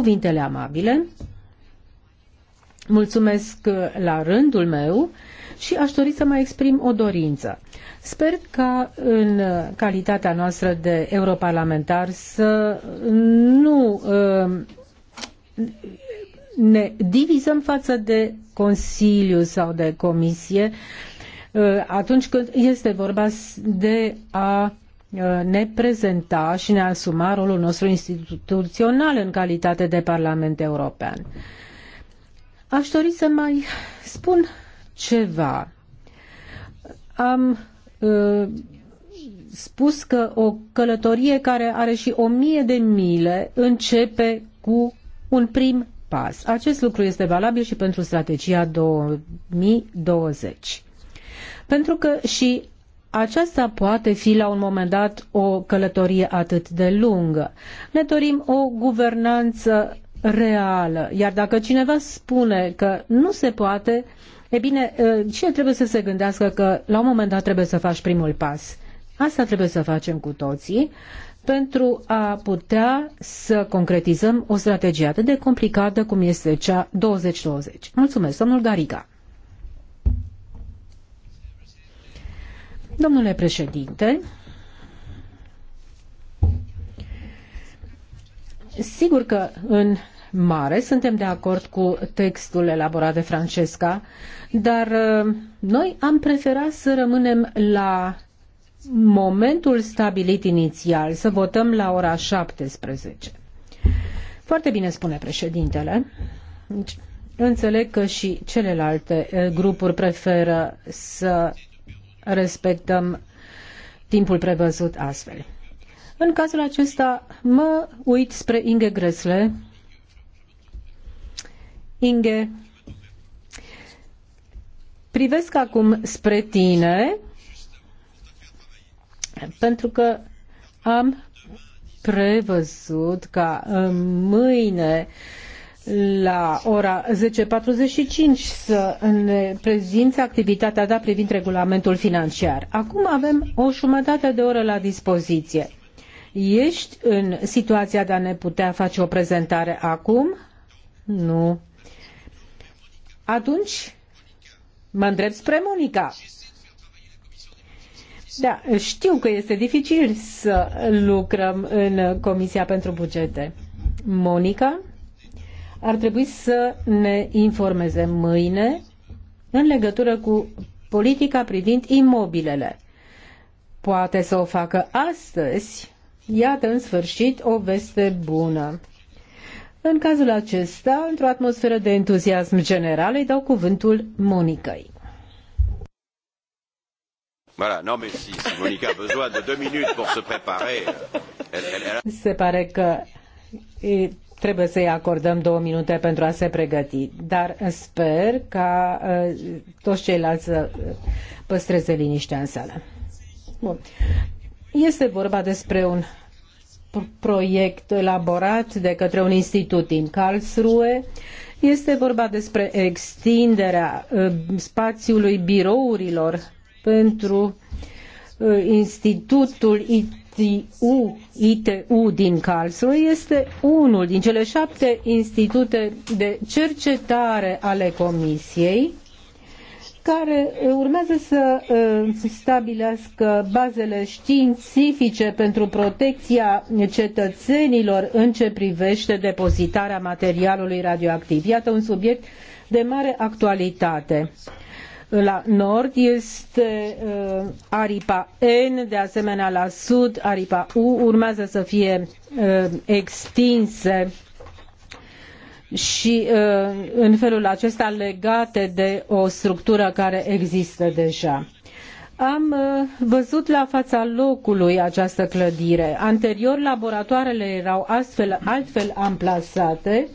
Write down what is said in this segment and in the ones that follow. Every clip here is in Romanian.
cuvintele amabile. Mulțumesc uh, la rândul meu și aș dori să mai exprim o dorință. Sper ca în uh, calitatea noastră de europarlamentar să nu uh, ne divizăm față de Consiliu sau de Comisie atunci când este vorba de a Uh, ne prezenta și ne asuma rolul nostru instituțional în calitate de Parlament European. Aș dori să mai spun ceva. Am uh, spus că o călătorie care are și o mie de mile începe cu un prim pas. Acest lucru este valabil și pentru strategia 2020. Pentru că și aceasta poate fi la un moment dat o călătorie atât de lungă. Ne dorim o guvernanță reală, iar dacă cineva spune că nu se poate, e bine, cine ă, trebuie să se gândească că la un moment dat trebuie să faci primul pas? Asta trebuie să facem cu toții pentru a putea să concretizăm o strategie atât de complicată cum este cea 2020. Mulțumesc, domnul Gariga. Domnule președinte, sigur că în mare suntem de acord cu textul elaborat de Francesca, dar uh, noi am preferat să rămânem la momentul stabilit inițial, să votăm la ora 17. Foarte bine spune președintele. Deci, înțeleg că și celelalte uh, grupuri preferă să respectăm timpul prevăzut astfel. În cazul acesta mă uit spre Inge Gresle. Inge, privesc acum spre tine pentru că am prevăzut ca uh, mâine uh, la ora 10.45 să ne prezinți activitatea ta privind regulamentul financiar. Acum avem o jumătate de oră la dispoziție. Ești în situația de a ne putea face o prezentare acum? Nu. Atunci mă îndrept spre Monica. Da, știu că este dificil să lucrăm în Comisia pentru Bugete. Monica? ar trebui să ne informeze mâine în legătură cu politica privind imobilele. Poate să o facă astăzi. Iată, în sfârșit, o veste bună. În cazul acesta, într-o atmosferă de entuziasm general, îi dau cuvântul Monicăi. Voilà, non mais si, si Monica a besoin de deux minutes pour se préparer, elle, elle, elle... Se pare că trebuie să-i acordăm două minute pentru a se pregăti. Dar sper ca uh, toți ceilalți să uh, păstreze liniștea în sală. Bun. Este vorba despre un proiect elaborat de către un institut din Karlsruhe. Este vorba despre extinderea uh, spațiului birourilor pentru Institutul ITU, din Karlsruhe este unul din cele șapte institute de cercetare ale Comisiei care urmează să uh, stabilească bazele științifice pentru protecția cetățenilor în ce privește depozitarea materialului radioactiv. Iată un subiect de mare actualitate la nord este uh, aripa N, de asemenea la sud aripa U urmează să fie uh, extinse și uh, în felul acesta legate de o structură care există deja. Am văzut la fața locului această clădire. Anterior, laboratoarele erau astfel, altfel amplasate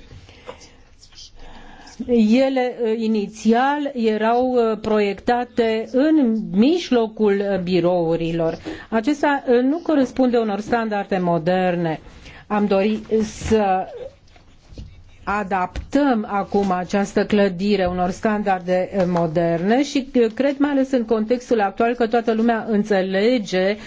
ele ă, inițial erau ă, proiectate în mijlocul ă, birourilor. Acesta nu corespunde unor standarde moderne. Am dori să adaptăm acum această clădire unor standarde eh, moderne și eh, cred mai ales în contextul actual că toată lumea înțelege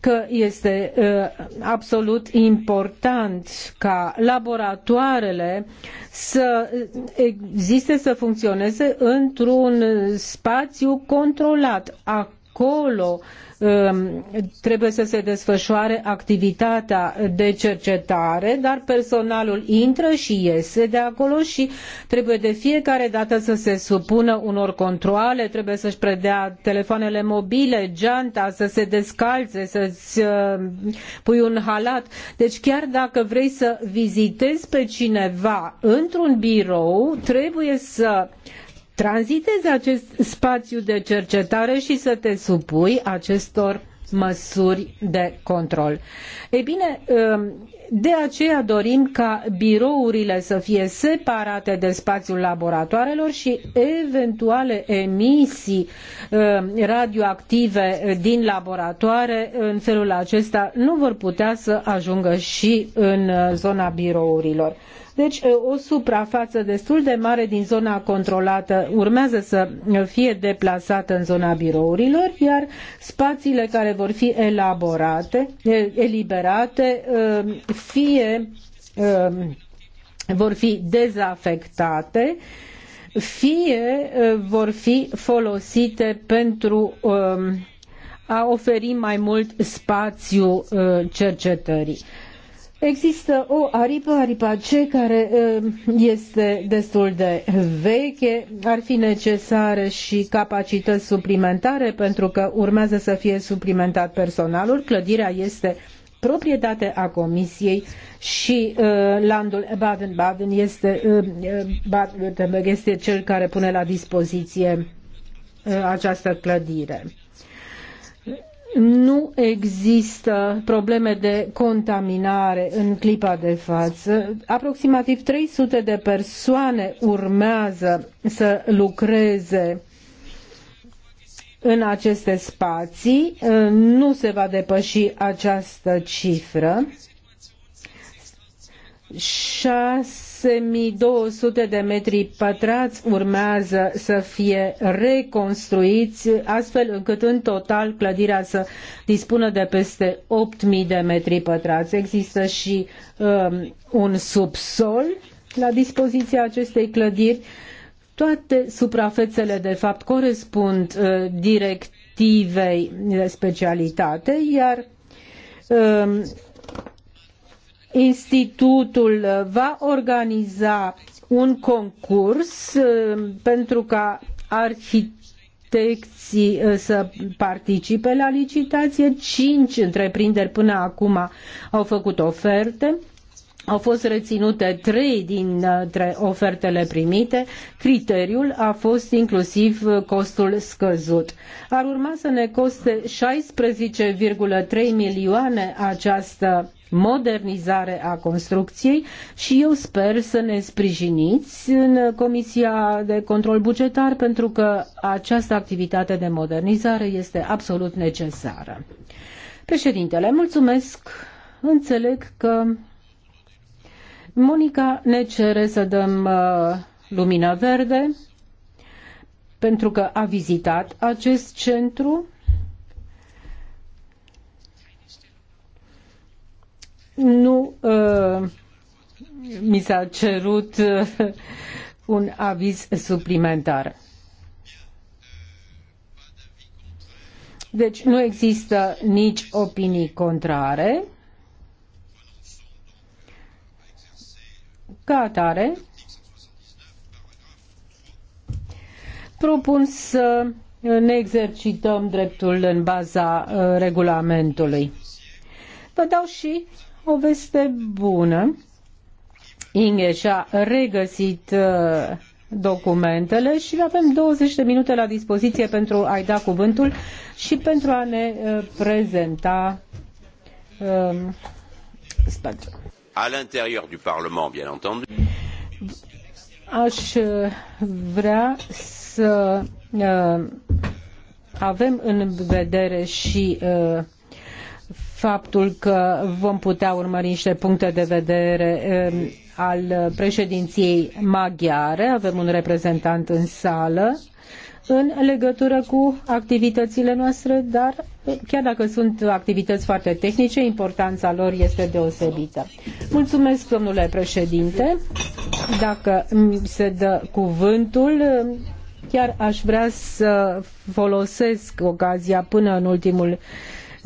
că este eh, absolut important ca laboratoarele să existe, să funcționeze într-un spațiu controlat. Acum acolo um, trebuie să se desfășoare activitatea de cercetare, dar personalul intră și iese de acolo și trebuie de fiecare dată să se supună unor controale, trebuie să-și predea telefoanele mobile, geanta, să se descalțe, să-ți um, pui un halat. Deci chiar dacă vrei să vizitezi pe cineva într-un birou, trebuie să tranzitezi acest spațiu de cercetare și să te supui acestor măsuri de control. Ei bine, um, de aceea dorim ca birourile să fie separate de spațiul laboratoarelor și eventuale emisii um, radioactive din laboratoare în felul acesta nu vor putea să ajungă și în uh, zona birourilor. Deci o suprafață destul de mare din zona controlată urmează să fie deplasată în zona birourilor, iar spațiile care vor fi elaborate, eliberate, fie vor fi dezafectate, fie vor fi folosite pentru a oferi mai mult spațiu cercetării. Există o aripă, aripa C, care um, este destul de veche. Ar fi necesare și capacități suplimentare pentru că urmează să fie suplimentat personalul. Clădirea este proprietate a Comisiei și uh, landul Baden-Baden este, uh, este cel care pune la dispoziție uh, această clădire nu există probleme de contaminare în clipa de față. Aproximativ 300 de persoane urmează să lucreze în aceste spații. Nu se va depăși această cifră. 6 6200 de metri pătrați urmează să fie reconstruiți, astfel încât în total clădirea să dispună de peste 8000 de metri pătrați. Există și um, un subsol la dispoziția acestei clădiri. Toate suprafețele, de fapt, corespund uh, directivei de specialitate, iar um, institutul va organiza un concurs uh, pentru ca arhitecții uh, să participe la licitație. Cinci întreprinderi până acum au făcut oferte. Au fost reținute trei dintre ofertele primite. Criteriul a fost inclusiv costul scăzut. Ar urma să ne coste 16,3 milioane această modernizare a construcției și eu sper să ne sprijiniți în Comisia de Control Bugetar pentru că această activitate de modernizare este absolut necesară. Președintele, mulțumesc. Înțeleg că Monica ne cere să dăm uh, lumină verde pentru că a vizitat acest centru nu uh, mi s-a cerut uh, un aviz suplimentar. Deci nu există nici opinii contrare. Ca atare, propun să ne exercităm dreptul în baza uh, regulamentului. Vă dau și o veste bună. Inge și-a regăsit uh, documentele și avem 20 de minute la dispoziție pentru a-i da cuvântul și pentru a ne uh, prezenta um, spațiul. À l'intérieur du Parlement, bien entendu. Aș uh, vrea să avem în vedere și uh, faptul că vom putea urmări niște puncte de vedere um, al președinției maghiare. Avem un reprezentant în sală în legătură cu activitățile noastre, dar chiar dacă sunt activități foarte tehnice, importanța lor este deosebită. Mulțumesc, domnule președinte. Dacă se dă cuvântul, um, chiar aș vrea să folosesc ocazia până în ultimul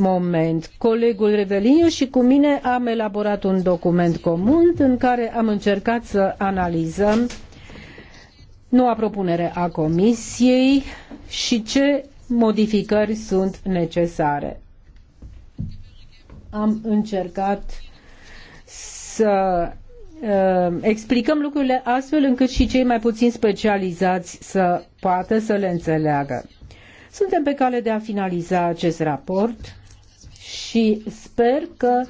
moment. Colegul Reveliniu și cu mine am elaborat un document comun în care am încercat să analizăm noua propunere a Comisiei și ce modificări sunt necesare. Am încercat să uh, explicăm lucrurile astfel încât și cei mai puțin specializați să poată să le înțeleagă. Suntem pe cale de a finaliza acest raport și sper că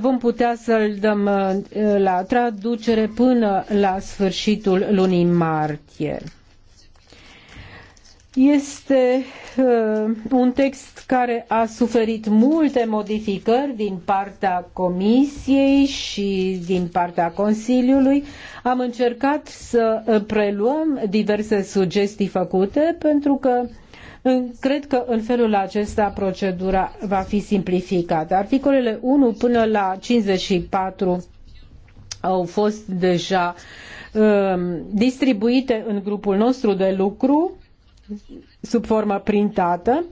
vom putea să-l dăm uh, la traducere până la sfârșitul lunii martie. Este uh, un text care a suferit multe modificări din partea Comisiei și din partea Consiliului. Am încercat să preluăm diverse sugestii făcute pentru că uh, Cred că în felul acesta procedura va fi simplificată. Articolele 1 până la 54 au fost deja um, distribuite în grupul nostru de lucru sub formă printată.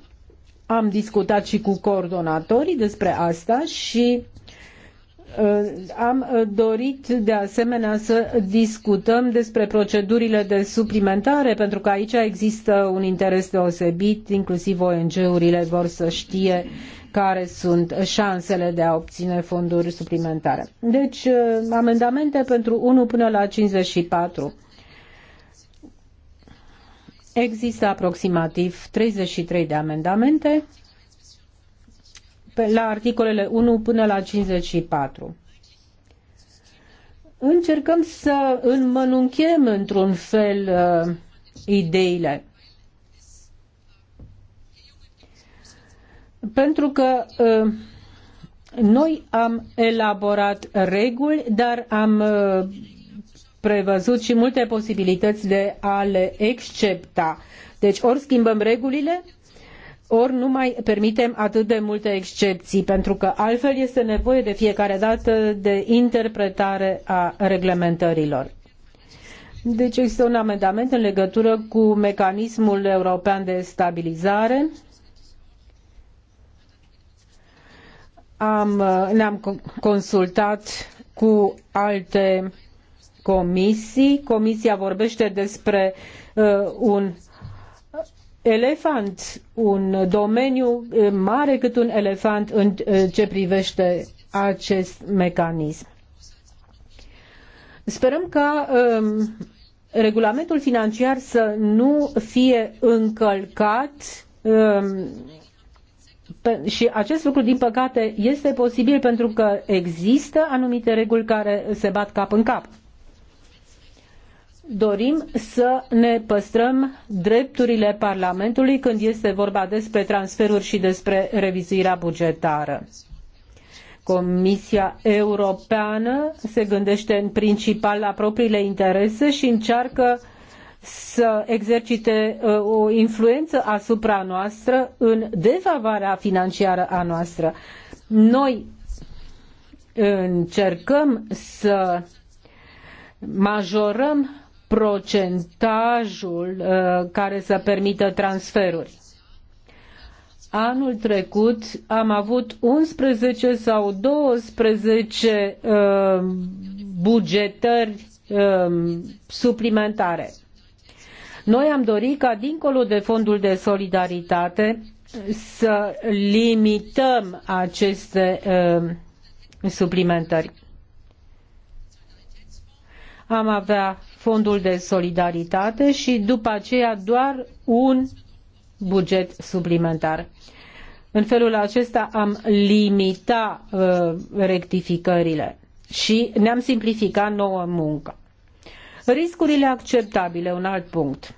Am discutat și cu coordonatorii despre asta și Uh, am uh, dorit de asemenea să discutăm despre procedurile de suplimentare, pentru că aici există un interes deosebit, inclusiv ONG-urile vor să știe care sunt șansele de a obține fonduri suplimentare. Deci, uh, amendamente pentru 1 până la 54. Există aproximativ 33 de amendamente la articolele 1 până la 54. Încercăm să înmănunchem într-un fel uh, ideile. Pentru că uh, noi am elaborat reguli, dar am uh, prevăzut și multe posibilități de a le excepta. Deci ori schimbăm regulile, ori nu mai permitem atât de multe excepții, pentru că altfel este nevoie de fiecare dată de interpretare a reglementărilor. Deci există un amendament în legătură cu mecanismul european de stabilizare. Am, ne-am consultat cu alte comisii. Comisia vorbește despre uh, un elefant, un domeniu mare cât un elefant în ce privește acest mecanism. Sperăm ca um, regulamentul financiar să nu fie încălcat um, pe, și acest lucru, din păcate, este posibil pentru că există anumite reguli care se bat cap în cap dorim să ne păstrăm drepturile Parlamentului când este vorba despre transferuri și despre revizuirea bugetară. Comisia Europeană se gândește în principal la propriile interese și încearcă să exercite uh, o influență asupra noastră în defavoarea financiară a noastră. Noi încercăm să majorăm procentajul uh, care să permită transferuri. Anul trecut am avut 11 sau 12 uh, bugetări uh, suplimentare. Noi am dorit ca, dincolo de fondul de solidaritate, să limităm aceste uh, suplimentări. Am avea fondul de solidaritate și după aceea doar un buget suplimentar. În felul acesta am limita uh, rectificările și ne-am simplificat nouă muncă. Riscurile acceptabile, un alt punct.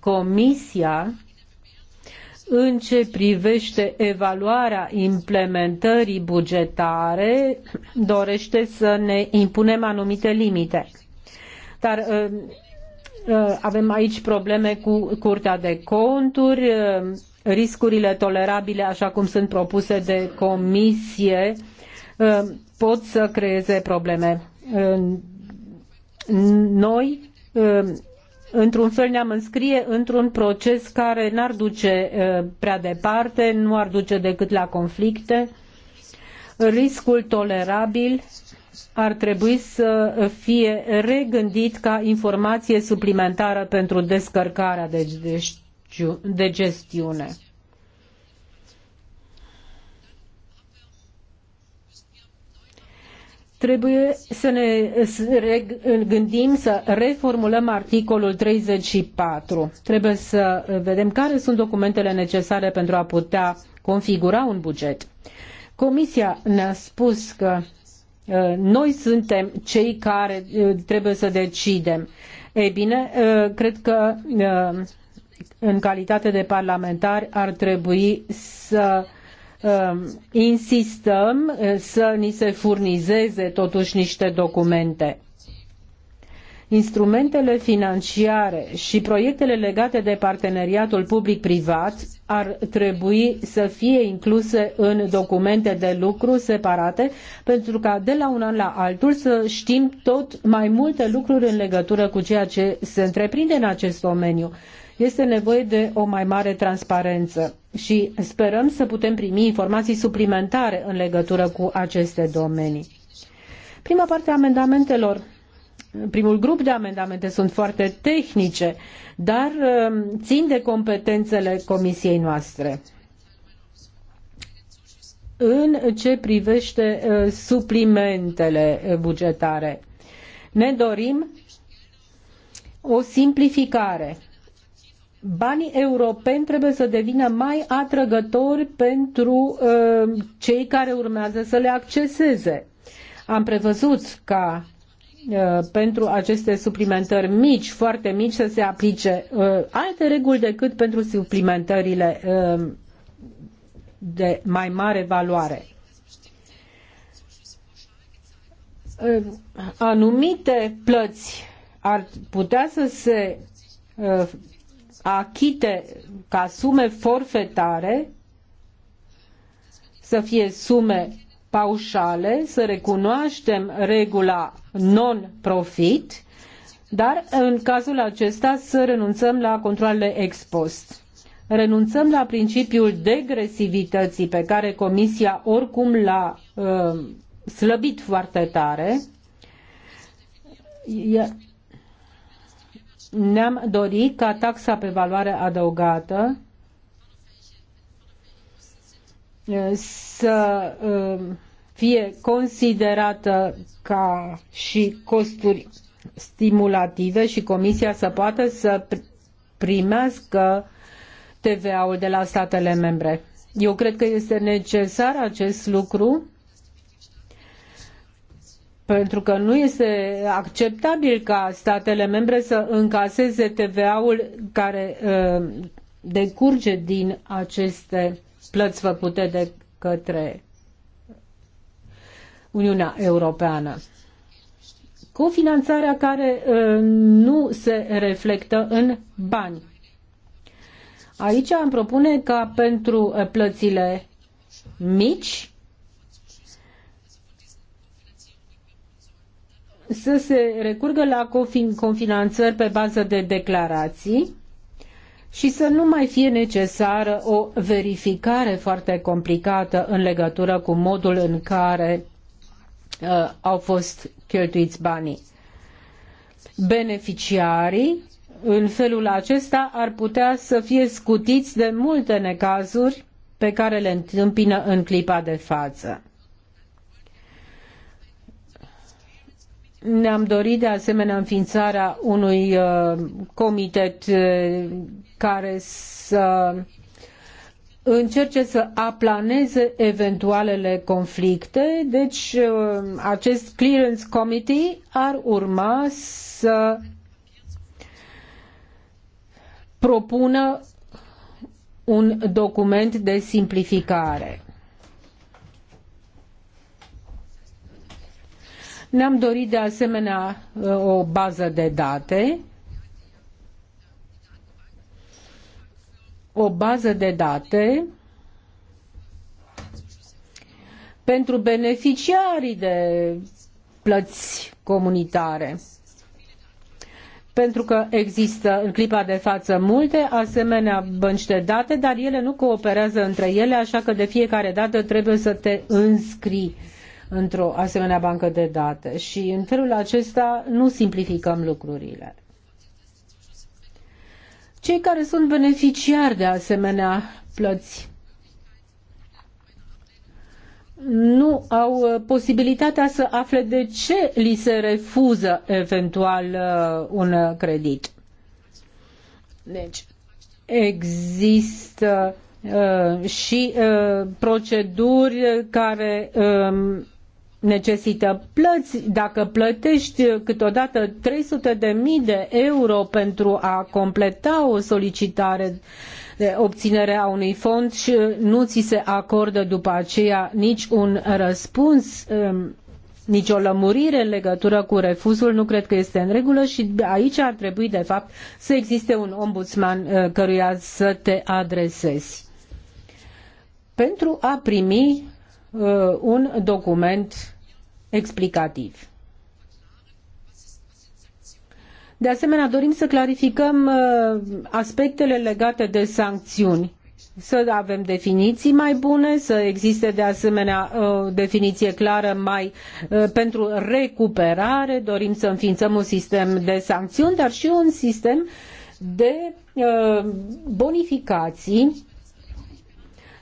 Comisia în ce privește evaluarea implementării bugetare, dorește să ne impunem anumite limite. Dar uh, uh, avem aici probleme cu Curtea de Conturi, uh, riscurile tolerabile, așa cum sunt propuse de comisie, pot să creeze probleme. Noi într-un fel ne-am înscrie într-un proces care n-ar duce uh, prea departe, nu ar duce decât la conflicte. Riscul tolerabil ar trebui să fie regândit ca informație suplimentară pentru descărcarea de, de gestiune. Trebuie să ne gândim să reformulăm articolul 34. Trebuie să vedem care sunt documentele necesare pentru a putea configura un buget. Comisia ne-a spus că uh, noi suntem cei care uh, trebuie să decidem. Ei bine, uh, cred că în calitate de parlamentari ar trebui să Um, insistăm uh, să ni se furnizeze totuși niște documente. Instrumentele financiare și proiectele legate de parteneriatul public-privat ar trebui să fie incluse în documente de lucru separate pentru ca de la un an la altul să știm tot mai multe lucruri în legătură cu ceea ce se întreprinde în acest domeniu este nevoie de o mai mare transparență și sperăm să putem primi informații suplimentare în legătură cu aceste domenii. Prima parte a amendamentelor primul grup de amendamente sunt foarte tehnice, dar um, țin de competențele comisiei noastre. În ce privește uh, suplimentele bugetare, ne dorim o simplificare banii europeni trebuie să devină mai atrăgători pentru uh, cei care urmează să le acceseze. Am prevăzut ca uh, pentru aceste suplimentări mici, foarte mici, să se aplice uh, alte reguli decât pentru suplimentările uh, de mai mare valoare. Uh, anumite plăți ar putea să se uh, achite ca sume forfetare, să fie sume paușale, să recunoaștem regula non-profit, dar în cazul acesta să renunțăm la controlele ex post. Renunțăm la principiul degresivității pe care Comisia oricum l-a uh, slăbit foarte tare ne-am dorit ca taxa pe valoare adăugată eh, să eh, fie considerată ca și costuri stimulative și Comisia să poată să primească TVA-ul de la statele membre. Eu cred că este necesar acest lucru pentru că nu este acceptabil ca statele membre să încaseze TVA-ul care uh, decurge din aceste plăți făcute de către Uniunea Europeană. Cu finanțarea care uh, nu se reflectă în bani. Aici am propune ca pentru uh, plățile mici să se recurgă la confinanțări pe bază de declarații și să nu mai fie necesară o verificare foarte complicată în legătură cu modul în care uh, au fost cheltuiți banii. Beneficiarii în felul acesta ar putea să fie scutiți de multe necazuri pe care le întâmpină în clipa de față. Ne-am dorit de asemenea înființarea unui uh, comitet uh, care să încerce să aplaneze eventualele conflicte, deci uh, acest clearance committee ar urma să propună un document de simplificare. Ne-am dorit de asemenea o bază de date, o bază de date pentru beneficiarii de plăți comunitare pentru că există în clipa de față multe asemenea bănci de date, dar ele nu cooperează între ele, așa că de fiecare dată trebuie să te înscrii într-o asemenea bancă de date și în felul acesta nu simplificăm lucrurile. Cei care sunt beneficiari de asemenea plăți nu au uh, posibilitatea să afle de ce li se refuză eventual uh, un credit. Deci, există uh, și uh, proceduri care uh, necesită plăți. Dacă plătești câteodată 300 de mii de euro pentru a completa o solicitare de obținere a unui fond și nu ți se acordă după aceea nici un răspuns, um, nici o lămurire în legătură cu refuzul, nu cred că este în regulă și aici ar trebui, de fapt, să existe un ombudsman uh, căruia să te adresezi pentru a primi Uh, un document explicativ. De asemenea, dorim să clarificăm uh, aspectele legate de sancțiuni să avem definiții mai bune, să existe de asemenea o uh, definiție clară mai pentru recuperare, dorim să înființăm un sistem de sancțiuni, dar și un sistem de bonificații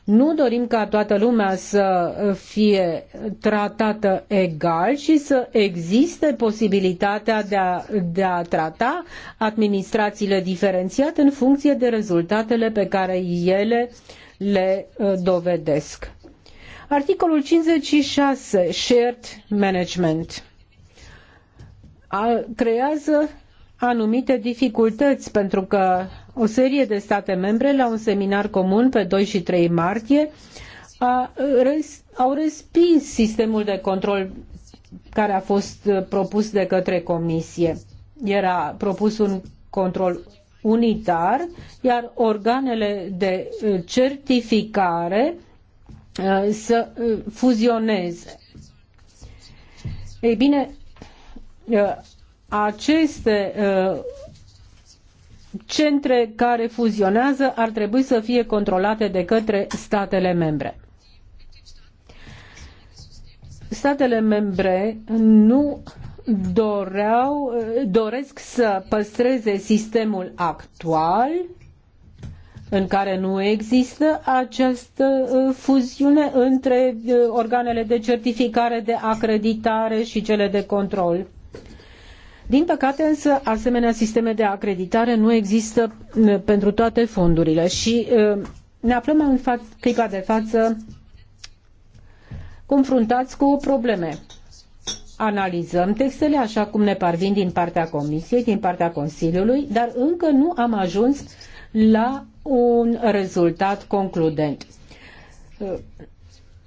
nu dorim ca toată lumea să fie tratată egal și să existe posibilitatea de a, de a trata administrațiile diferențiat în funcție de rezultatele pe care ele le uh, dovedesc. Articolul 56, Shared Management, creează anumite dificultăți pentru că o serie de state membre la un seminar comun pe 2 și 3 martie a, au respins sistemul de control care a fost uh, propus de către Comisie. Era propus un control unitar, iar organele de uh, certificare uh, să fuzioneze. Ei bine, aceste centre care fuzionează ar trebui să fie controlate de către statele membre. Statele membre nu doreau, doresc să păstreze sistemul actual în care nu există această uh, fuziune între uh, organele de certificare, de acreditare și cele de control. Din păcate însă, asemenea sisteme de acreditare nu există pentru toate fondurile și ne aflăm în fa- clipa de față confruntați cu probleme. Analizăm textele așa cum ne parvin din partea Comisiei, din partea Consiliului, dar încă nu am ajuns la un rezultat concludent.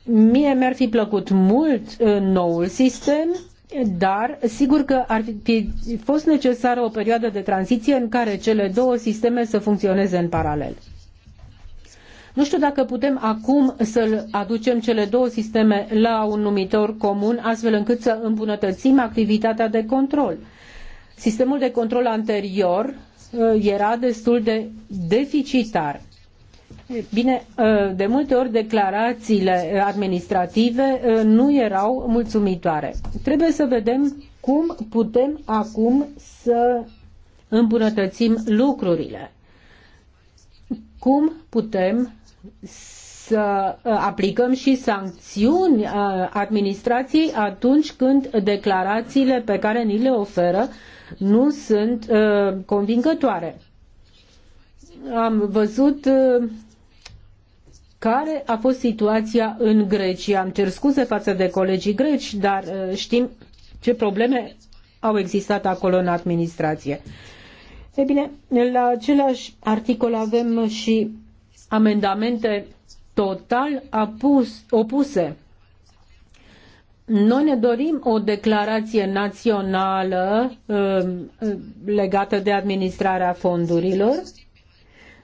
Mie mi-ar fi plăcut mult noul sistem, dar sigur că ar fi fost necesară o perioadă de tranziție în care cele două sisteme să funcționeze în paralel. Nu știu dacă putem acum să aducem cele două sisteme la un numitor comun, astfel încât să îmbunătățim activitatea de control. Sistemul de control anterior uh, era destul de deficitar. Bine, ă, de multe ori declarațiile administrative ă, nu erau mulțumitoare. Trebuie să vedem cum putem acum să îmbunătățim lucrurile. Cum putem să ă, aplicăm și sancțiuni administrației atunci când declarațiile pe care ni le oferă nu sunt convingătoare. Am văzut care a fost situația în Grecia. Am cer scuze față de colegii greci, dar uh, știm ce probleme au existat acolo în administrație. E bine, la același articol avem și amendamente total apus, opuse. Noi ne dorim o declarație națională um, uh, legată de administrarea fondurilor.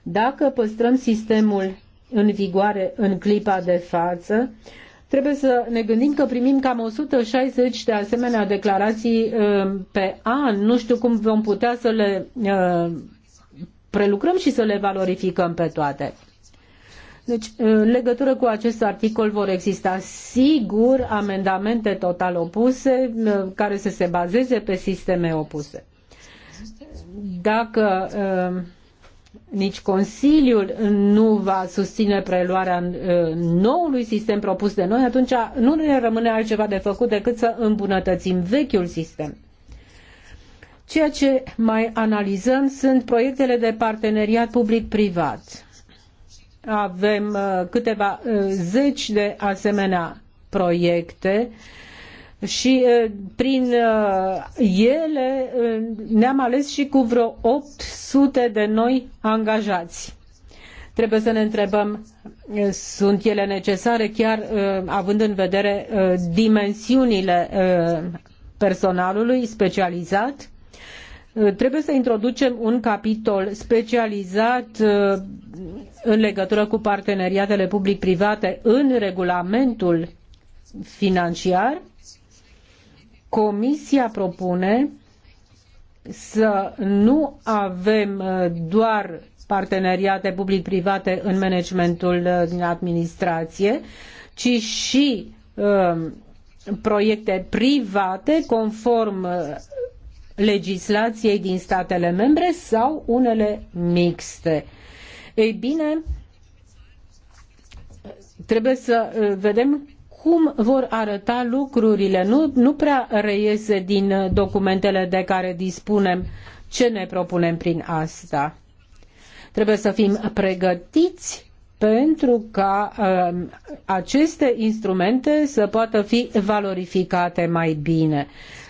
Dacă păstrăm sistemul în vigoare în clipa de față, trebuie să ne gândim că primim cam 160 de asemenea declarații uh, pe an. Nu știu cum vom putea să le uh, prelucrăm și să le valorificăm pe toate. Deci, uh, în legătură cu acest articol vor exista sigur amendamente total opuse care să se bazeze pe sisteme opuse. Dacă uh, nici Consiliul nu va susține preluarea uh, noului sistem propus de noi, atunci nu ne rămâne altceva de făcut decât să îmbunătățim vechiul sistem. Ceea ce mai analizăm sunt proiectele de parteneriat public-privat. Avem uh, câteva uh, zeci de asemenea proiecte uh, și prin ele ne-am ales și cu vreo 800 de noi angajați. Trebuie să ne întrebăm, sunt ele necesare chiar având în vedere dimensiunile personalului specializat? Trebuie să introducem un capitol specializat în legătură cu parteneriatele public-private în regulamentul financiar Comisia propune să nu avem uh, doar parteneriate public-private în managementul uh, din administrație, ci și um, proiecte private conform uh, legislației din statele membre sau unele mixte. Ei bine, trebuie să vedem cum vor arăta lucrurile. Nu, nu prea reiese din documentele de care dispunem ce ne propunem prin asta. Trebuie să fim pregătiți pentru ca um, aceste instrumente să poată fi valorificate mai bine.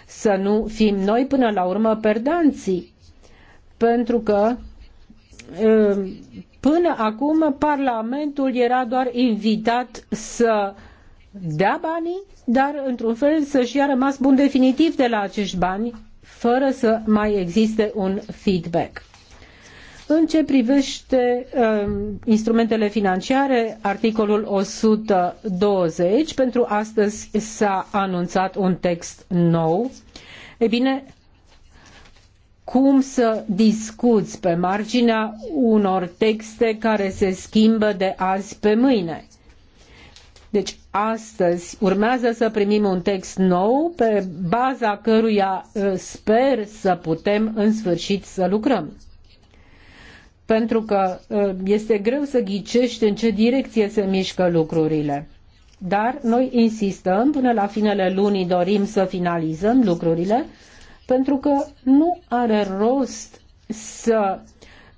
Să nu fim noi până la urmă perdanții. Pentru că um, până acum Parlamentul era doar invitat să dea banii, dar într-un fel să-și ia rămas bun definitiv de la acești bani, fără să mai existe un feedback. În ce privește uh, instrumentele financiare, articolul 120, pentru astăzi s-a anunțat un text nou. E bine, cum să discuți pe marginea unor texte care se schimbă de azi pe mâine? Deci astăzi urmează să primim un text nou pe baza căruia ă, sper să putem în sfârșit să lucrăm. Pentru că ă, este greu să ghicești în ce direcție se mișcă lucrurile. Dar noi insistăm, până la finele lunii dorim să finalizăm lucrurile, pentru că nu are rost să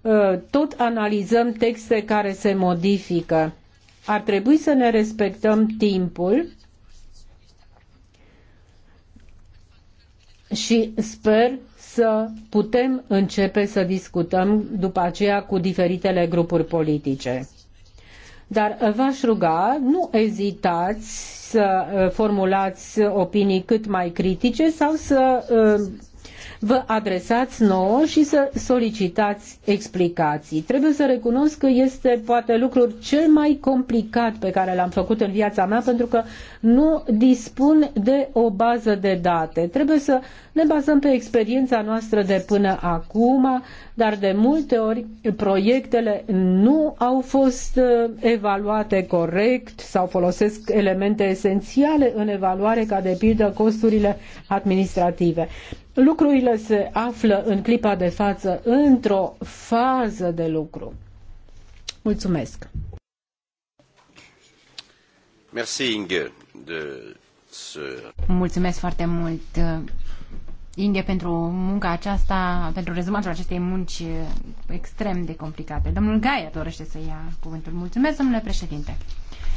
ă, tot analizăm texte care se modifică ar trebui să ne respectăm timpul și sper să putem începe să discutăm după aceea cu diferitele grupuri politice. Dar v-aș ruga, nu ezitați să uh, formulați opinii cât mai critice sau să uh, vă adresați nouă și să solicitați explicații. Trebuie să recunosc că este poate lucrul cel mai complicat pe care l-am făcut în viața mea pentru că nu dispun de o bază de date. Trebuie să ne bazăm pe experiența noastră de până acum, dar de multe ori proiectele nu au fost uh, evaluate corect sau folosesc elemente esențiale în evaluare, ca de pildă costurile administrative. Lucrurile se află în clipa de față într-o fază de lucru. Mulțumesc! Merci, Inge, de... Mulțumesc foarte mult, Inge pentru munca aceasta, pentru rezumatul acestei munci uh, extrem de complicate. Domnul Gaia dorește să ia cuvântul. Mulțumesc, domnule președinte.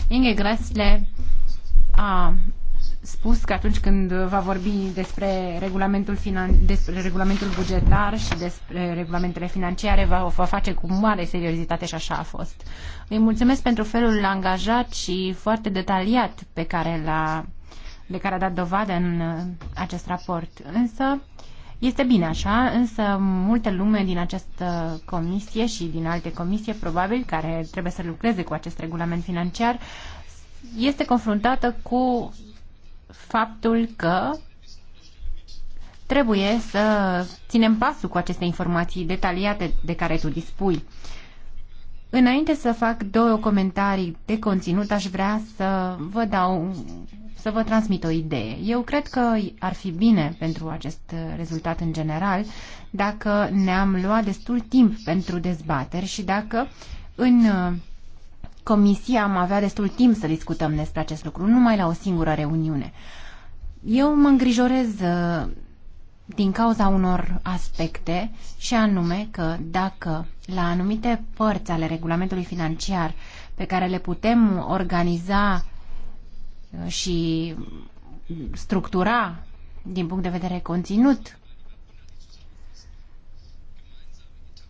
Inge Grasle a spus că atunci când va vorbi despre regulamentul, finan- despre regulamentul bugetar și despre regulamentele financiare, va, va face cu mare seriozitate și așa a fost. Îi mulțumesc pentru felul angajat și foarte detaliat pe care l-a de care a dat dovadă în uh, acest raport. Însă, este bine așa, însă multe lume din această comisie și din alte comisie, probabil, care trebuie să lucreze cu acest regulament financiar, este confruntată cu faptul că trebuie să ținem pasul cu aceste informații detaliate de care tu dispui. Înainte să fac două comentarii de conținut, aș vrea să vă dau, să vă transmit o idee. Eu cred că ar fi bine pentru acest rezultat în general dacă ne-am luat destul timp pentru dezbateri și dacă în comisie am avea destul timp să discutăm despre acest lucru, numai la o singură reuniune. Eu mă îngrijorez din cauza unor aspecte și anume că dacă la anumite părți ale regulamentului financiar pe care le putem organiza uh, și structura din punct de vedere conținut,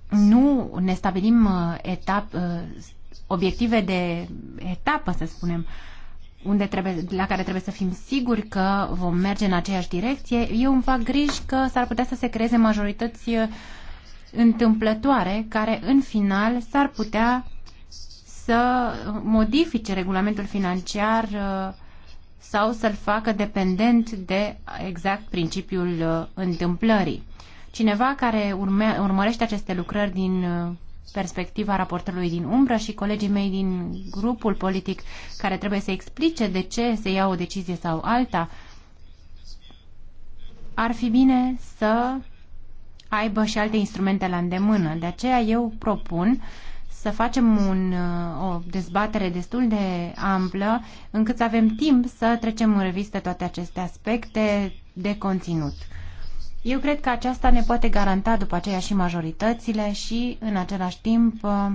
nu ne stabilim uh, etap, uh, obiective de etapă, să spunem, unde trebuie, la care trebuie să fim siguri că vom merge în aceeași direcție, eu îmi fac griji că s-ar putea să se creeze majorități uh, întâmplătoare care în final s-ar putea să modifice regulamentul financiar uh, sau să-l facă dependent de exact principiul uh, întâmplării. Cineva care urme, urmărește aceste lucrări din perspectiva raportorului din umbră și colegii mei din grupul politic care trebuie să explice de ce se ia o decizie sau alta, ar fi bine să aibă și alte instrumente la îndemână. De aceea eu propun să facem un, o dezbatere destul de amplă încât să avem timp să trecem în revistă toate aceste aspecte de conținut. Eu cred că aceasta ne poate garanta după aceea și majoritățile și în același timp uh,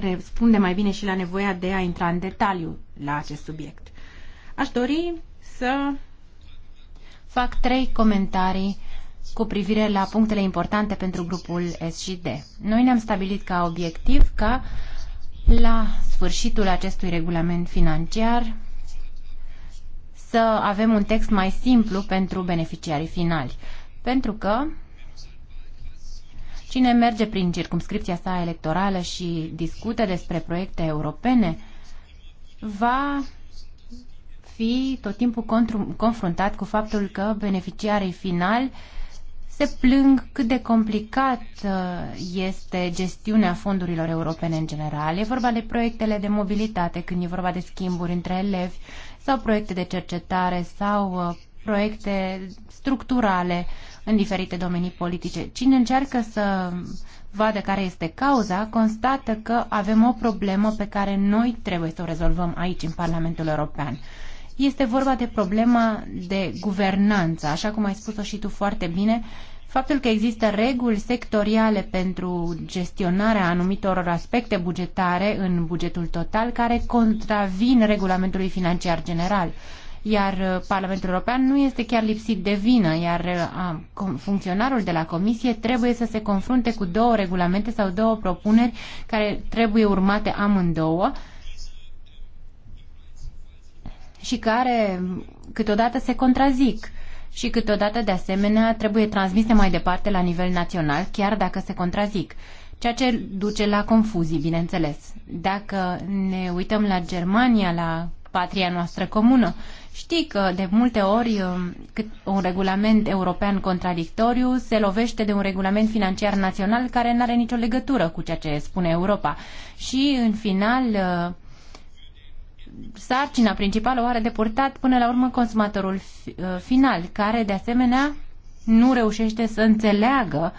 răspunde mai bine și la nevoia de a intra în detaliu la acest subiect. Aș dori să fac trei comentarii cu privire la punctele importante pentru grupul S și D. Noi ne-am stabilit ca obiectiv ca la sfârșitul acestui regulament financiar să avem un text mai simplu pentru beneficiarii finali. Pentru că cine merge prin circumscripția sa electorală și discută despre proiecte europene va fi tot timpul confruntat cu faptul că beneficiarii finali se plâng cât de complicat uh, este gestiunea fondurilor europene în general. E vorba de proiectele de mobilitate, când e vorba de schimburi între elevi sau proiecte de cercetare sau uh, proiecte structurale în diferite domenii politice. Cine încearcă să vadă care este cauza, constată că avem o problemă pe care noi trebuie să o rezolvăm aici, în Parlamentul European. Este vorba de problema de guvernanță, așa cum ai spus-o și tu foarte bine, Faptul că există reguli sectoriale pentru gestionarea anumitor aspecte bugetare în bugetul total care contravin regulamentului financiar general iar uh, Parlamentul European nu este chiar lipsit de vină, iar uh, funcționarul de la Comisie trebuie să se confrunte cu două regulamente sau două propuneri care trebuie urmate amândouă și care câteodată se contrazic și câteodată, de asemenea, trebuie transmise mai departe la nivel național, chiar dacă se contrazic, ceea ce duce la confuzii, bineînțeles. Dacă ne uităm la Germania, la patria noastră comună. Știi că de multe ori um, un regulament european contradictoriu se lovește de un regulament financiar național care nu are nicio legătură cu ceea ce spune Europa. Și în final uh, sarcina principală o are deportat până la urmă consumatorul uh, final, care de asemenea nu reușește să înțeleagă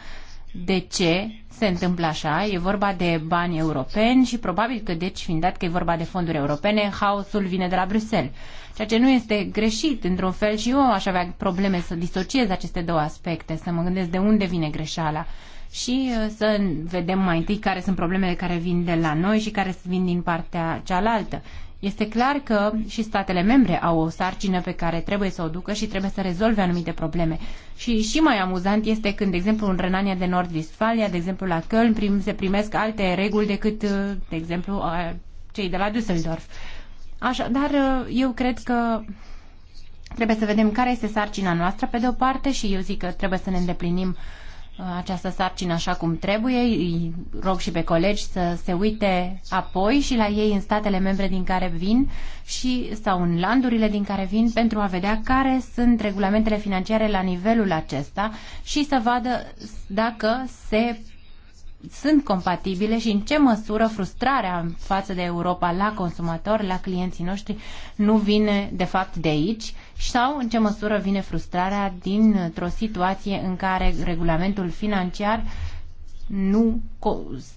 de ce se întâmplă așa, e vorba de bani europeni și probabil că deci, fiind dat că e vorba de fonduri europene, haosul vine de la Bruxelles. Ceea ce nu este greșit, într-un fel și eu aș avea probleme să disociez aceste două aspecte, să mă gândesc de unde vine greșeala și uh, să vedem mai întâi care sunt problemele care vin de la noi și care vin din partea cealaltă. Este clar că și statele membre au o sarcină pe care trebuie să o ducă și trebuie să rezolve anumite probleme. Și și mai amuzant este când, de exemplu, în Renania de Nord-Vestfalia, de exemplu la Köln, prim, se primesc alte reguli decât, uh, de exemplu, cei de la Düsseldorf. Așa. Dar uh, eu cred că trebuie să vedem care este sarcina noastră pe de o parte și eu zic că trebuie să ne îndeplinim uh, această sarcină așa cum trebuie. Îi rog și pe colegi să se uite apoi și la ei în statele membre din care vin și sau în landurile din care vin pentru a vedea care sunt regulamentele financiare la nivelul acesta și să vadă dacă se sunt compatibile și în ce măsură frustrarea în față de Europa la consumatori, la clienții noștri, nu vine de fapt de aici, sau în ce măsură vine frustrarea dintr-o situație în care regulamentul financiar nu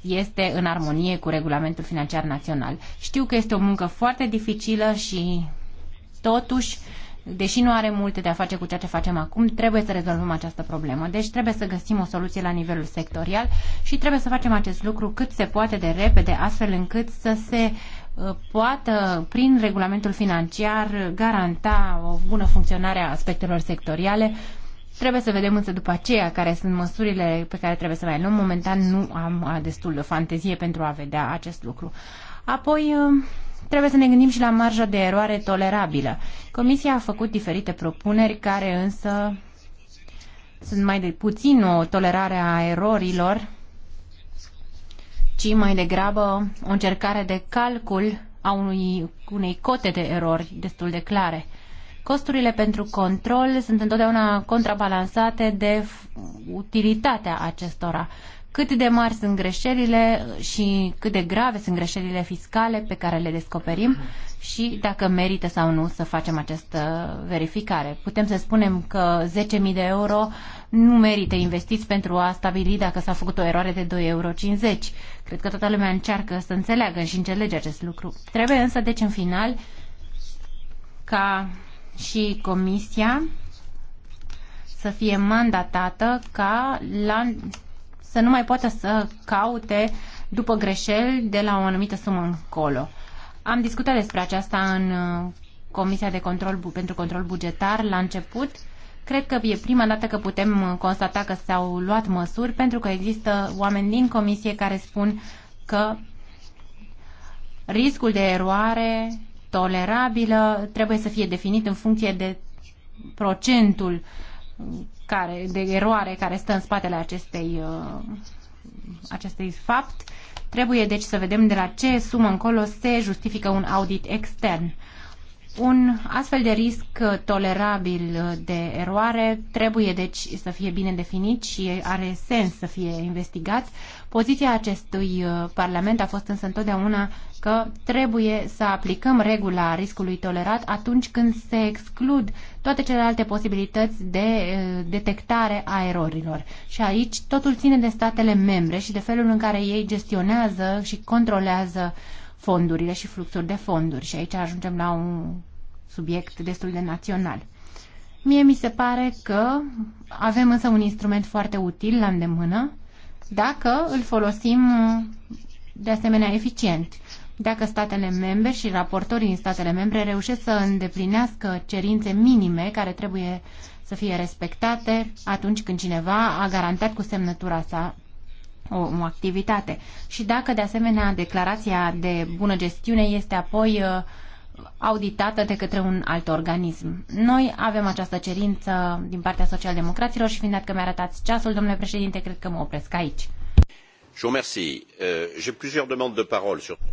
este în armonie cu regulamentul financiar național. Știu că este o muncă foarte dificilă și totuși, deși nu are multe de a face cu ceea ce facem acum, trebuie să rezolvăm această problemă. Deci trebuie să găsim o soluție la nivelul sectorial și trebuie să facem acest lucru cât se poate de repede, astfel încât să se uh, poată, prin regulamentul financiar, garanta o bună funcționare a aspectelor sectoriale. Trebuie să vedem însă după aceea care sunt măsurile pe care trebuie să le luăm. Momentan nu am destul de fantezie pentru a vedea acest lucru. Apoi, uh, trebuie să ne gândim și la marja de eroare tolerabilă. Comisia a făcut diferite propuneri care însă sunt mai de puțin o tolerare a erorilor ci mai degrabă o încercare de calcul a unui, unei cote de erori destul de clare. Costurile pentru control sunt întotdeauna contrabalansate de utilitatea acestora. Cât de mari sunt greșelile și cât de grave sunt greșelile fiscale pe care le descoperim și dacă merită sau nu să facem această verificare. Putem să spunem că 10.000 de euro nu merită investiți pentru a stabili dacă s-a făcut o eroare de 2,50 euro. Cred că toată lumea încearcă să înțeleagă și înțelege acest lucru. Trebuie însă, deci, în final, ca și comisia să fie mandatată ca la, să nu mai poată să caute după greșeli de la o anumită sumă încolo. Am discutat despre aceasta în uh, Comisia de control, pentru Control Bugetar la început. Cred că e prima dată că putem uh, constata că s-au luat măsuri pentru că există oameni din comisie care spun că riscul de eroare tolerabilă trebuie să fie definit în funcție de procentul uh, care, de eroare care stă în spatele acestei, acestui fapt Trebuie deci să vedem de la ce sumă încolo se justifică un audit extern. Un astfel de risc tolerabil de eroare trebuie deci să fie bine definit și are sens să fie investigat. Poziția acestui uh, Parlament a fost însă întotdeauna că trebuie să aplicăm regula riscului tolerat atunci când se exclud toate celelalte posibilități de eh, detectare a erorilor. Și aici totul ține de statele membre și de felul în care ei gestionează și controlează fondurile și fluxuri de fonduri. Și aici ajungem la un subiect destul de național. Mie mi se pare că avem însă un instrument foarte util la îndemână dacă îl folosim de asemenea eficient dacă statele membre și raportorii în statele membre reușesc să îndeplinească cerințe minime care trebuie să fie respectate atunci când cineva a garantat cu semnătura sa o, o activitate. Și dacă, de asemenea, declarația de bună gestiune este apoi uh, auditată de către un alt organism. Noi avem această cerință din partea socialdemocraților și fiind dat că mi-a arătat ceasul, domnule președinte, cred că mă opresc aici.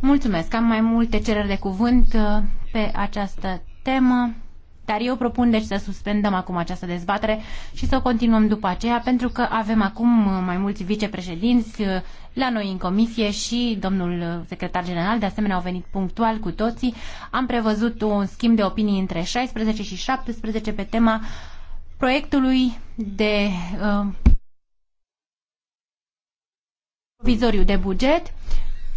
Mulțumesc. Am mai multe cereri de cuvânt uh, pe această temă, dar eu propun deci să suspendăm acum această dezbatere și să o continuăm după aceea, pentru că avem acum uh, mai mulți vicepreședinți uh, la noi în comisie și domnul secretar general, de asemenea, au venit punctual cu toții. Am prevăzut un schimb de opinii între 16 și 17 pe tema proiectului de uh, vizoriu de buget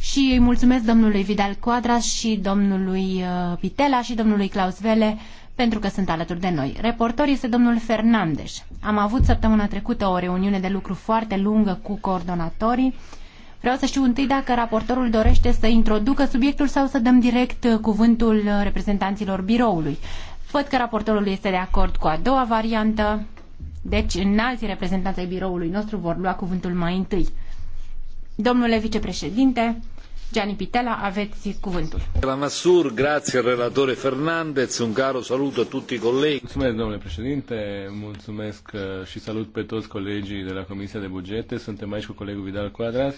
și îi mulțumesc domnului Vidal Quadras și domnului Vitela uh, și domnului Claus Vele pentru că sunt alături de noi. Reportor este domnul Fernandes. Am avut săptămâna trecută o reuniune de lucru foarte lungă cu coordonatorii. Vreau să știu întâi dacă raportorul dorește să introducă subiectul sau să dăm direct uh, cuvântul uh, reprezentanților biroului. Văd că raportorul este de acord cu a doua variantă, deci înalții reprezentanții biroului nostru vor lua cuvântul mai întâi. Domnule vicepreședinte, Gianni Pitela, aveți cuvântul. La Masur, grazie relatore Fernandez, un caro saluto a tutti i colleghi. Mulțumesc, domnule președinte, mulțumesc uh, și salut pe toți colegii de la Comisia de Bugete. Suntem aici cu colegul Vidal Quadras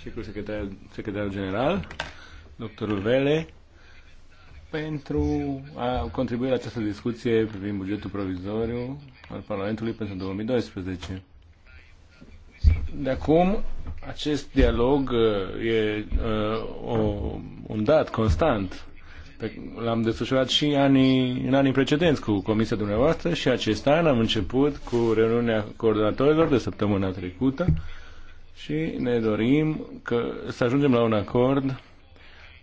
și cu secretarul, secretarul general, doctorul Vele, pentru a contribui la această discuție privind bugetul provizoriu al Parlamentului pentru 2012. De acum acest dialog uh, e uh, o, un dat constant. L-am desfășurat și anii, în anii precedenți cu comisia dumneavoastră și acest an am început cu reuniunea coordonatorilor de săptămâna trecută și ne dorim că să ajungem la un acord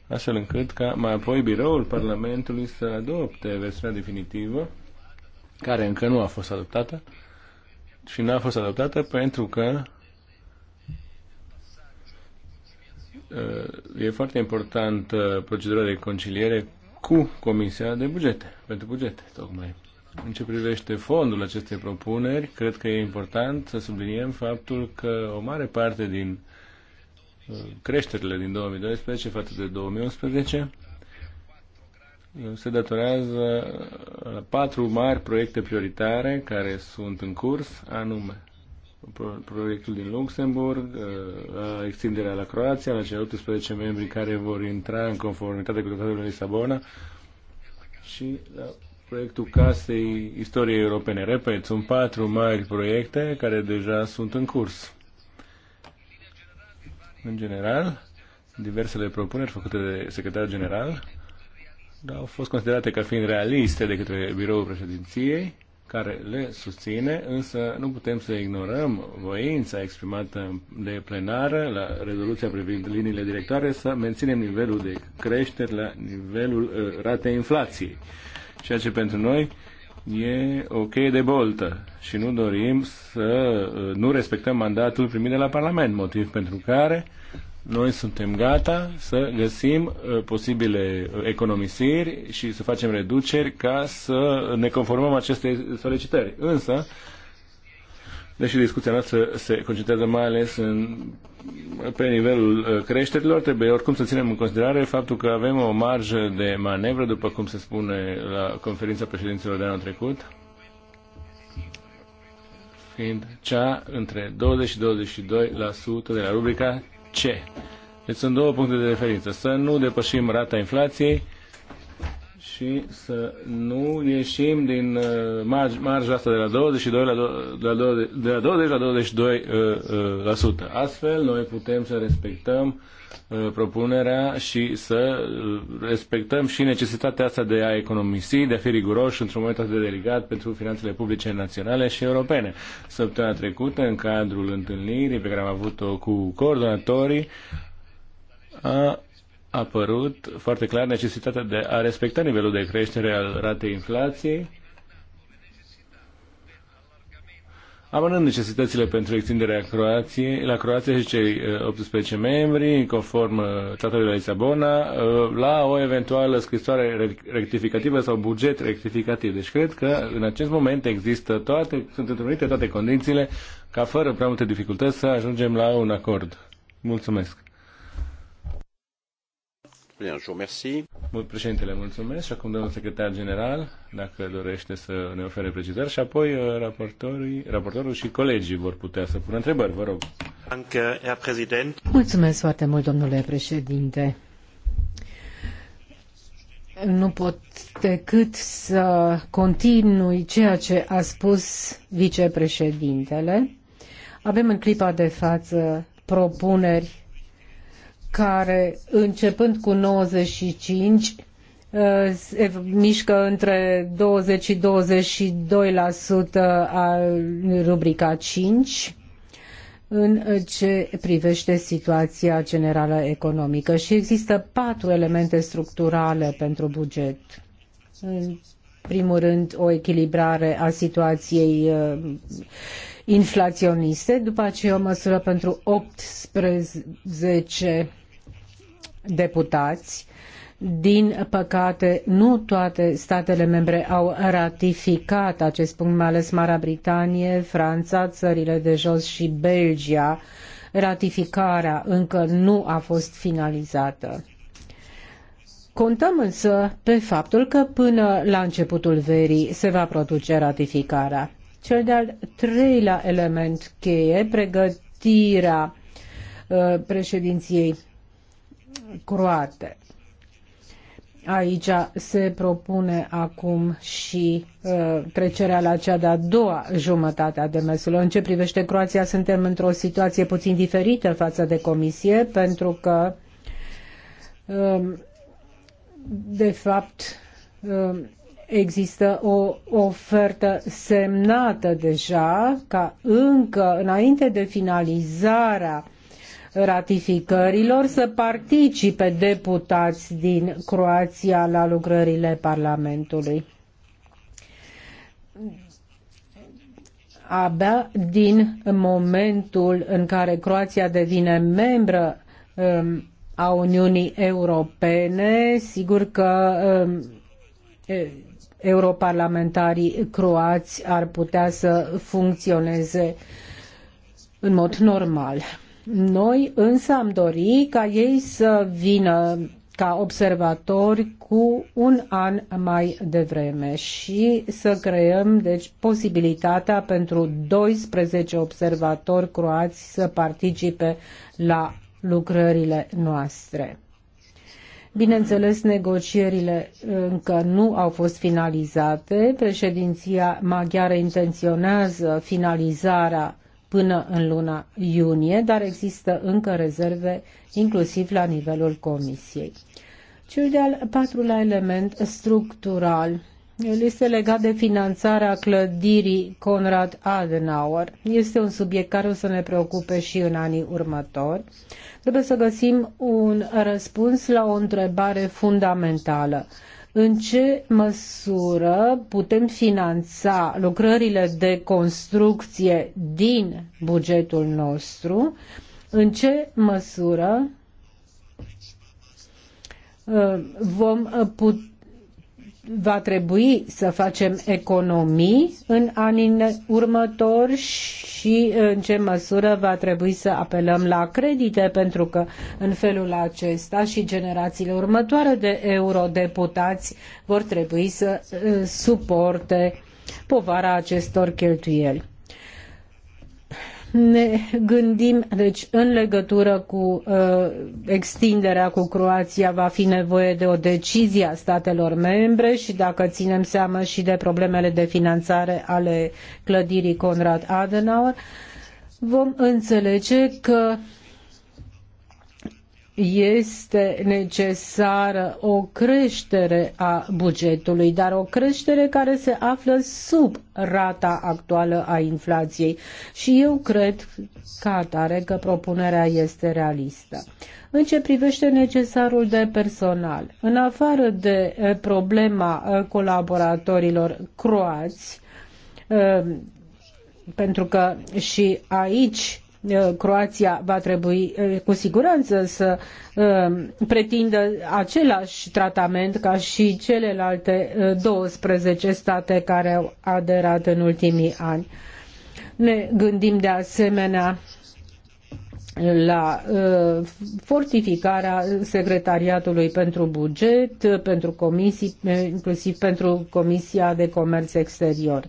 astfel încât ca mai apoi biroul Parlamentului să adopte versiunea definitivă, care încă nu a fost adoptată, și n-a fost adoptată pentru că Uh, e foarte important procedura de conciliere cu Comisia de Bugete, pentru bugete, tocmai. În ce privește fondul acestei propuneri, cred că e important să subliniem faptul că o mare parte din uh, creșterile din 2012 față de 2011 uh, se datorează la patru mari proiecte prioritare care sunt în curs, anume proiectul din Luxemburg, uh, la extinderea la Croația, la cei 18 membri care vor intra în conformitate cu tratatul de Lisabona și la proiectul Casei Istoriei Europene. Repet, sunt patru mari proiecte care deja sunt în curs. În general, diversele propuneri făcute de secretarul general da, au fost considerate ca fiind realiste de către biroul președinției care le susține, însă nu putem să ignorăm voința exprimată de plenară la rezoluția privind liniile directoare să menținem nivelul de creștere la nivelul uh, ratei inflației, ceea ce pentru noi e o okay cheie de boltă și nu dorim să uh, nu respectăm mandatul primit de la Parlament, motiv pentru care noi suntem gata să găsim uh, posibile uh, economisiri și să facem reduceri ca să ne conformăm acestei solicitări. Însă, deși discuția noastră se concentrează mai ales în, pe nivelul uh, creșterilor, trebuie oricum să ținem în considerare faptul că avem o marjă de manevră, după cum se spune la conferința președinților de anul trecut, fiind cea între 20 și 22% de la rubrica ce. Deci sunt două puncte de referință. Să nu depășim rata inflației și să nu ieșim din uh, marj, marja asta de la 22 la, de la, 20, de la 20 uh, uh, la 22%. Astfel, noi putem să respectăm Uh, propunerea și să uh, respectăm și necesitatea asta de a economisi, de a fi riguroși într-un moment atât de delicat pentru finanțele publice naționale și europene. Săptămâna trecută, în cadrul întâlnirii pe care am avut-o cu coordonatorii, a apărut foarte clar necesitatea de a respecta nivelul de creștere al ratei inflației Amânând necesitățile pentru extinderea Croației, la Croația și cei 18 uh, membri, conform uh, Tratatului de la Lisabona, uh, la o eventuală scrisoare rectificativă sau buget rectificativ. Deci cred că în acest moment există toate, sunt întrunite toate condițiile ca fără prea multe dificultăți să ajungem la un acord. Mulțumesc! Bine, je remercie. Președintele, mulțumesc și acum domnul secretar general, dacă dorește să ne ofere precizări și apoi uh, raportorii, raportorul și colegii vor putea să pună întrebări, vă rog. Uh, mulțumesc foarte mult, domnule președinte. Nu pot decât să continui ceea ce a spus vicepreședintele. Avem în clipa de față propuneri care începând cu 95 eh, se mișcă între 20 și 22% al rubrica 5 în ce privește situația generală economică și există patru elemente structurale pentru buget. În primul rând, o echilibrare a situației eh, inflaționiste, după aceea o măsură pentru 18 deputați. Din păcate, nu toate statele membre au ratificat acest punct, mai ales Marea Britanie, Franța, țările de jos și Belgia. Ratificarea încă nu a fost finalizată. Contăm însă pe faptul că până la începutul verii se va produce ratificarea. Cel de-al treilea element cheie, pregătirea uh, președinției croate. Aici se propune acum și uh, trecerea la cea de-a doua jumătate a demersului. În ce privește Croația, suntem într-o situație puțin diferită față de Comisie, pentru că, uh, de fapt, uh, există o ofertă semnată deja ca încă înainte de finalizarea uh, ratificărilor să participe deputați din Croația la lucrările Parlamentului. Abia din momentul în care Croația devine membră um, a Uniunii Europene, sigur că um, europarlamentarii croați ar putea să funcționeze în mod normal. Noi însă am dori ca ei să vină ca observatori cu un an mai devreme și să creăm deci posibilitatea pentru 12 observatori croați să participe la lucrările noastre. Bineînțeles, negocierile încă nu au fost finalizate. Președinția maghiară intenționează finalizarea până în luna iunie, dar există încă rezerve inclusiv la nivelul Comisiei. Cel de-al patrulea element structural el este legat de finanțarea clădirii Conrad Adenauer. Este un subiect care o să ne preocupe și în anii următori. Trebuie să găsim un răspuns la o întrebare fundamentală în ce măsură putem finanța lucrările de construcție din bugetul nostru, în ce măsură uh, vom putea va trebui să facem economii în anii următori și uh, în ce măsură va trebui să apelăm la credite, pentru că în felul acesta și generațiile următoare de eurodeputați vor trebui să uh, suporte povara acestor cheltuieli ne gândim, deci în legătură cu uh, extinderea cu Croația va fi nevoie de o decizie a statelor membre și dacă ținem seama și de problemele de finanțare ale clădirii Conrad Adenauer, vom înțelege că uh, este necesară o creștere a bugetului, dar o creștere care se află sub rata actuală a inflației. Și eu cred ca atare că propunerea este realistă. În ce privește necesarul de personal, în afară de eh, problema eh, colaboratorilor croați, eh, pentru că și aici Uh, Croația va trebui uh, cu siguranță să uh, pretindă același tratament ca și celelalte 12 state care au aderat în ultimii ani. Ne gândim de asemenea la fortificarea secretariatului pentru buget, pentru comisii, inclusiv pentru Comisia de Comerț Exterior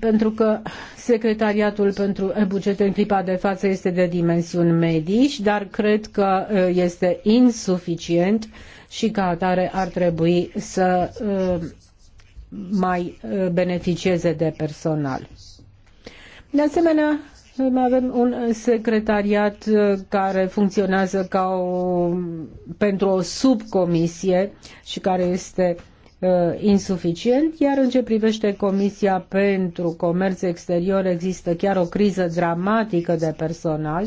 pentru că secretariatul pentru bugete în clipa de față este de dimensiuni medii, dar cred că uh, este insuficient și ca atare ar trebui să uh, mai uh, beneficieze de personal. De asemenea, mai avem un secretariat care funcționează ca o, pentru o subcomisie și care este uh, Uh, insuficient, iar în ce privește Comisia pentru Comerț Exterior există chiar o criză dramatică de personal,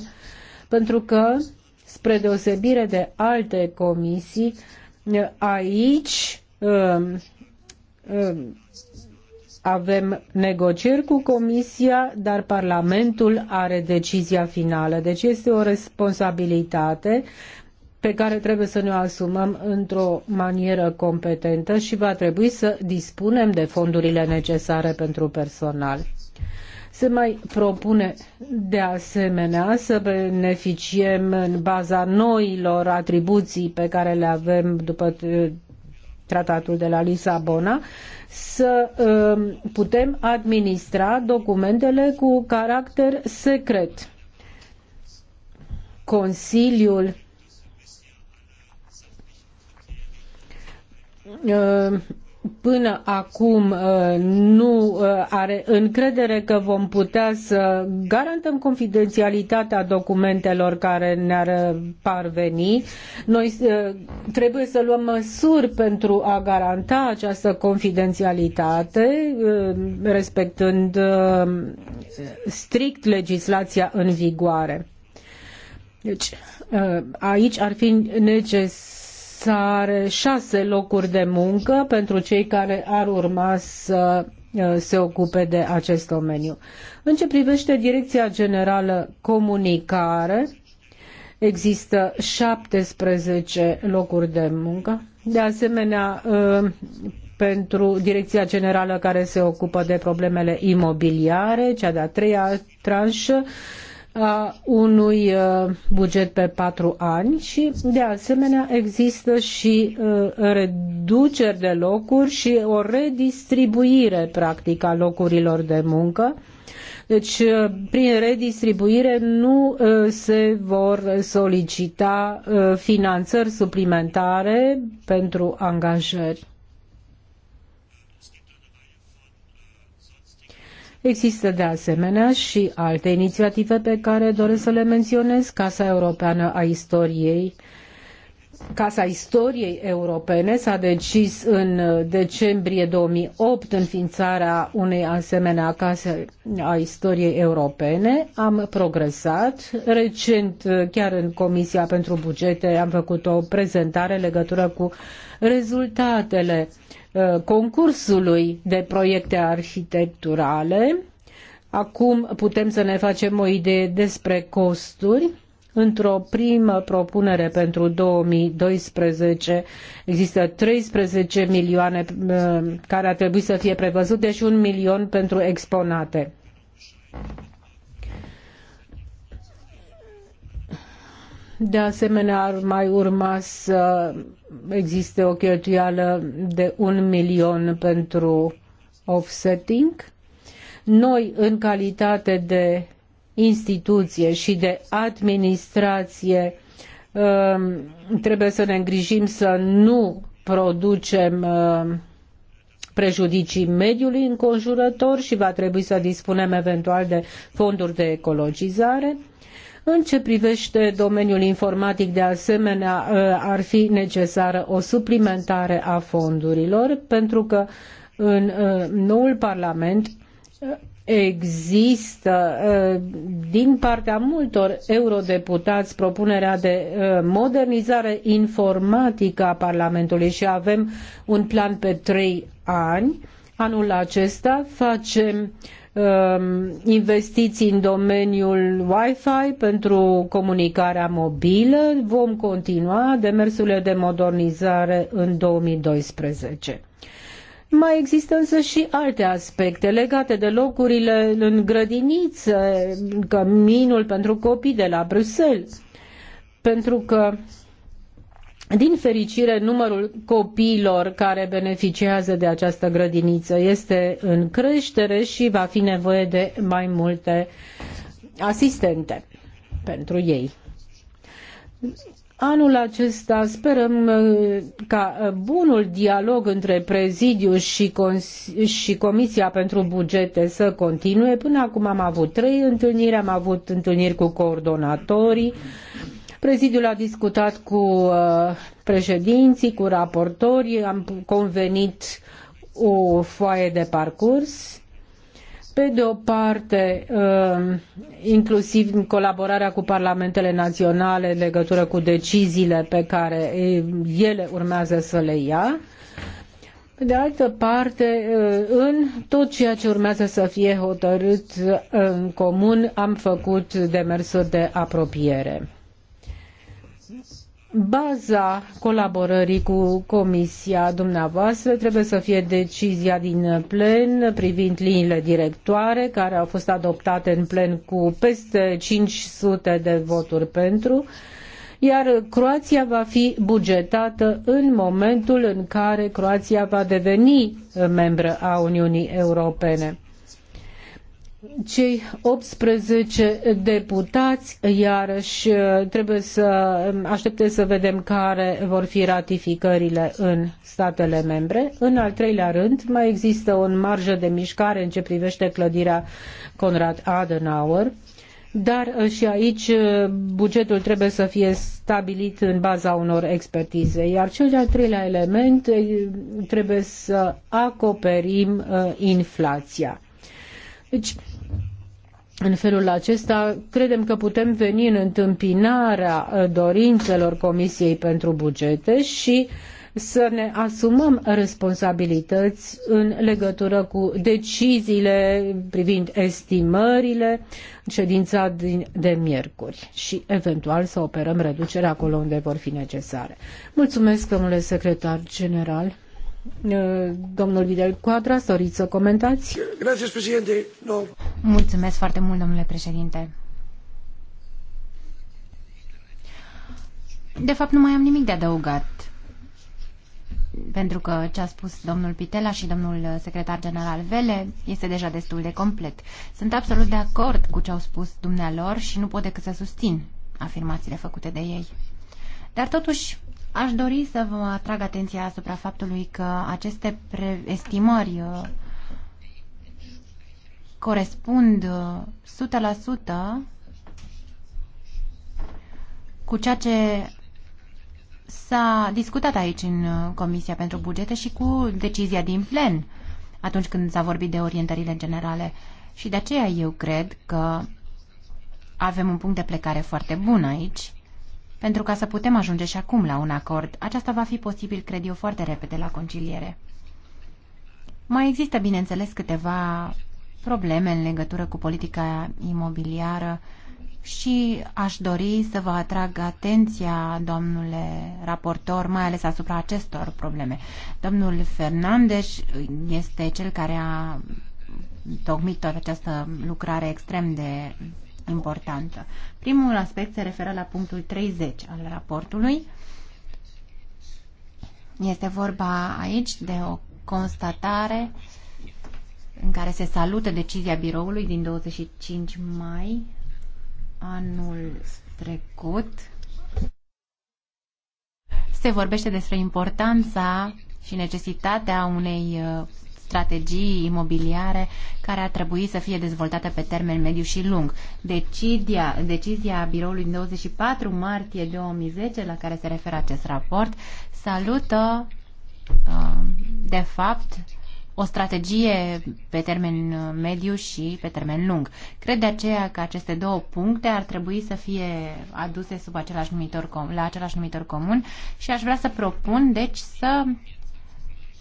pentru că, spre deosebire de alte comisii, uh, aici um, um, avem negocieri cu Comisia, dar Parlamentul are decizia finală. Deci este o responsabilitate pe care trebuie să ne o asumăm într-o manieră competentă și va trebui să dispunem de fondurile necesare pentru personal. Se mai propune de asemenea să beneficiem în baza noilor atribuții pe care le avem după uh, tratatul de la Lisabona, să um, putem administra documentele cu caracter secret. Consiliul Uh, până acum uh, nu uh, are încredere că vom putea să garantăm confidențialitatea documentelor care ne-ar parveni. Noi trebuie să luăm măsuri pentru a garanta această confidențialitate, respectând strict legislația în vigoare. Deci, aici ar fi necesar are șase locuri de muncă pentru cei care ar urma să uh, se ocupe de acest domeniu. În ce privește Direcția Generală Comunicare, există 17 locuri de muncă. De asemenea, uh, pentru Direcția Generală care se ocupă de problemele imobiliare, cea de-a treia tranșă, a unui uh, buget pe patru ani și, de asemenea, există și uh, reduceri de locuri și o redistribuire, practic, a locurilor de muncă. Deci, uh, prin redistribuire nu se vor solicita finanțări suplimentare pentru angajări. Există de asemenea și alte inițiative pe care doresc să le menționez. Casa Europeană a Istoriei, Casa Istoriei Europene s-a decis în decembrie 2008 înființarea unei asemenea case a istoriei europene. Am progresat. Recent, chiar în Comisia pentru Bugete, am făcut o prezentare legătură cu rezultatele uh, Uh, concursului de proiecte arhitecturale. Acum putem să ne facem o idee despre costuri. Într-o primă propunere pentru 2012 există 13 milioane uh, care ar trebui să fie prevăzute și un milion pentru exponate. De asemenea, ar mai urma să existe o cheltuială de un milion pentru offsetting. Noi, în calitate de instituție și de administrație, um, trebuie să ne îngrijim să nu producem um, prejudicii mediului înconjurător și va trebui să dispunem eventual de fonduri de ecologizare. În ce privește domeniul informatic, de asemenea, ă, ar fi necesară o suplimentare a fondurilor, pentru că în ă, noul Parlament ă, există din partea multor eurodeputați propunerea de modernizare informatică a Parlamentului și avem un plan pe trei ani. Anul acesta facem Um, investiții în domeniul Wi-Fi pentru comunicarea mobilă. Vom continua demersurile de modernizare în 2012. Mai există însă și alte aspecte legate de locurile în grădinițe, căminul pentru copii de la Bruxelles. Pentru că din fericire, numărul copiilor care beneficiază de această grădiniță este în creștere și va fi nevoie de mai multe asistente pentru ei. Anul acesta sperăm uh, ca uh, bunul dialog între prezidiu și, și Comisia pentru Bugete să continue. Până acum am avut trei întâlniri, am avut întâlniri cu coordonatorii, Prezidiul a discutat cu uh, președinții, cu raportori, am convenit o foaie de parcurs. Pe de o parte, uh, inclusiv în colaborarea cu parlamentele naționale în legătură cu deciziile pe care uh, ele urmează să le ia, pe de altă parte, în tot ceea ce urmează să fie hotărât în comun, am făcut demersuri de apropiere baza colaborării cu comisia dumneavoastră trebuie să fie decizia din plen privind liniile directoare care au fost adoptate în plen cu peste 500 de voturi pentru iar Croația va fi bugetată în momentul în care Croația va deveni membră a Uniunii Europene cei 18 deputați, iarăși trebuie să aștepte să vedem care vor fi ratificările în statele membre. În al treilea rând, mai există o marjă de mișcare în ce privește clădirea Conrad Adenauer, dar și aici bugetul trebuie să fie stabilit în baza unor expertize. Iar cel de-al treilea element eh, trebuie să acoperim eh, inflația. Deci, în felul acesta, credem că putem veni în întâmpinarea uh, dorințelor Comisiei pentru Bugete și să ne asumăm responsabilități în legătură cu deciziile privind estimările ședința din, de miercuri și eventual să operăm reduceri acolo unde vor fi necesare. Mulțumesc, domnule secretar general. Uh, domnul Vidal Quadras, doriți să comentați? Gracias, președinte. No. Mulțumesc foarte mult, domnule președinte. De fapt, nu mai am nimic de adăugat. Pentru că ce a spus domnul Pitela și domnul secretar general Vele este deja destul de complet. Sunt absolut de acord cu ce au spus dumnealor și nu pot decât să susțin afirmațiile făcute de ei. Dar totuși, Aș dori să vă atrag atenția asupra faptului că aceste estimări uh, corespund 100% uh, cu ceea ce s-a discutat aici în uh, Comisia pentru Bugete și cu decizia din plen atunci când s-a vorbit de orientările generale. Și de aceea eu cred că avem un punct de plecare foarte bun aici pentru ca să putem ajunge și acum la un acord. Aceasta va fi posibil, cred eu, foarte repede la conciliere. Mai există, bineînțeles, câteva probleme în legătură cu politica imobiliară și aș dori să vă atrag atenția, domnule raportor, mai ales asupra acestor probleme. Domnul Fernandes este cel care a tocmit toată această lucrare extrem de importantă. Primul aspect se referă la punctul 30 al raportului. Este vorba aici de o constatare în care se salută decizia biroului din 25 mai anul trecut. Se vorbește despre importanța și necesitatea unei uh, strategii imobiliare care ar trebui să fie dezvoltate pe termen mediu și lung. Decidia, decizia biroului 24 martie 2010, la care se referă acest raport, salută, uh, de fapt, o strategie pe termen uh, mediu și pe termen lung. Cred de aceea că aceste două puncte ar trebui să fie aduse sub același numitor com- la același numitor comun și aș vrea să propun, deci, să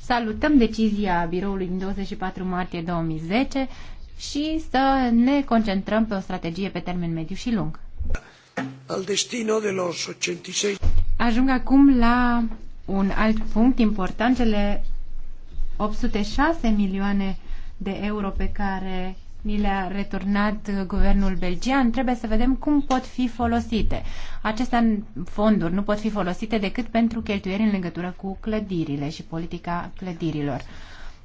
salutăm decizia biroului din 24 martie 2010 și să ne concentrăm pe o strategie pe termen mediu și lung. Al destino de los 86. Ajung acum la un alt punct important, cele 806 milioane de euro pe care ni le-a returnat uh, guvernul belgian, trebuie să vedem cum pot fi folosite. Aceste fonduri nu pot fi folosite decât pentru cheltuieri în legătură cu clădirile și politica clădirilor.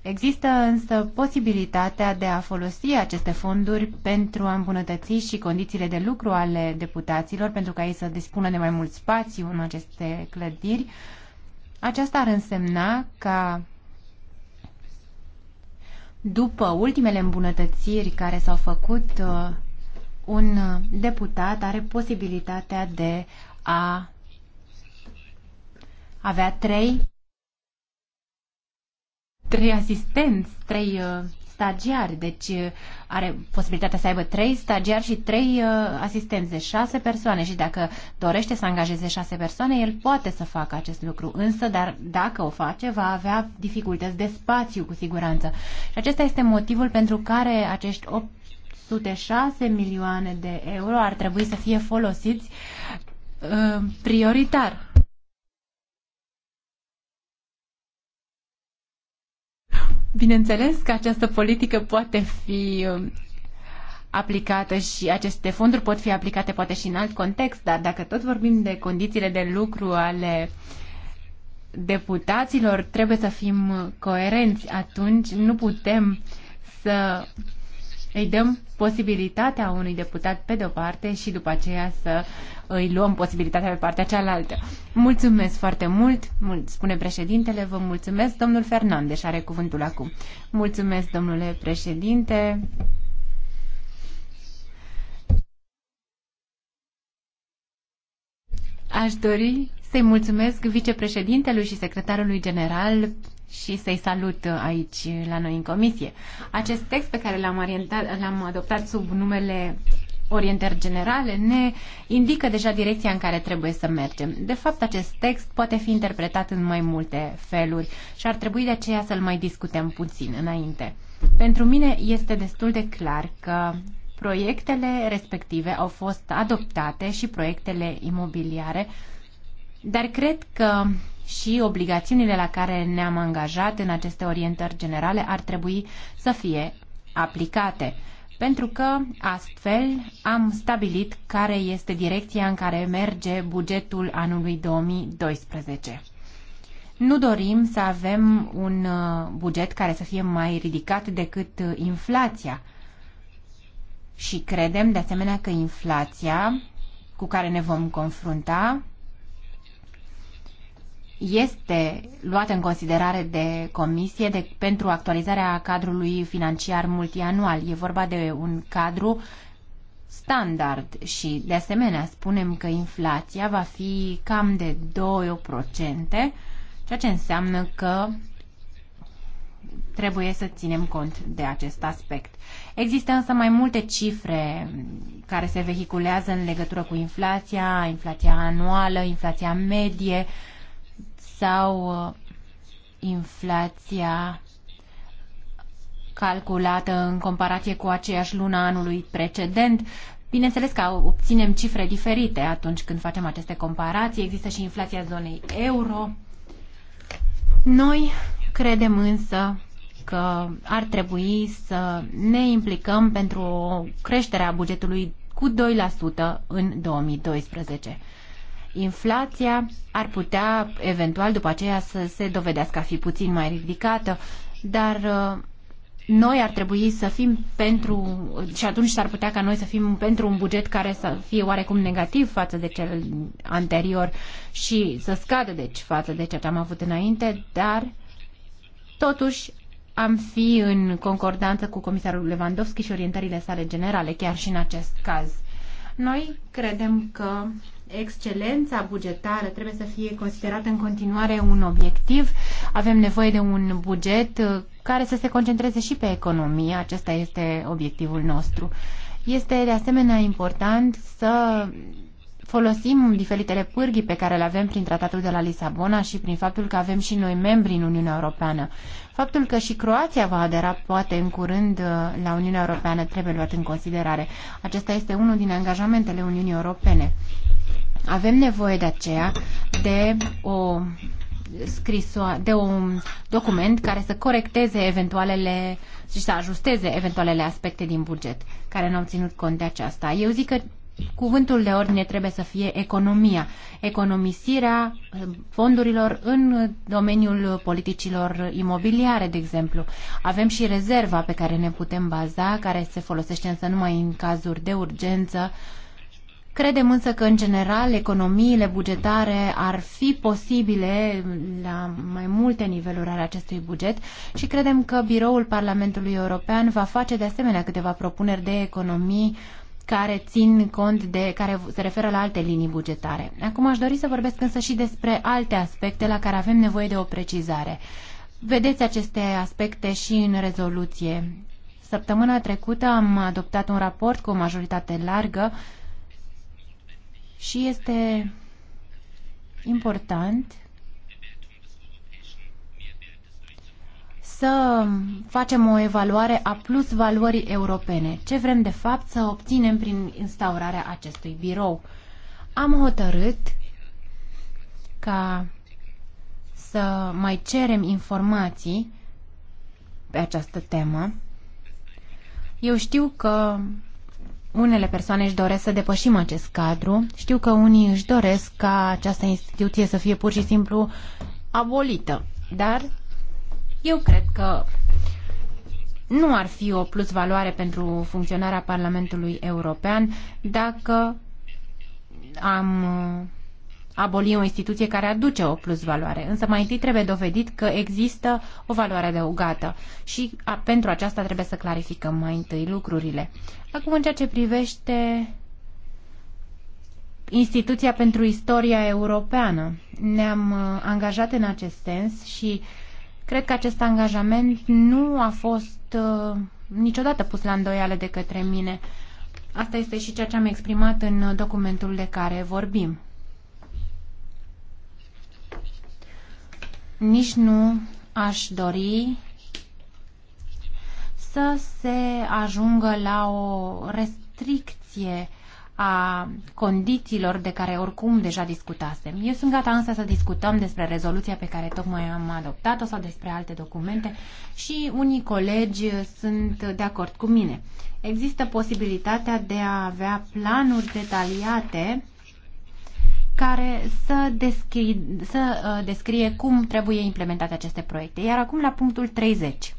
Există însă posibilitatea de a folosi aceste fonduri pentru a îmbunătăți și condițiile de lucru ale deputaților, pentru ca ei să dispună de mai mult spațiu în aceste clădiri. Aceasta ar însemna ca după ultimele îmbunătățiri care s-au făcut, uh, un deputat are posibilitatea de a avea trei, trei asistenți, trei uh, stagiari, deci uh, are posibilitatea să aibă trei stagiari și trei uh, asistenți de șase persoane și dacă dorește să angajeze șase persoane, el poate să facă acest lucru, însă dar dacă o face, va avea dificultăți de spațiu cu siguranță. Și acesta este motivul pentru care acești 806 milioane de euro ar trebui să fie folosiți uh, prioritar Bineînțeles că această politică poate fi um, aplicată și aceste fonduri pot fi aplicate poate și în alt context, dar dacă tot vorbim de condițiile de lucru ale deputaților, trebuie să fim coerenți. Atunci nu putem să îi dăm posibilitatea unui deputat pe de-o parte și după aceea să îi luăm posibilitatea pe partea cealaltă. Mulțumesc foarte mult, mult spune președintele, vă mulțumesc. Domnul Fernandez are cuvântul acum. Mulțumesc, domnule președinte. Aș dori să-i mulțumesc vicepreședintelui și secretarului general și să-i salut uh, aici la noi în comisie. Acest text pe care l-am, orientat, l-am adoptat sub numele orientări generale ne indică deja direcția în care trebuie să mergem. De fapt, acest text poate fi interpretat în mai multe feluri și ar trebui de aceea să-l mai discutăm puțin înainte. Pentru mine este destul de clar că proiectele respective au fost adoptate și proiectele imobiliare dar cred că și obligațiunile la care ne-am angajat în aceste orientări generale ar trebui să fie aplicate pentru că astfel am stabilit care este direcția în care merge bugetul anului 2012. Nu dorim să avem un uh, buget care să fie mai ridicat decât uh, inflația. Și credem de asemenea că inflația cu care ne vom confrunta este luat în considerare de comisie de, pentru actualizarea cadrului financiar multianual. E vorba de un cadru standard și, de asemenea, spunem că inflația va fi cam de 2%, ceea ce înseamnă că trebuie să ținem cont de acest aspect. Există însă mai multe cifre care se vehiculează în legătură cu inflația, inflația anuală, inflația medie, uh, sau uh, inflația calculată în comparație cu aceeași lună anului precedent. Bineînțeles că obținem cifre diferite atunci când facem aceste comparații. Există și inflația zonei euro. Noi credem însă că ar trebui să ne implicăm pentru o creștere a bugetului cu 2% în 2012 inflația ar putea eventual după aceea să se dovedească a fi puțin mai ridicată, dar uh, noi ar trebui să fim pentru și atunci s-ar putea ca noi să fim pentru un buget care să fie oarecum negativ față de cel anterior și să scadă deci față de ceea ce am avut înainte, dar totuși am fi în concordanță cu comisarul Lewandowski și orientările sale generale, chiar și în acest caz. Noi credem că excelența bugetară trebuie să fie considerată în continuare un obiectiv. Avem nevoie de un buget uh, care să se concentreze și pe economie. Acesta este obiectivul nostru. Este de asemenea important să folosim diferitele pârghii pe care le avem prin tratatul de la Lisabona și prin faptul că avem și noi membri în Uniunea Europeană. Faptul că și Croația va adera poate în curând uh, la Uniunea Europeană trebuie luat în considerare. Acesta este unul din angajamentele Uniunii Europene. Avem nevoie de aceea de o scrisoare, de un document care să corecteze eventualele și să ajusteze eventualele aspecte din buget care n-au ținut cont de aceasta. Eu zic că cuvântul de ordine trebuie să fie economia, economisirea uh, fondurilor în domeniul politicilor imobiliare, de exemplu. Avem și rezerva pe care ne putem baza, care se folosește însă numai în cazuri de urgență. Credem însă că, în general, economiile bugetare ar fi posibile la mai multe niveluri ale acestui buget și credem că Biroul Parlamentului European va face de asemenea câteva propuneri de economii uh, care țin cont de, care se referă la alte linii bugetare. Acum aș dori să vorbesc însă și despre alte aspecte la care avem nevoie de o precizare. Vedeți aceste aspecte și în rezoluție. Săptămâna trecută am adoptat un raport cu o majoritate largă și este important să facem o evaluare a plus valorii europene. Ce vrem de fapt să obținem prin instaurarea acestui birou? Am hotărât ca să mai cerem informații pe această temă. Eu știu că unele persoane își doresc să depășim acest cadru. Știu că unii își doresc ca această instituție să fie pur și simplu abolită. Dar eu cred că nu ar fi o plus valoare pentru funcționarea Parlamentului European dacă am uh, aboli o instituție care aduce o plus valoare. Însă mai întâi trebuie dovedit că există o valoare adăugată și a, pentru aceasta trebuie să clarificăm mai întâi lucrurile. Acum, în ceea ce privește instituția pentru istoria europeană, ne-am uh, angajat în acest sens și uh, Cred că acest angajament nu a fost uh, niciodată pus la îndoială de către mine. Asta este și ceea ce am exprimat în documentul de care vorbim. Nici nu aș dori să se ajungă la o restricție a condițiilor de care oricum deja discutasem. Eu sunt gata însă să discutăm despre rezoluția pe care tocmai am adoptat-o sau despre alte documente și unii colegi sunt de acord cu mine. Există posibilitatea de a avea planuri detaliate care să, descrie, să uh, descrie cum trebuie implementate aceste proiecte. Iar acum la punctul 30.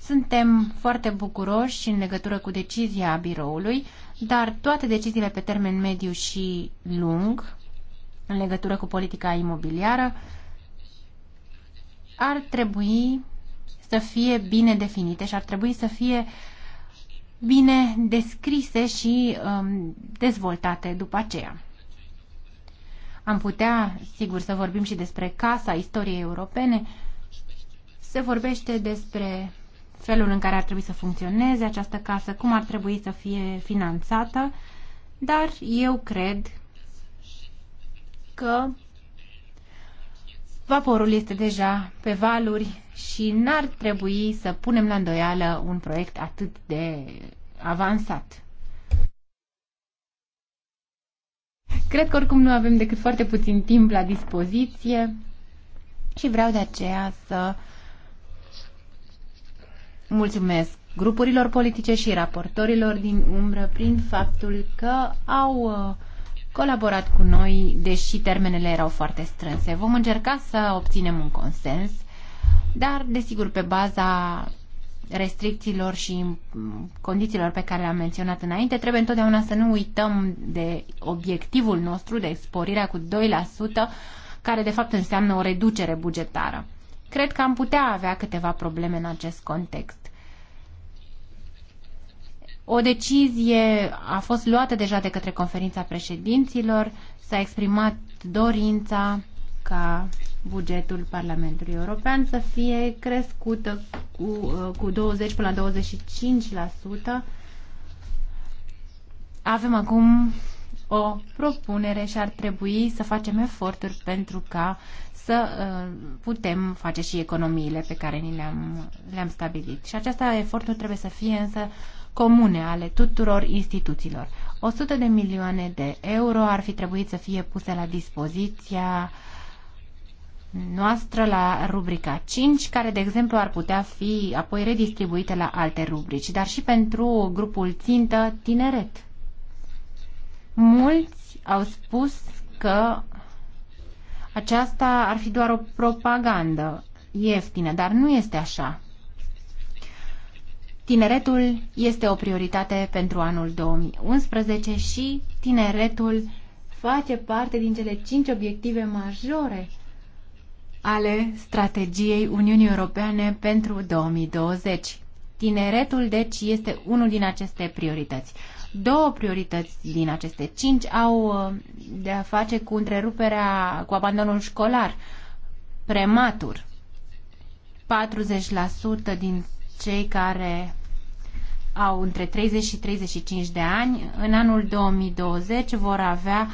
Suntem foarte bucuroși în legătură cu decizia biroului dar toate deciziile pe termen mediu și lung în legătură cu politica imobiliară ar trebui să fie bine definite și ar trebui să fie bine descrise și um, dezvoltate după aceea. Am putea, sigur, să vorbim și despre Casa Istoriei Europene. Se vorbește despre felul în care ar trebui să funcționeze această casă, cum ar trebui să fie finanțată, dar eu cred că vaporul este deja pe valuri și n-ar trebui să punem la îndoială un proiect atât de avansat. Cred că oricum nu avem decât foarte puțin timp la dispoziție și vreau de aceea să mulțumesc grupurilor politice și raportorilor din umbră prin faptul că au uh, colaborat cu noi, deși termenele erau foarte strânse. Vom încerca să obținem un consens, dar, desigur, pe baza restricțiilor și mm, condițiilor pe care le-am menționat înainte, trebuie întotdeauna să nu uităm de obiectivul nostru de sporirea cu 2%, care de fapt înseamnă o reducere bugetară cred că am putea avea câteva probleme în acest context. O decizie a fost luată deja de către conferința președinților, s-a exprimat dorința ca bugetul Parlamentului European să fie crescută cu, cu 20 până la 25%. Avem acum o propunere și ar trebui să facem eforturi pentru ca să uh, putem face și economiile pe care ni le-am, le-am stabilit. Și acesta efortul trebuie să fie însă comune ale tuturor instituțiilor. 100 de milioane de euro ar fi trebuit să fie puse la dispoziția noastră la rubrica 5, care, de exemplu, ar putea fi apoi redistribuite la alte rubrici, dar și pentru grupul țintă tineret. Mulți au spus că aceasta ar fi doar o propagandă ieftină, dar nu este așa. Tineretul este o prioritate pentru anul 2011 și tineretul face parte din cele cinci obiective majore ale strategiei Uniunii Europene pentru 2020. Tineretul, deci, este unul din aceste priorități. Două priorități din aceste cinci au uh, de a face cu întreruperea, cu abandonul școlar prematur. 40% din cei care au între 30 și 35 de ani, în anul 2020 vor avea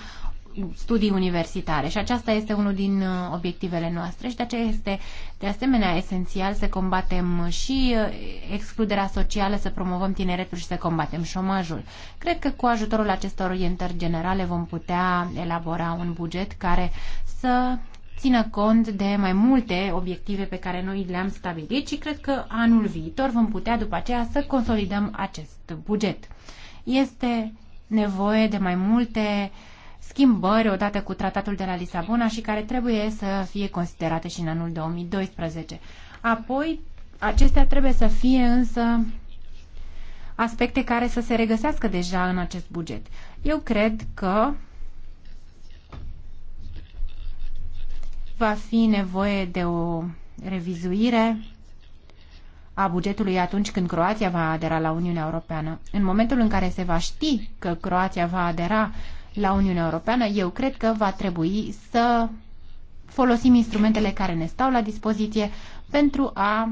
studii universitare și aceasta este unul din uh, obiectivele noastre și de aceea este de asemenea esențial să combatem și uh, excluderea socială, să promovăm tineretul și să combatem șomajul. Cred că cu ajutorul acestor orientări generale vom putea elabora un buget care să țină cont de mai multe obiective pe care noi le-am stabilit și cred că anul viitor vom putea după aceea să consolidăm acest buget. Este nevoie de mai multe uh, schimbări odată cu tratatul de la Lisabona și care trebuie să fie considerate și în anul 2012. Apoi, acestea trebuie să fie însă aspecte care să se regăsească deja în acest buget. Eu cred că va fi nevoie de o revizuire a bugetului atunci când Croația va adera la Uniunea Europeană. În momentul în care se va ști că Croația va adera la Uniunea Europeană, eu cred că va trebui să folosim instrumentele care ne stau la dispoziție pentru a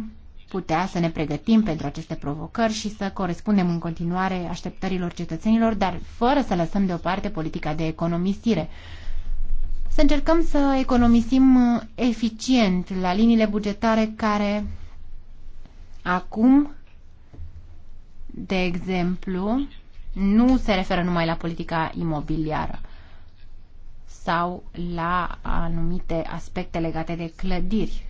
putea să ne pregătim pentru aceste provocări și să corespundem în continuare așteptărilor cetățenilor, dar fără să lăsăm deoparte politica de economisire. Să încercăm să economisim uh, eficient la liniile bugetare care acum, de exemplu, nu se referă numai la politica imobiliară sau la anumite aspecte legate de clădiri.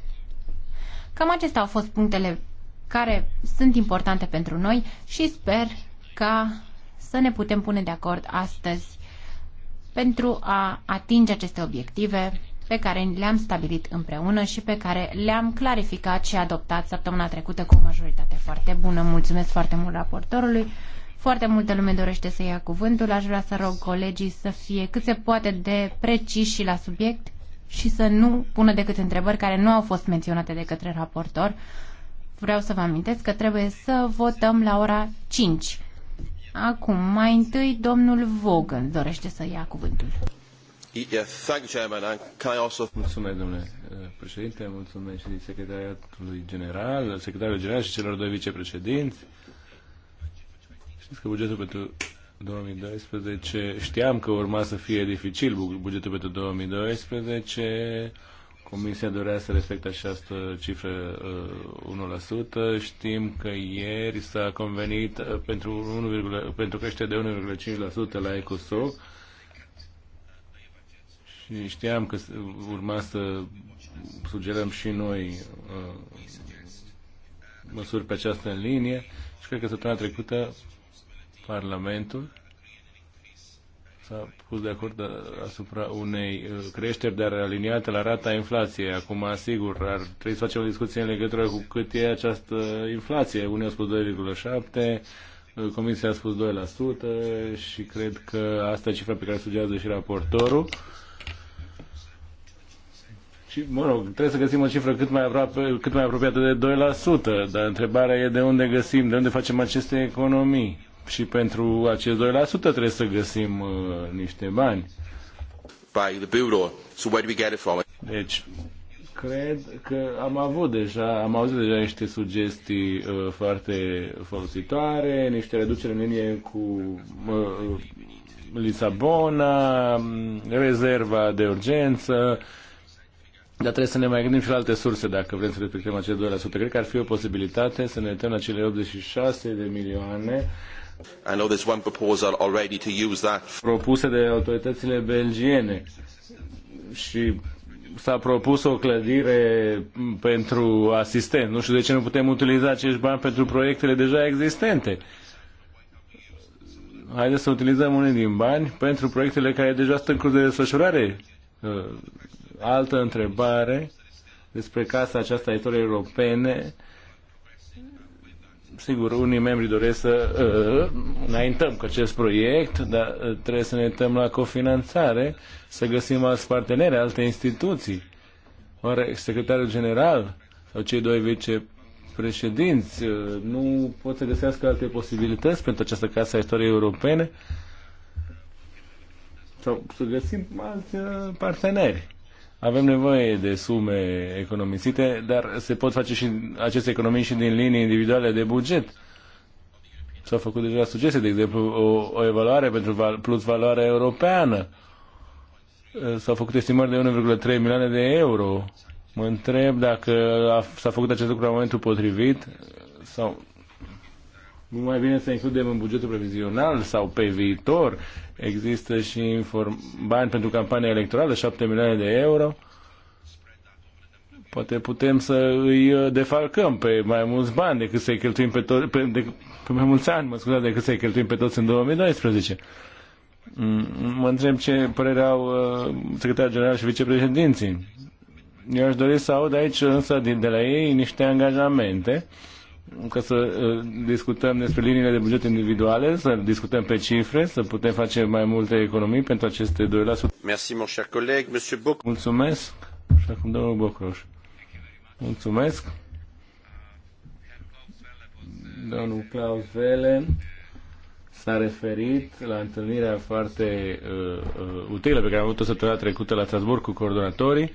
Cam acestea au fost punctele care sunt importante pentru noi și sper ca să ne putem pune de acord astăzi pentru a atinge aceste obiective pe care le-am stabilit împreună și pe care le-am clarificat și adoptat săptămâna trecută cu o majoritate foarte bună. Mulțumesc foarte mult raportorului. Foarte multă lume dorește să ia cuvântul. Aș vrea să rog colegii să fie cât se poate de preciși și la subiect și să nu pună decât întrebări care nu au fost menționate de către raportor. Vreau să vă amintesc că trebuie să votăm la ora 5. Acum, mai întâi, domnul Vogan dorește să ia cuvântul. Mulțumesc, domnule uh, președinte, mulțumesc și secretariatului general, secretarul general și celor doi vicepreședinți Știți că bugetul pentru 2012, știam că urma să fie dificil bugetul pentru 2012, Comisia dorea să respecte această cifră 1%. Uh, Știm că ieri s-a convenit uh, pentru, 1, pentru creștere de 1,5% la ECOSOC și știam că urma să sugerăm și noi uh, măsuri pe această linie și cred că săptămâna trecută Parlamentul s-a pus de acord asupra unei uh, creșteri, dar aliniată la rata inflației. Acum, sigur, ar trebui să facem o discuție în legătură cu cât e această inflație. Unii au spus 2,7%, uh, Comisia a spus 2% și cred că asta e cifra pe care sugerează și raportorul. Și, mă rog, trebuie să găsim o cifră cât mai, aproape, cât mai apropiată de 2%, dar întrebarea e de unde găsim, de unde facem aceste economii și pentru acest 2% trebuie să găsim uh, niște bani. By the bureau. So where do we get it from? Deci, cred că am avut deja, am auzit deja niște sugestii uh, foarte folositoare, niște reduceri în linie cu uh, uh Lisabona, rezerva de urgență, dar trebuie să ne mai gândim și la alte surse dacă vrem să respectăm acele 2%. Cred că ar fi o posibilitate să ne uităm la cele 86 de milioane uh, Propuse de autoritățile belgiene și s-a propus o clădire pentru asistent. Nu știu de ce nu putem utiliza acești bani pentru proiectele deja existente. Haideți să utilizăm unii din bani pentru proiectele care deja sunt în curs de desfășurare. Uh, altă întrebare despre Casa aceasta a Istoriei Europene sigur, unii membri doresc să uh, înaintăm cu acest proiect, dar uh, trebuie să ne uităm la cofinanțare, să găsim alți parteneri, alte instituții. Oare secretarul general sau cei doi vicepreședinți uh, nu pot să găsească alte posibilități pentru această casă a istoriei europene? Sau să găsim alți uh, parteneri. Avem nevoie de sume economisite, dar se pot face și aceste economii și din linii individuale de buget. S-au făcut deja sugestii, de exemplu, o, o evaluare pentru plus valoare europeană. S-au făcut estimări de 1,3 milioane de euro. Mă întreb dacă s-a făcut acest lucru la momentul potrivit sau mai bine să includem în bugetul previzional sau pe viitor. Există și inform- bani pentru campania electorală, 7 milioane de euro. Poate putem să îi uh, defalcăm pe mai mulți bani decât să-i cheltuim pe toți, pe, de, pe mai mulți ani, mă scuzați, decât să-i cheltuim pe toți în 2012. Mm, mă întreb ce părere au uh, secretarul general și vicepreședinții. Eu aș dori să aud aici însă de, la ei niște angajamente ca să uh, discutăm despre liniile de buget individuale, să discutăm pe cifre, să putem face mai multe economii pentru aceste 2%. Merci, mon cher coleg, monsieur Boc. Mulțumesc. Și acum domnul Bocroș. Mulțumesc. Domnul Claus Velen s-a referit la întâlnirea foarte uh, uh, utilă pe care am avut-o săptămâna trecută la Strasburg cu coordonatorii.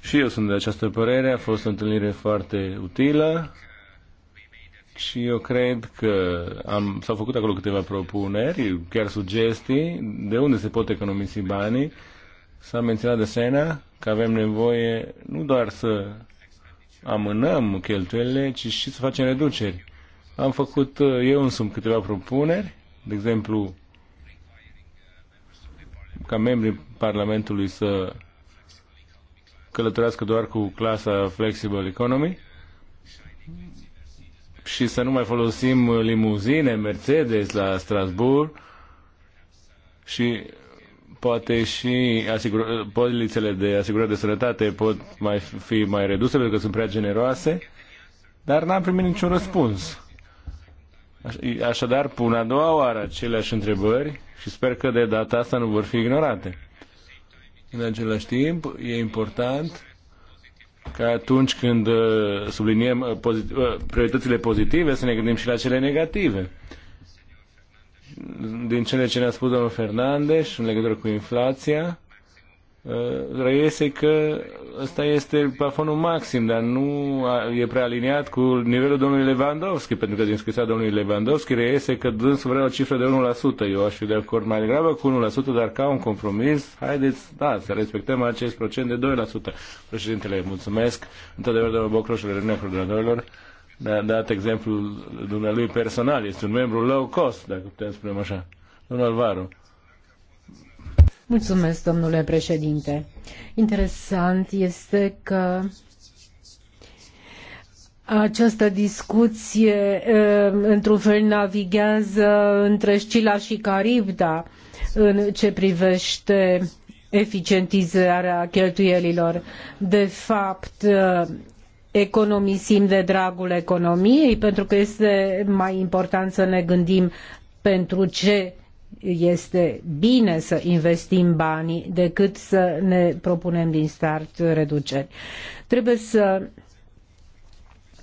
Și eu sunt de această părere, a fost o întâlnire foarte utilă și eu cred că am, s-au făcut acolo câteva propuneri, chiar sugestii, de unde se pot economisi banii. S-a menționat de Sena că avem nevoie nu doar să amânăm cheltuielile, ci și să facem reduceri. Am făcut uh, eu însumi câteva propuneri, de exemplu, ca membrii Parlamentului să călătorească doar cu clasa Flexible Economy, și să nu mai folosim limuzine, Mercedes la Strasbourg și poate și asigur- polițele de asigurare de sănătate pot mai fi mai reduse pentru că sunt prea generoase, dar n-am primit niciun răspuns. Așadar, pun a doua oară aceleași întrebări și sper că de data asta nu vor fi ignorate. În același timp, e important că atunci când uh, subliniem uh, pozit- uh, prioritățile pozitive, să ne gândim și la cele negative. Din cele ce ne-a spus domnul Fernandes în legătură cu inflația, Uh, reiese că ăsta este plafonul maxim, dar nu e prea aliniat cu nivelul domnului Lewandowski, pentru că din scrisa domnului Lewandowski reiese că dânsul vrea o cifră de 1%. Eu aș fi de acord mai degrabă cu 1%, dar ca un compromis, haideți, da, să respectăm acest procent de 2%. Președintele, mulțumesc. Întotdeauna, domnul Bocroș, reuniunea coordonatorilor. Ne-a dat exemplul dumnealui personal, este un membru low cost, dacă putem spune așa. Domnul Alvaro. Mulțumesc, domnule președinte. Interesant este că această discuție într-un fel navighează între Scila și Caribda în ce privește eficientizarea cheltuielilor. De fapt, economisim de dragul economiei, pentru că este mai important să ne gândim pentru ce este bine să investim banii decât să ne propunem din start reduceri. Trebuie să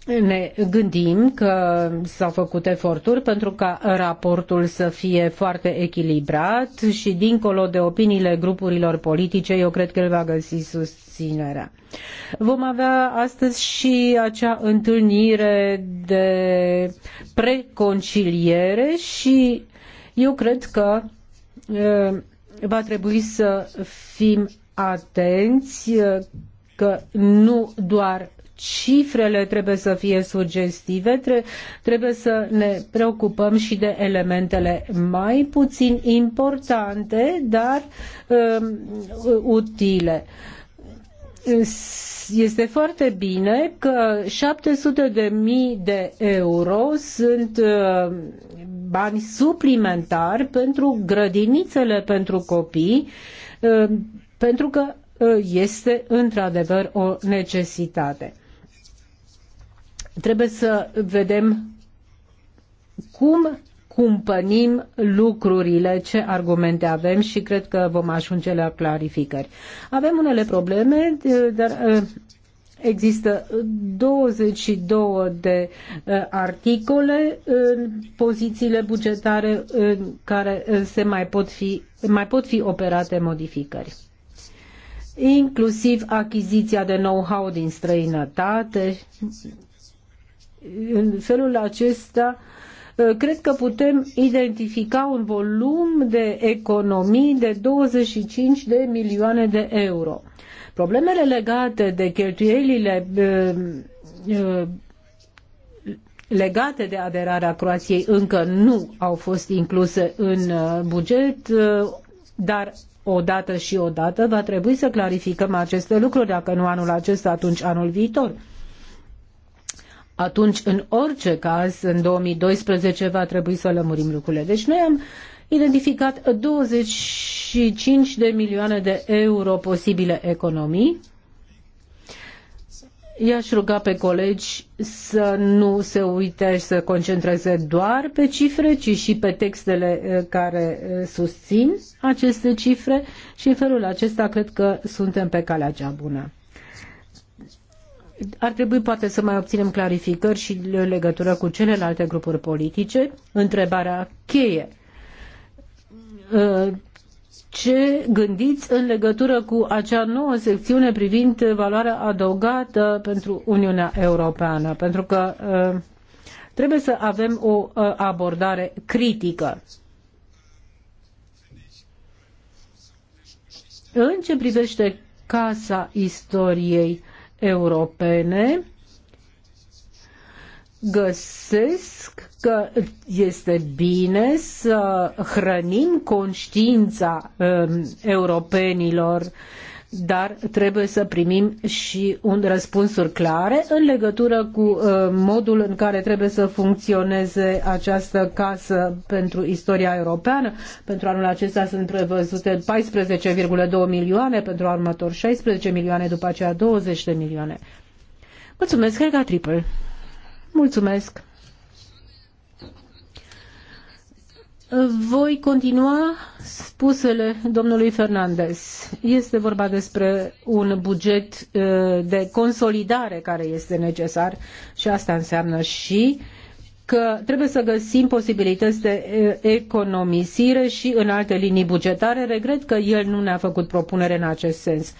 ne gândim că s-au făcut eforturi pentru ca raportul să fie foarte echilibrat și dincolo de opiniile grupurilor politice, eu cred că el va găsi susținerea. Vom avea astăzi și acea întâlnire de preconciliere și eu cred că va trebui să fim atenți că nu doar cifrele trebuie să fie sugestive, trebuie să ne preocupăm și de elementele mai puțin importante, dar um, utile. Uh, este foarte bine că 700 de mii de euro sunt uh, bani suplimentari pentru grădinițele pentru copii, uh, pentru că uh, este într-adevăr o necesitate. Trebuie să vedem cum cumpănim lucrurile, ce argumente avem și cred că vom ajunge la clarificări. Avem unele probleme, dar eh, Există 22 de eh, articole în pozițiile bugetare în care eh, se mai pot fi, mai pot fi operate modificări inclusiv achiziția de know-how din străinătate. În felul acesta Uh, cred că putem identifica un volum de economii de 25 de milioane de euro. Problemele legate de cheltuielile uh, uh, legate de aderarea Croației încă nu au fost incluse în buget, dar odată și odată va trebui să clarificăm aceste lucruri, dacă nu anul acesta, atunci anul viitor atunci, în orice caz, în 2012 va trebui să lămurim lucrurile. Deci noi am identificat 25 de milioane de euro posibile economii. I-aș ruga pe colegi să nu se uite și să concentreze doar pe cifre, ci și pe textele eh, care eh, susțin aceste cifre și în felul acesta cred că suntem pe calea cea bună. Ar trebui poate să mai obținem clarificări și în legătură cu celelalte grupuri politice. Întrebarea cheie. Uh, ce gândiți în legătură cu acea nouă secțiune privind valoarea adăugată pentru Uniunea Europeană? Pentru că uh, trebuie să avem o uh, abordare critică. În ce privește Casa Istoriei, europene găsesc că este bine să hrănim conștiința um, europenilor uh, dar trebuie să primim și un răspunsuri clare în legătură cu uh, modul în care trebuie să funcționeze această casă pentru istoria europeană. Pentru anul acesta sunt prevăzute 14,2 milioane, pentru următor 16 milioane, după aceea 20 de milioane. Mulțumesc, Helga Triple. Mulțumesc. Voi continua spusele domnului Fernandez. Este vorba despre un buget uh, de consolidare care este necesar și asta înseamnă și că trebuie să găsim posibilități de uh, economisire și în alte linii bugetare. Regret că el nu ne-a făcut propunere în acest sens.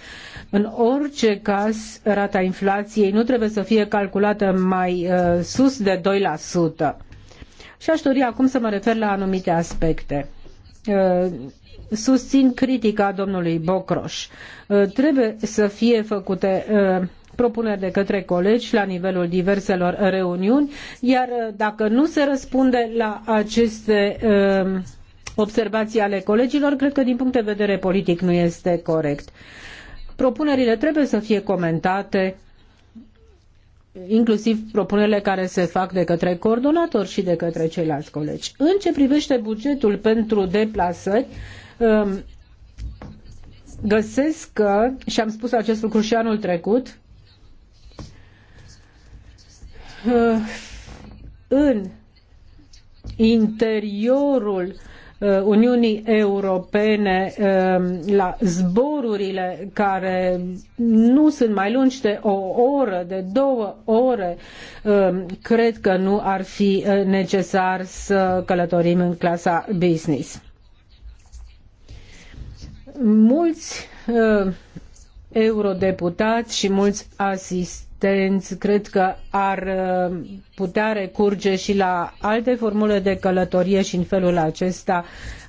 În orice caz, rata inflației nu trebuie să fie calculată mai uh, sus de 2%. Și aș dori acum să mă refer la anumite aspecte uh, susțin critica domnului Bocroș. Uh, trebuie să fie făcute uh, propuneri de către colegi la nivelul diverselor reuniuni, iar dacă nu se răspunde la aceste observații ale colegilor, cred că din punct de vedere politic nu este corect. Propunerile trebuie să fie comentate, inclusiv propunerile care se fac de către coordonator și de către ceilalți colegi. În ce privește bugetul pentru deplasări, um, găsesc că, și am spus acest lucru și anul trecut, uh, în interiorul Uh, Uniunii Europene um, la zborurile care nu sunt mai lungi de o oră, de două ore, um, cred că nu ar fi uh, necesar să călătorim în clasa business. Mulți uh, eurodeputați și mulți asistenți competenți, cred că ar uh, putea recurge și la alte formule de călătorie și în felul acesta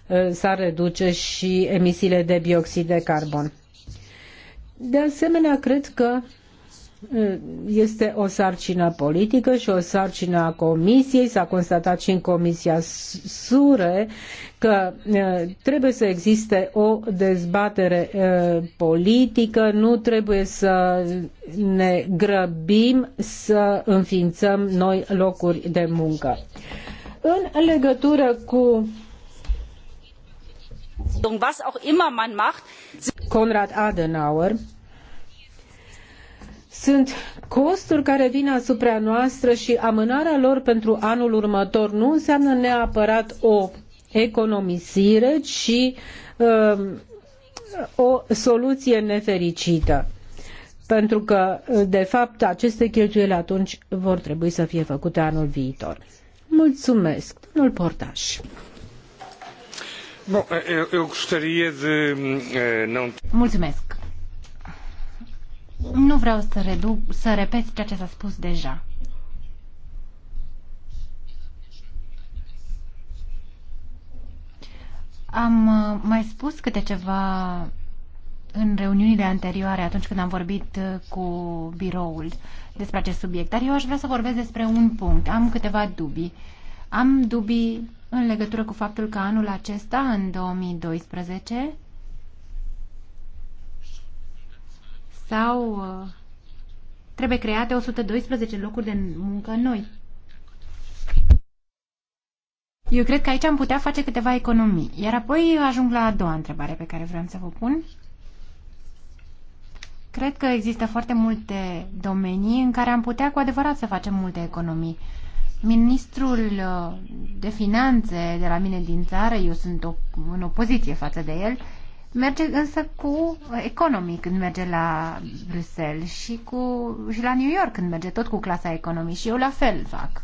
uh, s-ar reduce și emisiile de bioxid de carbon. De asemenea, cred că uh, este o sarcină politică și o sarcină a Comisiei. S-a constatat și în Comisia Sure că trebuie să existe o dezbatere politică, nu trebuie să ne grăbim să înființăm noi locuri de muncă. În legătură cu Conrad Adenauer, sunt costuri care vin asupra noastră și amânarea lor pentru anul următor nu înseamnă neapărat o economisire, ci uh, um, o soluție nefericită. Pentru că, de fapt, aceste cheltuieli atunci vor trebui să fie făcute anul viitor. Mulțumesc, domnul Portaș. Bom, eu, eu gustaria de non... Mulțumesc. Nu vreau să, reduc, să repet ceea ce s-a spus deja. Am uh, mai spus câte ceva în reuniunile anterioare, atunci când am vorbit uh, cu biroul despre acest subiect, dar eu aș vrea să vorbesc despre un punct. Am câteva dubii. Am dubii în legătură cu faptul că anul acesta, în 2012, sau uh, trebuie create 112 locuri de muncă noi. Eu cred că aici am putea face câteva economii. Iar apoi ajung la a doua întrebare pe care vreau să vă pun. Cred că există foarte multe domenii în care am putea cu adevărat să facem multe economii. Ministrul uh, de Finanțe de la mine din țară, eu sunt în opoziție față de el, merge însă cu uh, economii când merge la Bruxelles și, cu, și la New York când merge tot cu clasa economii și eu la fel fac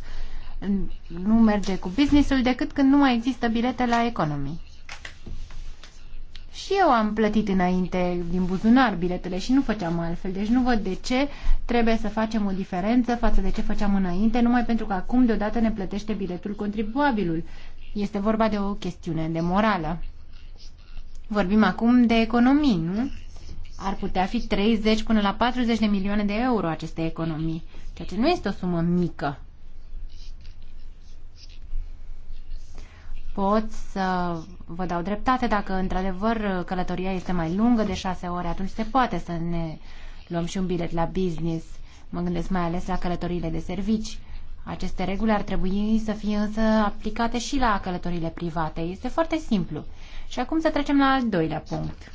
nu merge cu businessul decât când nu mai există bilete la economii. Și eu am plătit înainte din buzunar biletele și nu făceam altfel. Deci nu văd de ce trebuie să facem o diferență față de ce făceam înainte, numai pentru că acum deodată ne plătește biletul contribuabilul. Este vorba de o chestiune de morală. Vorbim acum de economii, nu? Ar putea fi 30 până la 40 de milioane de euro aceste economii, ceea ce nu este o sumă mică. pot să vă dau dreptate dacă într-adevăr călătoria este mai lungă de șase ore, atunci se poate să ne luăm și un bilet la business. Mă gândesc mai ales la călătoriile de servici. Aceste reguli ar trebui să fie însă aplicate și la călătorile private. Este foarte simplu. Și acum să trecem la al doilea punct.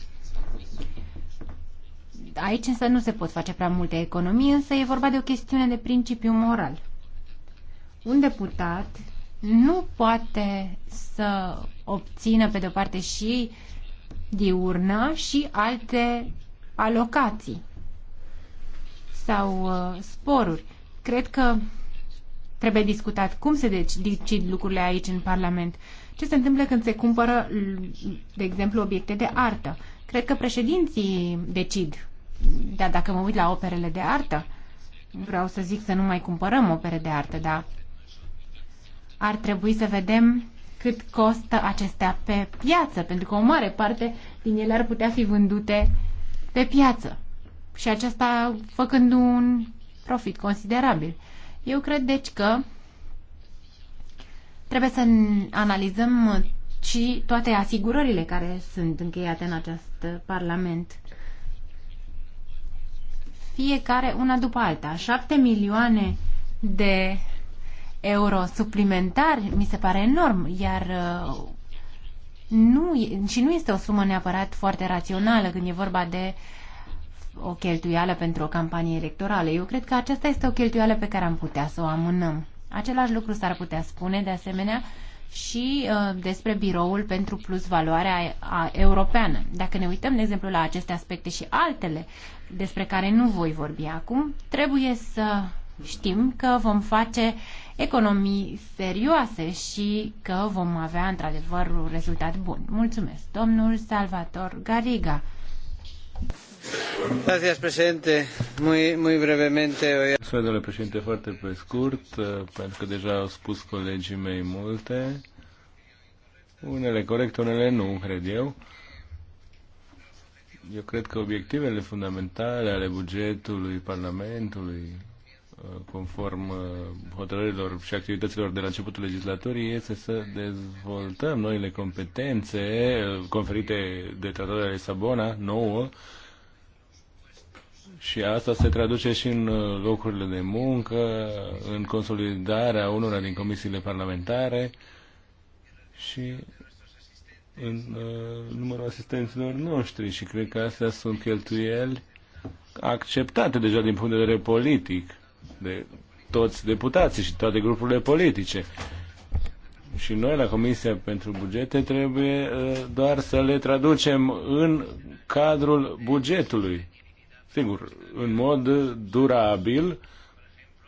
Aici însă nu se pot face prea multe economii, însă e vorba de o chestiune de principiu moral. Un deputat nu poate să obțină pe de-o parte și diurna și alte alocații sau uh, sporuri. Cred că trebuie discutat cum se deci decid lucrurile aici în Parlament. Ce se întâmplă când se cumpără, de exemplu, obiecte de artă? Cred că președinții decid. Dar dacă mă uit la operele de artă, vreau să zic să nu mai cumpărăm opere de artă, dar ar trebui să vedem cât costă acestea pe piață, pentru că o mare parte din ele ar putea fi vândute pe piață. Și aceasta făcând un profit considerabil. Eu cred, deci, că trebuie să analizăm și toate asigurările care sunt încheiate în acest Parlament. Fiecare una după alta. 7 milioane de euro suplimentari mi se pare enorm, iar uh, nu, și nu este o sumă neapărat foarte rațională când e vorba de o cheltuială pentru o campanie electorală. Eu cred că aceasta este o cheltuială pe care am putea să o amânăm. Același lucru s-ar putea spune, de asemenea, și uh, despre biroul pentru plus valoarea a, a, europeană. Dacă ne uităm, de exemplu, la aceste aspecte și altele despre care nu voi vorbi acum, trebuie să știm că vom face economii serioase și că vom avea într-adevăr un rezultat bun. Mulțumesc. Domnul Salvator Gariga. Gracias, presidente. Muy, muy brevemente. Mulțumesc, domnule președinte, foarte pe scurt, eh, pentru că deja au spus colegii mei multe. Unele corecte, unele nu, cred eu. Eu cred că obiectivele fundamentale ale bugetului Parlamentului conform uh, hotărârilor și activităților de la începutul legislatorii, este să dezvoltăm noile competențe uh, conferite de Tratatul de Sabona nouă, și asta se traduce și în uh, locurile de muncă, în consolidarea unora din comisiile parlamentare și în uh, numărul asistenților noștri și cred că astea sunt cheltuieli acceptate deja din punct de vedere politic de toți deputații și toate grupurile politice. Și noi la Comisia pentru Bugete trebuie uh, doar să le traducem în cadrul bugetului. Sigur, în mod durabil,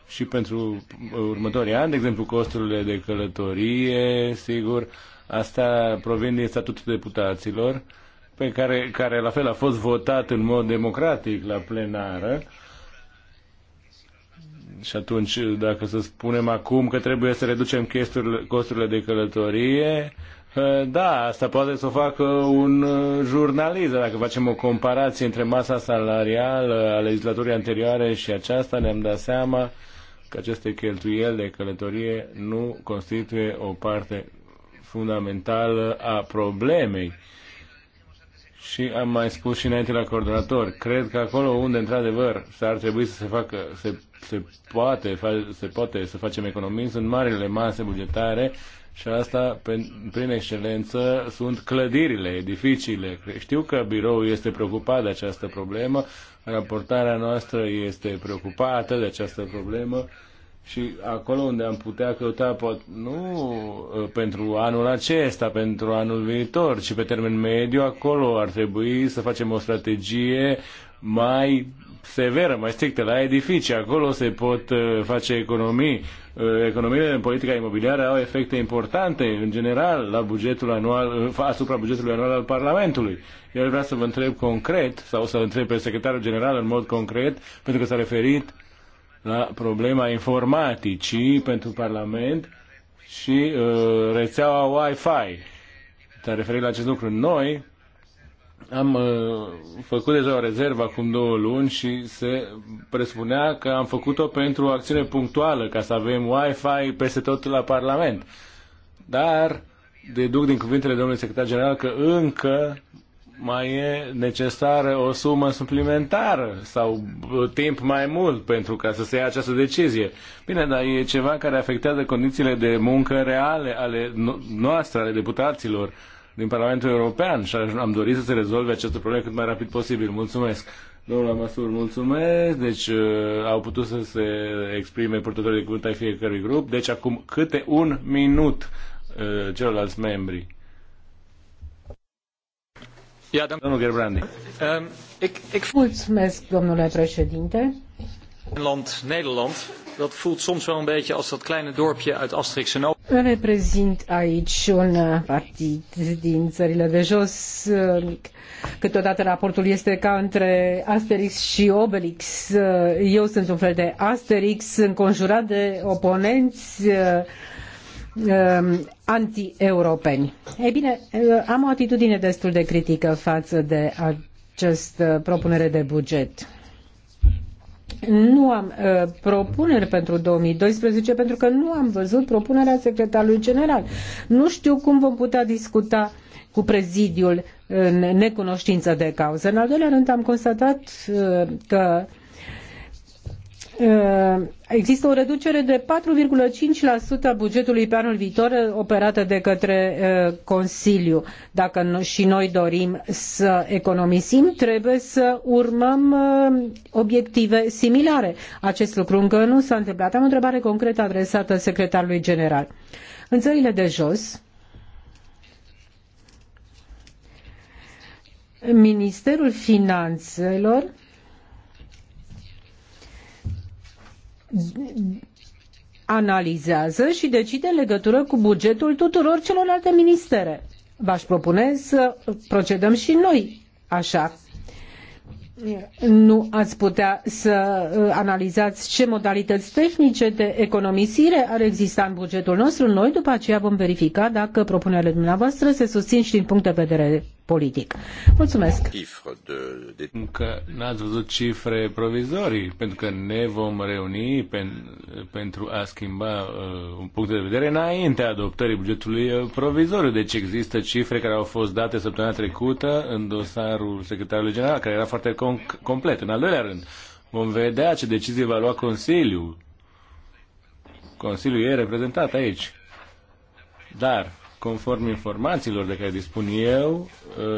și pentru uh, următorii ani, de exemplu, costurile de călătorie, sigur, asta provin din statutul deputaților, pe care, care la fel a fost votat în mod democratic la plenară și atunci, dacă să spunem acum că trebuie să reducem costurile de călătorie, ă, da, asta poate să o facă un ă, jurnalist. Dacă facem o comparație între masa salarială a legislaturii anterioare și aceasta, ne-am dat seama că aceste cheltuieli de călătorie nu constituie o parte fundamentală a problemei. Și am mai spus și înainte la coordonator, cred că acolo unde, într-adevăr, s-ar trebui să se facă, se se poate, se poate să facem economii sunt marile mase bugetare și asta, prin excelență, sunt clădirile, edificiile. Știu că biroul este preocupat de această problemă, raportarea noastră este preocupată de această problemă și acolo unde am putea căuta, pot, nu uh, pentru anul acesta, pentru anul viitor, ci pe termen mediu, acolo ar trebui să facem o strategie mai severă, mai strictă la edificii. Acolo se pot uh, face economii. Uh, economiile în politica imobiliară au efecte importante, în general, la bugetul anual, uh, asupra bugetului anual al Parlamentului. Eu vreau să vă întreb concret, sau să întreb pe secretarul general în mod concret, pentru că s-a referit la problema informaticii pentru Parlament și uh, rețeaua Wi-Fi. S-a referit la acest lucru. Noi, am uh, făcut deja o rezervă acum două luni și se presupunea că am făcut-o pentru o acțiune punctuală, ca să avem Wi-Fi peste tot la Parlament. Dar deduc din cuvintele domnului secretar general că încă mai e necesară o sumă suplimentară sau uh, timp mai mult pentru ca să se ia această decizie. Bine, dar e ceva care afectează condițiile de muncă reale ale noastre, ale deputaților din Parlamentul European și am dorit să se rezolve această problemă cât mai rapid posibil. Mulțumesc! Domnul Amasur, mulțumesc. Deci uh, au putut să se exprime purtătorii de cuvânt ai fiecărui grup. Deci acum câte un minut uh, celorlalți membri. Ia, domnul Gerbrandi. Um, mulțumesc, domnule președinte land, Nederland, dat voelt soms wel een beetje als dat kleine dorpje uit Asterix en Obelix. Reprezint aici un uh, partid din țările de jos. Uh, câteodată raportul este ca între Asterix și Obelix. Uh, eu sunt un fel de Asterix înconjurat de oponenți um, anti-europeni. Ei bine, am o atitudine destul de critică față de această propunere de buget nu am uh, propuneri pentru 2012 pentru că nu am văzut propunerea secretarului general. Nu știu cum vom putea discuta cu prezidiul în necunoștință de cauză. În al doilea rând am constatat uh, că Uh, există o reducere de 4,5% a bugetului pe anul viitor uh, operată de către uh, Consiliu. Dacă și noi dorim să economisim, trebuie să urmăm obiective similare. Acest lucru încă nu s-a întâmplat. Am o întrebare concretă adresată secretarului general. În țările de jos, Ministerul Finanțelor analizează și decide în legătură cu bugetul tuturor celorlalte ministere. V-aș propune să procedăm și noi așa. Nu ați putea să uh, analizați ce modalități tehnice de economisire ar exista în bugetul nostru. Noi după aceea vom verifica dacă propunerile dumneavoastră se susțin și din punct de vedere politic. Mulțumesc! Încă n-ați văzut cifre provizorii, pentru că ne vom reuni pen, pentru a schimba uh, un punct de vedere înainte adoptării bugetului uh, provizoriu. Deci există cifre care au fost date săptămâna trecută în dosarul secretarului general, care era foarte com- complet. În al doilea rând, vom vedea ce decizie va lua Consiliul. Consiliul e reprezentat aici. Dar Conform informațiilor de care dispun eu,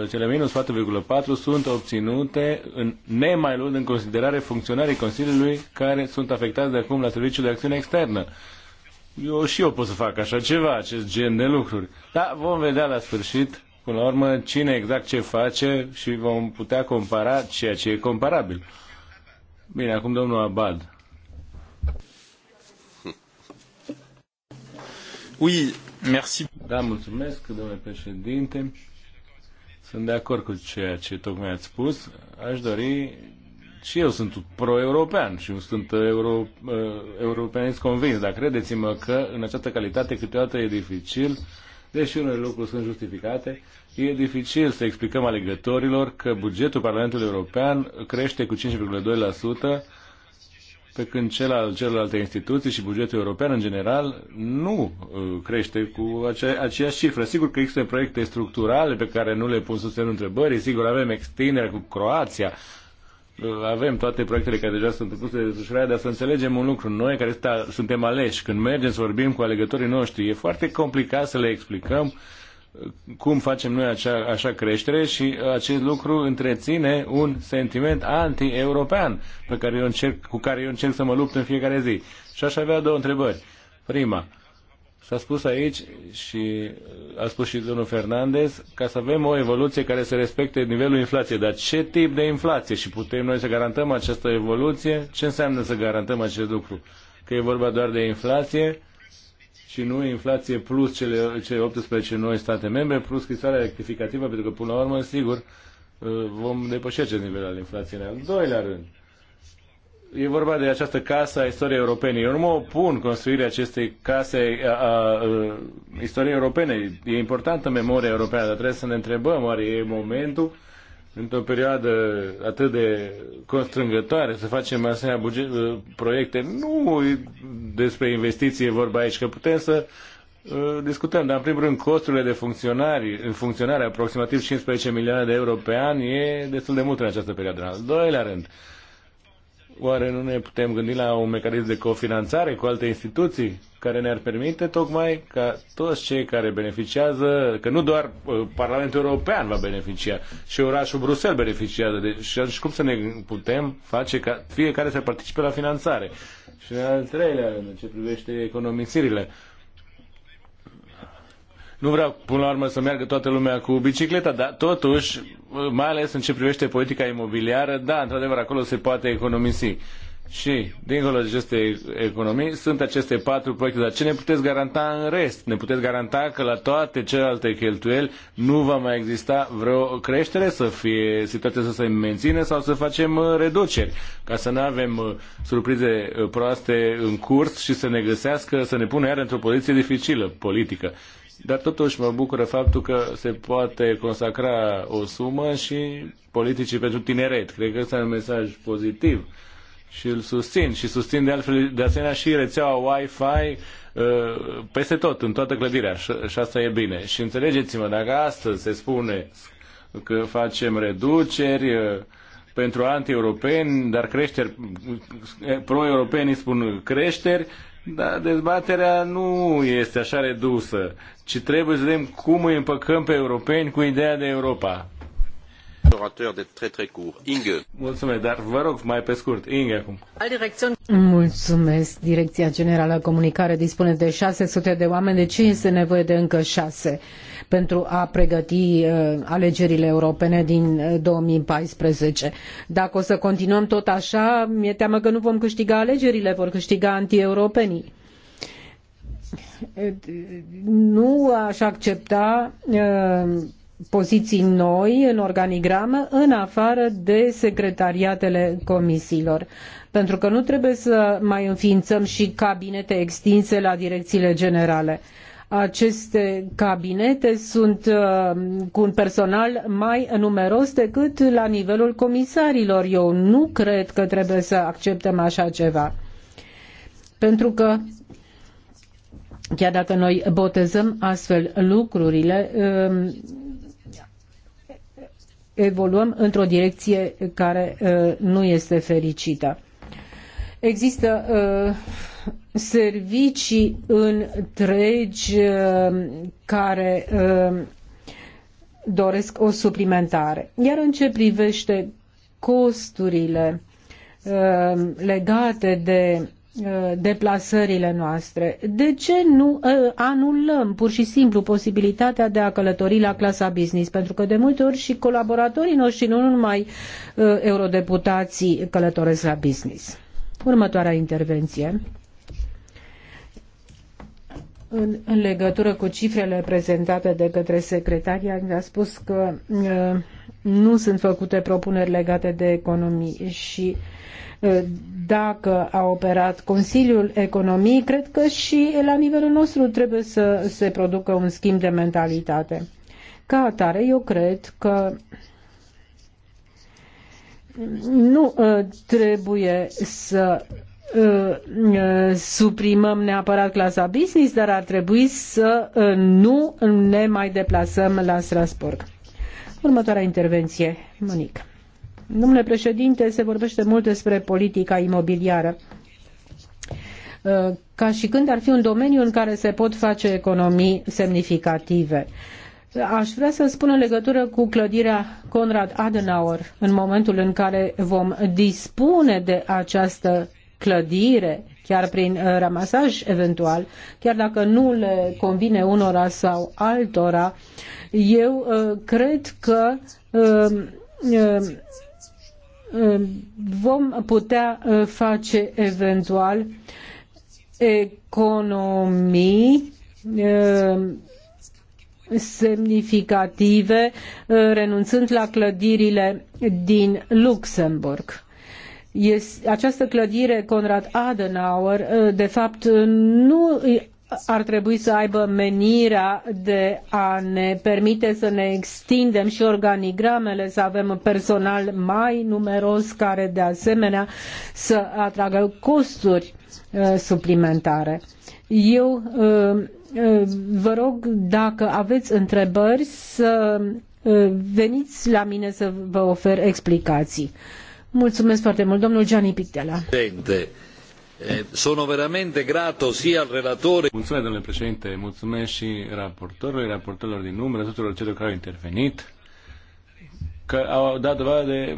uh, cele minus 4,4 sunt obținute în, nemai luând în considerare funcționarii Consiliului care sunt afectați de acum la Serviciul de Acțiune Externă. Eu și eu pot să fac așa ceva, acest gen de lucruri. Dar vom vedea la sfârșit, până la urmă, cine exact ce face și vom putea compara ceea ce e comparabil. Bine, acum domnul Abad. Oui, Merci. Da, mulțumesc, domnule președinte. Sunt de acord cu ceea ce tocmai ați spus. Aș dori și eu sunt pro-european și sunt uh, euro, uh, europeanist convins, dar credeți-mă că în această calitate câteodată e dificil, deși unele lucruri sunt justificate, e dificil să explicăm alegătorilor că bugetul Parlamentului European crește cu 5,2% pe când cel al celorlalte instituții și bugetul european în general nu uh, crește cu acea, aceeași cifră. Sigur că există proiecte structurale pe care nu le pun sub semnul întrebării, sigur avem extinderea cu Croația, uh, avem toate proiectele care deja sunt puse de desfășurare, dar să înțelegem un lucru. Noi care suntem aleși, când mergem să vorbim cu alegătorii noștri, e foarte complicat să le explicăm cum facem noi acea, așa creștere și acest lucru întreține un sentiment anti-european pe care eu încerc, cu care eu încerc să mă lupt în fiecare zi. Și aș avea două întrebări. Prima, s-a spus aici și a spus și domnul Fernandez ca să avem o evoluție care să respecte nivelul inflației. Dar ce tip de inflație și putem noi să garantăm această evoluție? Ce înseamnă să garantăm acest lucru? Că e vorba doar de inflație și nu inflație plus cele, cele 18 noi state membre, plus scrisoarea rectificativă, pentru că până la urmă, sigur, uh, vom depăși acest nivel al inflației. În al doilea rând, e vorba de această casă a istoriei europene. Eu nu mă opun construirea acestei case a, a, a uh, istoriei europene. E importantă memoria europeană, dar trebuie să ne întrebăm, oare e momentul într-o perioadă atât de constrângătoare să facem asemenea buget, uh, proiecte. Nu despre investiție vorba aici, că putem să uh, discutăm, dar în primul rând costurile de funcționari, în funcționare aproximativ 15 milioane de euro pe an e destul de mult în această perioadă. În al doilea rând, uh, Oare nu ne putem gândi la un mecanism de cofinanțare cu alte instituții care ne-ar permite tocmai ca toți cei care beneficiază, că nu doar uh, Parlamentul European va beneficia, și orașul Bruxelles beneficiază. Deci, și cum să ne putem face ca fiecare să participe la finanțare? Și în al treilea în ce privește economisirile, nu vreau până la urmă să meargă toată lumea cu bicicleta, dar totuși, mai ales în ce privește politica imobiliară, da, într-adevăr, acolo se poate economisi. Și, dincolo de aceste economii, sunt aceste patru proiecte, dar ce ne puteți garanta în rest? Ne puteți garanta că la toate celelalte cheltuieli nu va mai exista vreo creștere, să fie situația să se mențină sau să facem uh, reduceri, ca să nu avem uh, surprize uh, proaste în curs și să ne găsească, să ne pună iar într-o poziție dificilă politică. Dar totuși mă bucură faptul că se poate consacra o sumă și politicii pentru tineret. Cred că ăsta e un mesaj pozitiv și îl susțin. Și susțin de, altfel, de asemenea și rețeaua Wi-Fi uh, peste tot, în toată clădirea. Și asta e bine. Și înțelegeți-mă, dacă astăzi se spune că facem reduceri uh, pentru anti-europeni, dar creșteri, uh, pro-europeni spun creșteri, da, dezbaterea nu este așa redusă, ci trebuie să vedem cum îi împăcăm pe europeni cu ideea de Europa. de Inge. Mulțumesc, dar vă rog mai pe scurt. Inge acum. Mulțumesc. Direcția Generală Comunicare dispune de 600 de oameni. De deci ce este nevoie de încă 6? pentru a pregăti uh, alegerile europene din 2014. Uh, Dacă o să continuăm tot așa, mi-e teamă că nu vom câștiga alegerile, vor câștiga antieuropenii nu aș accepta uh, poziții noi în organigramă în afară de secretariatele comisiilor. Pentru că nu trebuie să mai înființăm și cabinete extinse la direcțiile generale. Uh, aceste cabinete sunt uh, cu un personal mai numeros decât la nivelul comisarilor. Eu nu cred că trebuie să acceptăm așa ceva. Pentru că chiar dacă noi botezăm astfel lucrurile, um, evoluăm într-o direcție care uh, nu este fericită. Există uh, servicii întregi uh, care uh, doresc o suplimentare. Iar în ce privește costurile uh, legate de deplasările noastre. De ce nu anulăm pur și simplu posibilitatea de a călători la clasa business? Pentru că de multe ori și colaboratorii noștri, nu numai eurodeputații, călătoresc la business. Următoarea intervenție. În, în legătură cu cifrele prezentate de către secretaria, mi-a spus că uh, nu sunt făcute propuneri legate de economii și uh, dacă a operat Consiliul Economiei, cred că și la nivelul nostru trebuie să se producă un schimb de mentalitate. Ca atare, eu cred că nu uh, trebuie să Uh, uh, suprimăm neapărat clasa business, dar ar trebui să uh, nu ne mai deplasăm la Strasbourg. Următoarea intervenție, Monic. Domnule președinte, se vorbește mult despre politica imobiliară ca și când ar fi un domeniu în care se pot face economii semnificative. Aș vrea să spun în legătură cu clădirea Conrad Adenauer, în momentul în care vom dispune de această clădire, chiar prin uh, ramasaj eventual, chiar dacă nu le convine unora sau altora, eu uh, cred că um, um, um, vom putea uh, face eventual economii semnificative renunțând la clădirile din Luxemburg această clădire Conrad Adenauer, ă, de fapt, nu ar trebui să aibă menirea de a ne permite să ne extindem și organigramele, să avem personal mai numeros care de asemenea să atragă costuri ă, suplimentare. Eu ă, vă rog dacă aveți întrebări să veniți la mine să vă ofer explicații. Mulțumesc foarte mult, domnul Gianni Pictela. Eh, sono veramente grato sia al relatore. Mulțumesc, domnule președinte, mulțumesc și raportorului, raportorilor din umbră, tuturor celor care au intervenit, că au dat dovadă de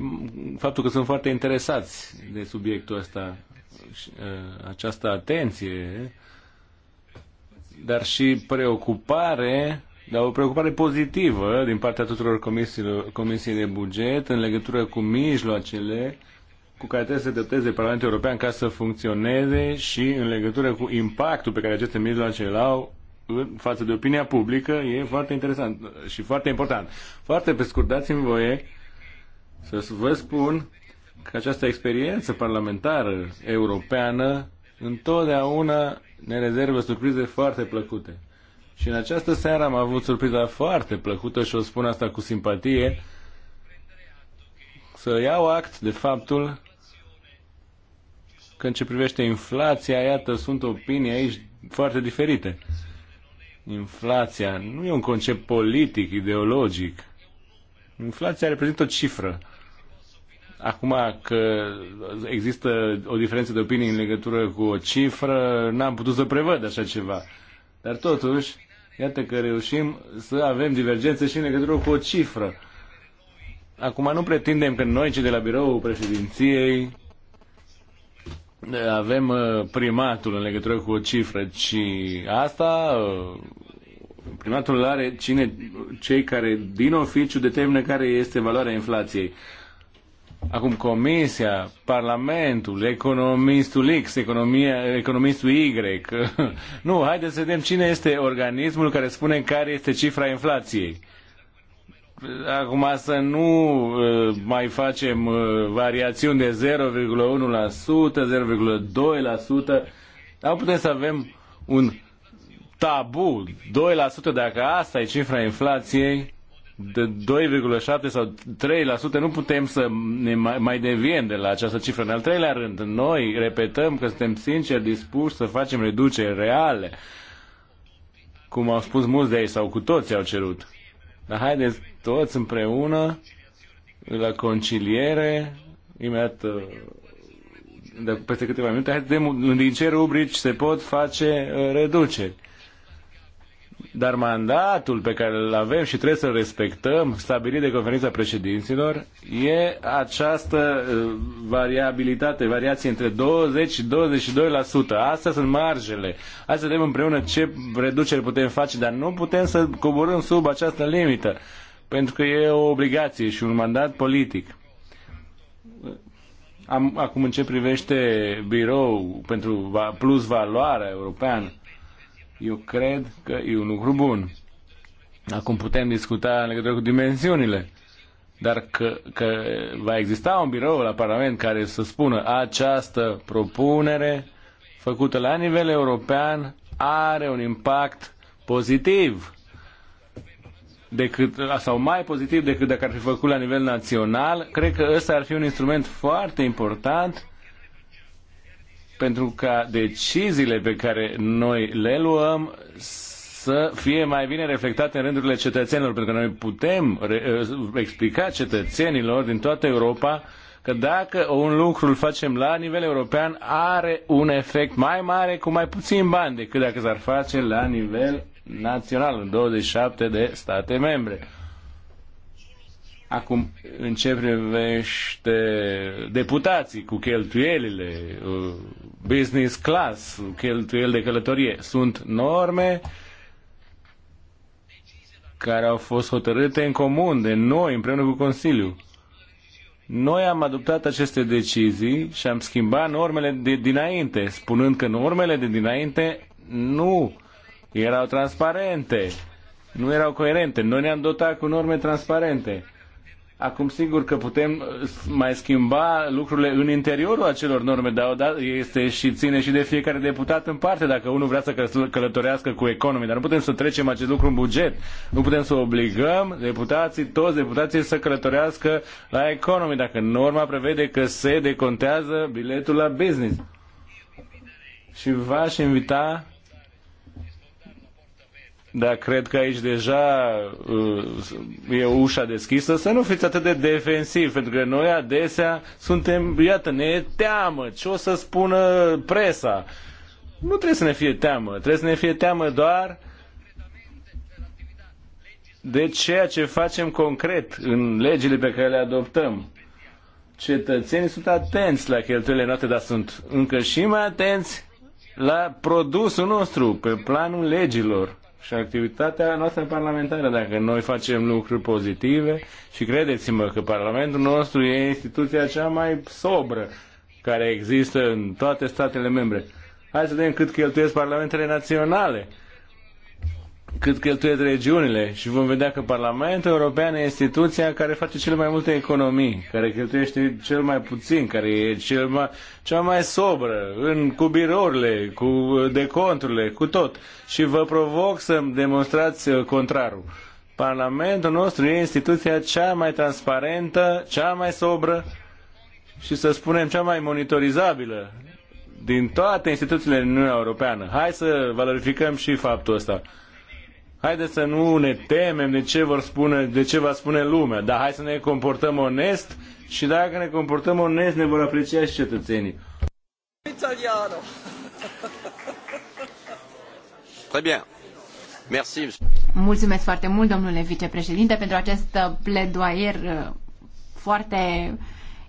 faptul că sunt foarte interesați de subiectul ăsta, eh, această atenție, dar și preocupare dar o preocupare pozitivă din partea tuturor comisiei de buget în legătură cu mijloacele cu care trebuie să se Parlamentul European ca să funcționeze și în legătură cu impactul pe care aceste mijloace îl au în față de opinia publică, e foarte interesant și foarte important. Foarte pe scurt, dați-mi voie să vă spun că această experiență parlamentară europeană întotdeauna ne rezervă surprize foarte plăcute. Și în această seară am avut surpriza foarte plăcută și o spun asta cu simpatie, să iau act de faptul că în ce privește inflația, iată, sunt opinii aici foarte diferite. Inflația nu e un concept politic, ideologic. Inflația reprezintă o cifră. Acum că există o diferență de opinii în legătură cu o cifră, n-am putut să prevăd așa ceva. Dar totuși, iată că reușim să avem divergențe și în legătură cu o cifră. Acum nu pretindem că noi, cei de la biroul președinției, avem uh, primatul în legătură cu o cifră, ci asta uh, primatul are cine, cei care din oficiu determină care este valoarea inflației. Acum Comisia, Parlamentul, economistul X, economia, economistul Y. Nu, haideți să vedem cine este organismul care spune care este cifra inflației. Acum să nu uh, mai facem uh, variațiuni de 0,1%, 0,2%. Dar putem să avem un tabu, 2% dacă asta e cifra inflației de 2,7 sau 3%, nu putem să ne mai, mai deviem de la această cifră. În al treilea rând, noi repetăm că suntem sinceri dispuși să facem reduceri reale, cum au spus mulți de ei sau cu toți au cerut. Dar haideți toți împreună la conciliere, imediat uh, de peste câteva minute, haideți, din ce rubrici se pot face uh, reduceri. Dar mandatul pe care îl avem și trebuie să-l respectăm, stabilit de conferința președinților, e această uh, variabilitate, variație între 20 și 22%. Astea sunt marjele. Hai să vedem împreună ce reducere putem face, dar nu putem să coborâm sub această limită, pentru că e o obligație și un mandat politic. Am, acum în ce privește birou pentru plus valoare europeană, eu cred că e un lucru bun. Acum putem discuta în legătură cu dimensiunile, dar că, că va exista un birou la Parlament care să spună această propunere făcută la nivel european are un impact pozitiv decât, sau mai pozitiv decât dacă ar fi făcut la nivel național, cred că ăsta ar fi un instrument foarte important pentru ca deciziile pe care noi le luăm să fie mai bine reflectate în rândurile cetățenilor, pentru că noi putem uh, explica cetățenilor din toată Europa că dacă un lucru îl facem la nivel european, are un efect mai mare cu mai puțin bani decât dacă s-ar face la nivel național, în 27 de state membre. Acum, în ce privește deputații cu cheltuielile uh, business class, cheltuieli de călătorie. Sunt norme care au fost hotărâte în comun de noi, împreună cu Consiliul. Noi am adoptat aceste decizii și am schimbat normele de dinainte, spunând că normele de dinainte nu erau transparente, nu erau coerente. Noi ne-am dotat cu norme transparente. Acum, sigur că putem uh, mai schimba lucrurile în interiorul acelor norme, dar este și ține și de fiecare deputat în parte, dacă unul vrea să călătorească cu economii, dar nu putem să trecem acest lucru în buget. Nu putem să obligăm deputații, toți deputații să călătorească la economii, dacă norma prevede că se decontează biletul la business. Și v-aș invita dar cred că aici deja uh, e ușa deschisă, să nu fiți atât de defensivi, pentru că noi adesea suntem, iată, ne e teamă ce o să spună presa. Nu trebuie să ne fie teamă, trebuie să ne fie teamă doar de ceea ce facem concret în legile pe care le adoptăm. Cetățenii sunt atenți la cheltuielile noastre, dar sunt încă și mai atenți la produsul nostru, pe planul legilor și activitatea noastră parlamentară, dacă noi facem lucruri pozitive și credeți-mă că Parlamentul nostru e instituția cea mai sobră care există în toate statele membre. Hai să vedem cât cheltuiesc parlamentele naționale cât cheltuiesc regiunile și vom vedea că Parlamentul European e instituția care face cele mai multe economii, care cheltuiește cel mai puțin, care e cel mai, cea mai sobră, în, cu birourile, cu deconturile, cu tot. Și vă provoc să-mi demonstrați uh, contrarul. Parlamentul nostru e instituția cea mai transparentă, cea mai sobră și să spunem cea mai monitorizabilă din toate instituțiile Uniunii Uniunea Europeană. Hai să valorificăm și faptul ăsta. Haideți să nu ne temem de ce, vor spune, de ce va spune lumea, dar hai să ne comportăm onest și dacă ne comportăm onest ne vor aprecia și cetățenii. Italiano. Très bien. Merci. Mulțumesc foarte mult, domnule vicepreședinte, pentru acest pledoaier uh, foarte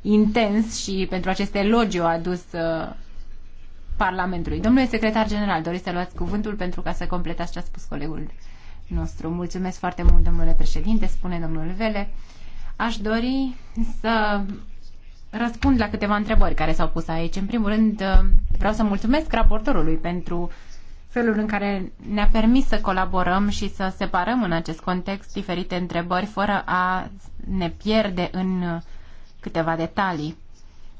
intens și pentru acest elogiu adus uh, Parlamentului. Domnule secretar general, doriți să luați cuvântul pentru ca să completați ce a spus colegul nostru. Mulțumesc foarte mult, domnule președinte, spune domnul Vele. Aș dori să răspund la câteva întrebări care s-au pus aici. În primul rând, uh, vreau să mulțumesc raportorului pentru felul în care ne-a permis să colaborăm și să separăm în acest context diferite întrebări fără a ne pierde în uh, câteva detalii.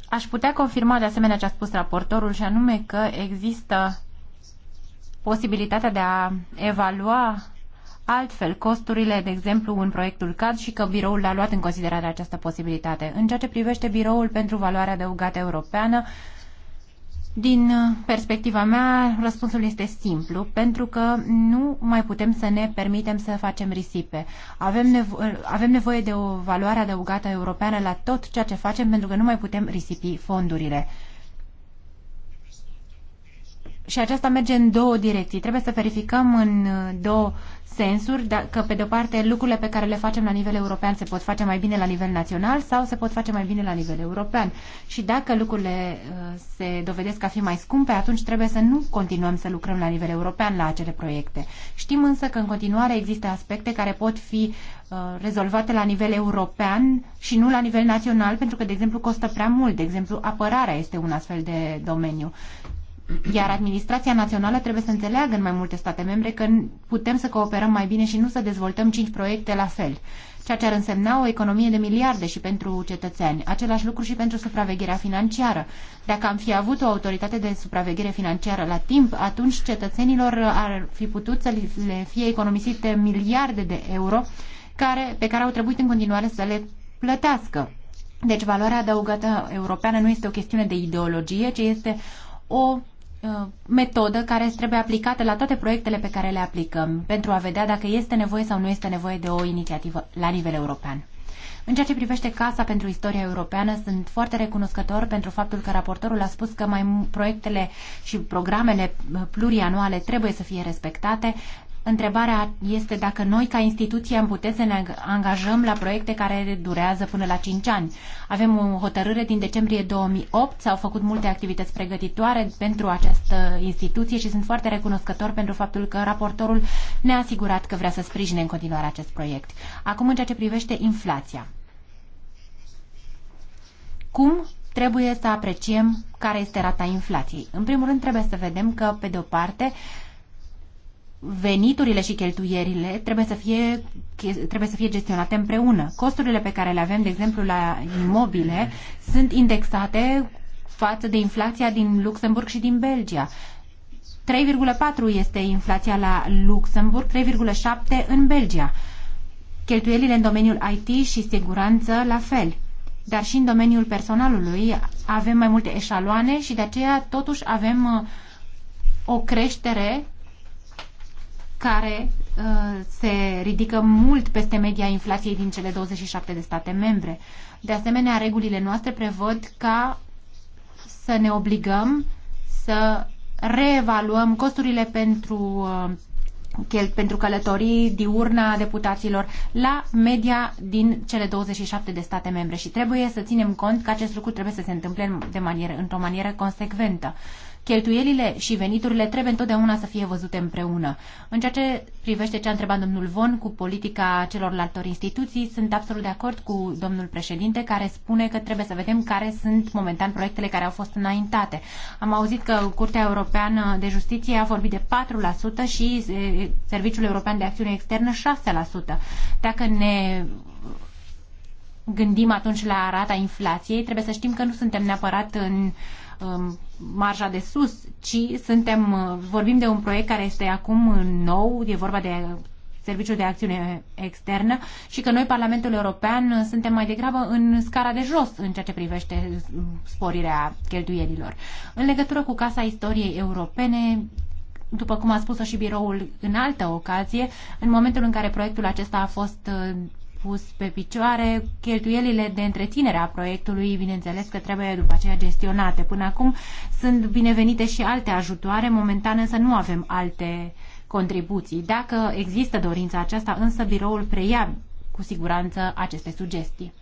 Aș putea confirma de asemenea ce a spus raportorul și anume că există posibilitatea de a evalua altfel costurile, de exemplu, în proiectul CAD și că biroul a luat în considerare această posibilitate. În ceea ce privește biroul pentru valoarea adăugată europeană, din perspectiva mea, răspunsul este simplu, pentru că nu mai putem să ne permitem să facem risipe. Avem, nevo- avem nevoie de o valoare adăugată europeană la tot ceea ce facem, pentru că nu mai putem risipi fondurile. Și aceasta merge în două direcții. Trebuie să verificăm în două sensuri, da, că pe de-o parte lucrurile pe care le facem la nivel european se pot face mai bine la nivel național sau se pot face mai bine la nivel european. Și dacă lucrurile uh, se dovedesc a fi mai scumpe, atunci trebuie să nu continuăm să lucrăm la nivel european la acele proiecte. Știm însă că în continuare există aspecte care pot fi uh, rezolvate la nivel european și nu la nivel național, pentru că, de exemplu, costă prea mult. De exemplu, apărarea este un astfel de domeniu. Iar administrația națională trebuie să înțeleagă în mai multe state membre că putem să cooperăm mai bine și nu să dezvoltăm cinci proiecte la fel, ceea ce ar însemna o economie de miliarde și pentru cetățeni. Același lucru și pentru supravegherea financiară. Dacă am fi avut o autoritate de supraveghere financiară la timp, atunci cetățenilor ar fi putut să le fie economisite miliarde de euro care, pe care au trebuit în continuare să le plătească. Deci valoarea adăugată europeană nu este o chestiune de ideologie, ci este o Uh, metodă care trebuie aplicată la toate proiectele pe care le aplicăm pentru a vedea dacă este nevoie sau nu este nevoie de o inițiativă la nivel european. În ceea ce privește Casa pentru Istoria Europeană, sunt foarte recunoscător pentru faptul că raportorul a spus că mai proiectele și programele uh, plurianuale trebuie să fie respectate. Întrebarea este dacă noi, ca instituție, am putea să ne angajăm la proiecte care durează până la 5 ani. Avem o hotărâre din decembrie 2008, s-au făcut multe activități pregătitoare pentru această instituție și sunt foarte recunoscător pentru faptul că raportorul ne-a asigurat că vrea să sprijine în continuare acest proiect. Acum, în ceea ce privește inflația. Cum trebuie să apreciem care este rata inflației? În primul rând, trebuie să vedem că, pe de o parte, veniturile și cheltuierile trebuie să fie, trebuie să fie gestionate împreună. Costurile pe care le avem, de exemplu, la imobile sunt indexate față de inflația din Luxemburg și din Belgia. 3,4 este inflația la Luxemburg, 3,7 în Belgia. Cheltuielile în domeniul IT și siguranță la fel. Dar și în domeniul personalului avem mai multe eșaloane și de aceea totuși avem uh, o creștere care uh, se ridică mult peste media inflației din cele 27 de state membre. De asemenea, regulile noastre prevăd ca să ne obligăm să reevaluăm costurile pentru, uh, pentru călătorii diurna a deputaților la media din cele 27 de state membre și trebuie să ținem cont că acest lucru trebuie să se întâmple de manieră, într-o manieră consecventă cheltuielile și veniturile trebuie întotdeauna să fie văzute împreună. În ceea ce privește ce a întrebat domnul Von cu politica celorlalte instituții, sunt absolut de acord cu domnul președinte care spune că trebuie să vedem care sunt momentan proiectele care au fost înaintate. Am auzit că Curtea Europeană de Justiție a vorbit de 4% și Serviciul European de Acțiune Externă 6%. Dacă ne gândim atunci la rata inflației, trebuie să știm că nu suntem neapărat în uh, Um, marja de sus, ci suntem, uh, vorbim de un proiect care este acum nou, e vorba de Serviciul de Acțiune Externă și că noi, Parlamentul European, suntem mai degrabă în scara de jos în ceea ce privește um, sporirea cheltuielilor. În legătură cu Casa Istoriei Europene, după cum a spus-o și biroul în altă ocazie, în momentul în care proiectul acesta a fost uh, pus pe picioare, cheltuielile de întreținere a proiectului, bineînțeles că trebuie după aceea gestionate. Până acum sunt binevenite și alte ajutoare, momentan însă nu avem alte contribuții. Dacă există dorința aceasta, însă biroul preia cu siguranță aceste sugestii.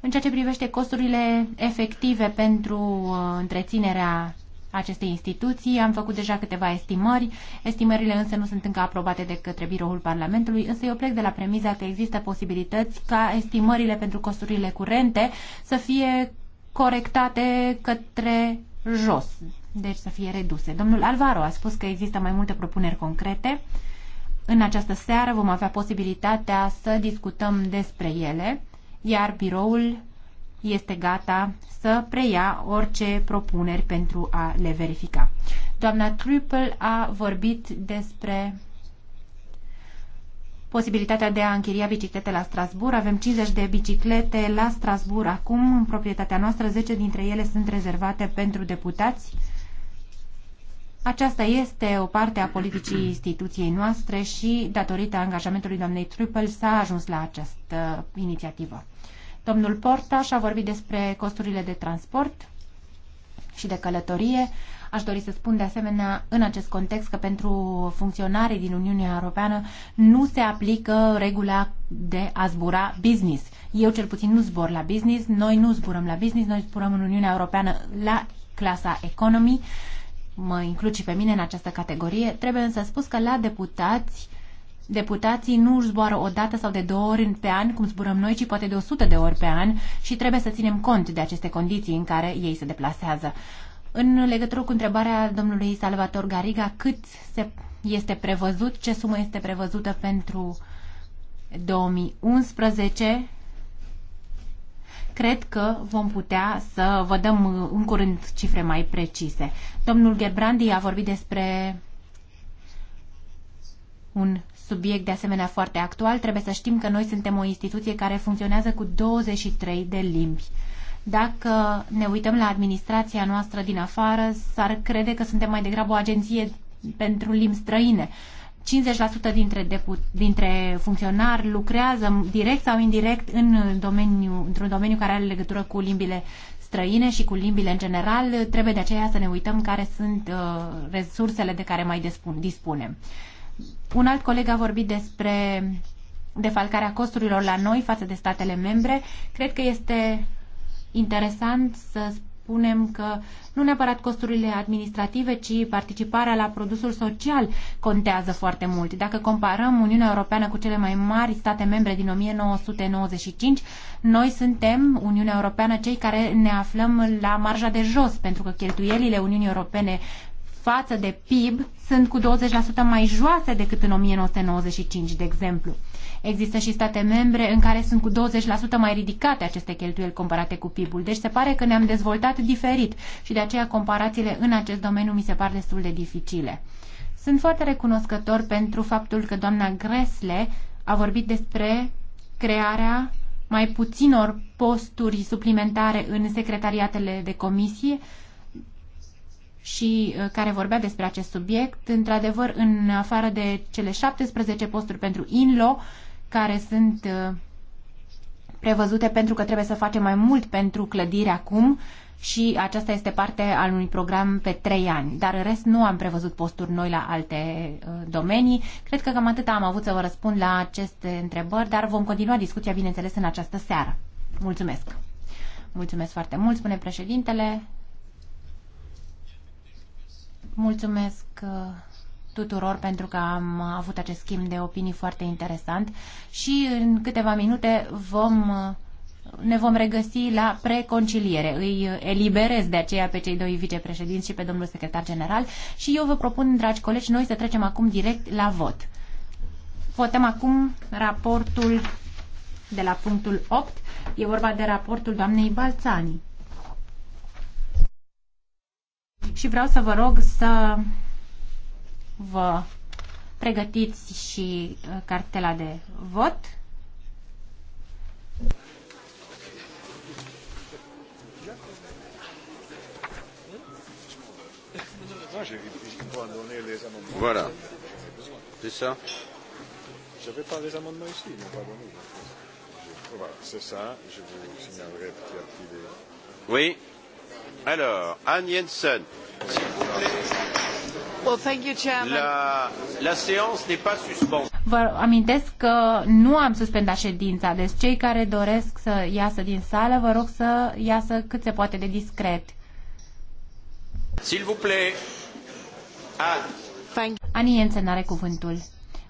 În ceea ce privește costurile efective pentru uh, întreținerea acestei instituții. Am făcut deja câteva estimări, estimările însă nu sunt încă aprobate de către biroul Parlamentului, însă eu plec de la premiza că există posibilități ca estimările pentru costurile curente să fie corectate către jos, deci să fie reduse. Domnul Alvaro a spus că există mai multe propuneri concrete. În această seară vom avea posibilitatea să discutăm despre ele, iar biroul este gata să preia orice propuneri pentru a le verifica. Doamna Triple a vorbit despre posibilitatea de a închiria biciclete la Strasbourg. Avem 50 de biciclete la Strasbourg acum, în proprietatea noastră. 10 dintre ele sunt rezervate pentru deputați. Aceasta este o parte a politicii instituției noastre și, datorită angajamentului doamnei Triple, s-a ajuns la această inițiativă. Domnul și a vorbit despre costurile de transport și de călătorie. Aș dori să spun de asemenea în acest context că pentru funcționarii din Uniunea Europeană nu se aplică regula de a zbura business. Eu cel puțin nu zbor la business, noi nu zburăm la business, noi zburăm în Uniunea Europeană la clasa economy, mă includ și pe mine în această categorie. Trebuie însă spus că la deputați deputații nu își zboară o dată sau de două ori pe an, cum zburăm noi, ci poate de 100 de ori pe an și trebuie să ținem cont de aceste condiții în care ei se deplasează. În legătură cu întrebarea domnului Salvator Gariga, cât se este prevăzut, ce sumă este prevăzută pentru 2011, cred că vom putea să vă dăm în curând cifre mai precise. Domnul Gerbrandi a vorbit despre un subiect de asemenea foarte actual, trebuie să știm că noi suntem o instituție care funcționează cu 23 de limbi. Dacă ne uităm la administrația noastră din afară, s-ar crede că suntem mai degrabă o agenție pentru limbi străine. 50% dintre, depu- dintre funcționari lucrează direct sau indirect în domeniu, într-un domeniu care are legătură cu limbile străine și cu limbile în general. Trebuie de aceea să ne uităm care sunt uh, resursele de care mai dispunem. Un alt coleg a vorbit despre defalcarea costurilor la noi față de statele membre. Cred că este interesant să spunem că nu neapărat costurile administrative, ci participarea la produsul social contează foarte mult. Dacă comparăm Uniunea Europeană cu cele mai mari state membre din 1995, noi suntem, Uniunea Europeană, cei care ne aflăm la marja de jos, pentru că cheltuielile Uniunii Europene față de PIB sunt cu 20% mai joase decât în 1995, de exemplu. Există și state membre în care sunt cu 20% mai ridicate aceste cheltuieli comparate cu PIB-ul. Deci se pare că ne-am dezvoltat diferit și de aceea comparațiile în acest domeniu mi se par destul de dificile. Sunt foarte recunoscător pentru faptul că doamna Gresle a vorbit despre crearea mai puținor posturi suplimentare în secretariatele de comisie și uh, care vorbea despre acest subiect. Într-adevăr, în afară de cele 17 posturi pentru INLO, care sunt uh, prevăzute pentru că trebuie să facem mai mult pentru clădire acum și aceasta este parte al unui program pe trei ani. Dar în rest nu am prevăzut posturi noi la alte uh, domenii. Cred că cam atât am avut să vă răspund la aceste întrebări, dar vom continua discuția, bineînțeles, în această seară. Mulțumesc! Mulțumesc foarte mult, spune președintele. Mulțumesc uh, tuturor pentru că am avut acest schimb de opinii foarte interesant și în câteva minute vom, uh, ne vom regăsi la preconciliere. Îi uh, eliberez de aceea pe cei doi vicepreședinți și pe domnul secretar general și eu vă propun, dragi colegi, noi să trecem acum direct la vot. Votăm acum raportul de la punctul 8. E vorba de raportul doamnei Balțanii. Și vreau să vă rog să vă pregătiți și uh, cartela de vot. Voilà. C'est ça J'avais pas les amendements ici, mais pas bon. Voilà, c'est ça. Je vous signalerai petit à petit les... Oui. Alors, Anne Jensen. Well, thank you, La, la séance n'est pas suspendue. Vă amintesc că nu am suspendat ședința, deci cei care doresc să iasă din sală, vă rog să iasă cât se poate de discret. S'il vous plaît. Anne. Annie Jensen are cuvântul.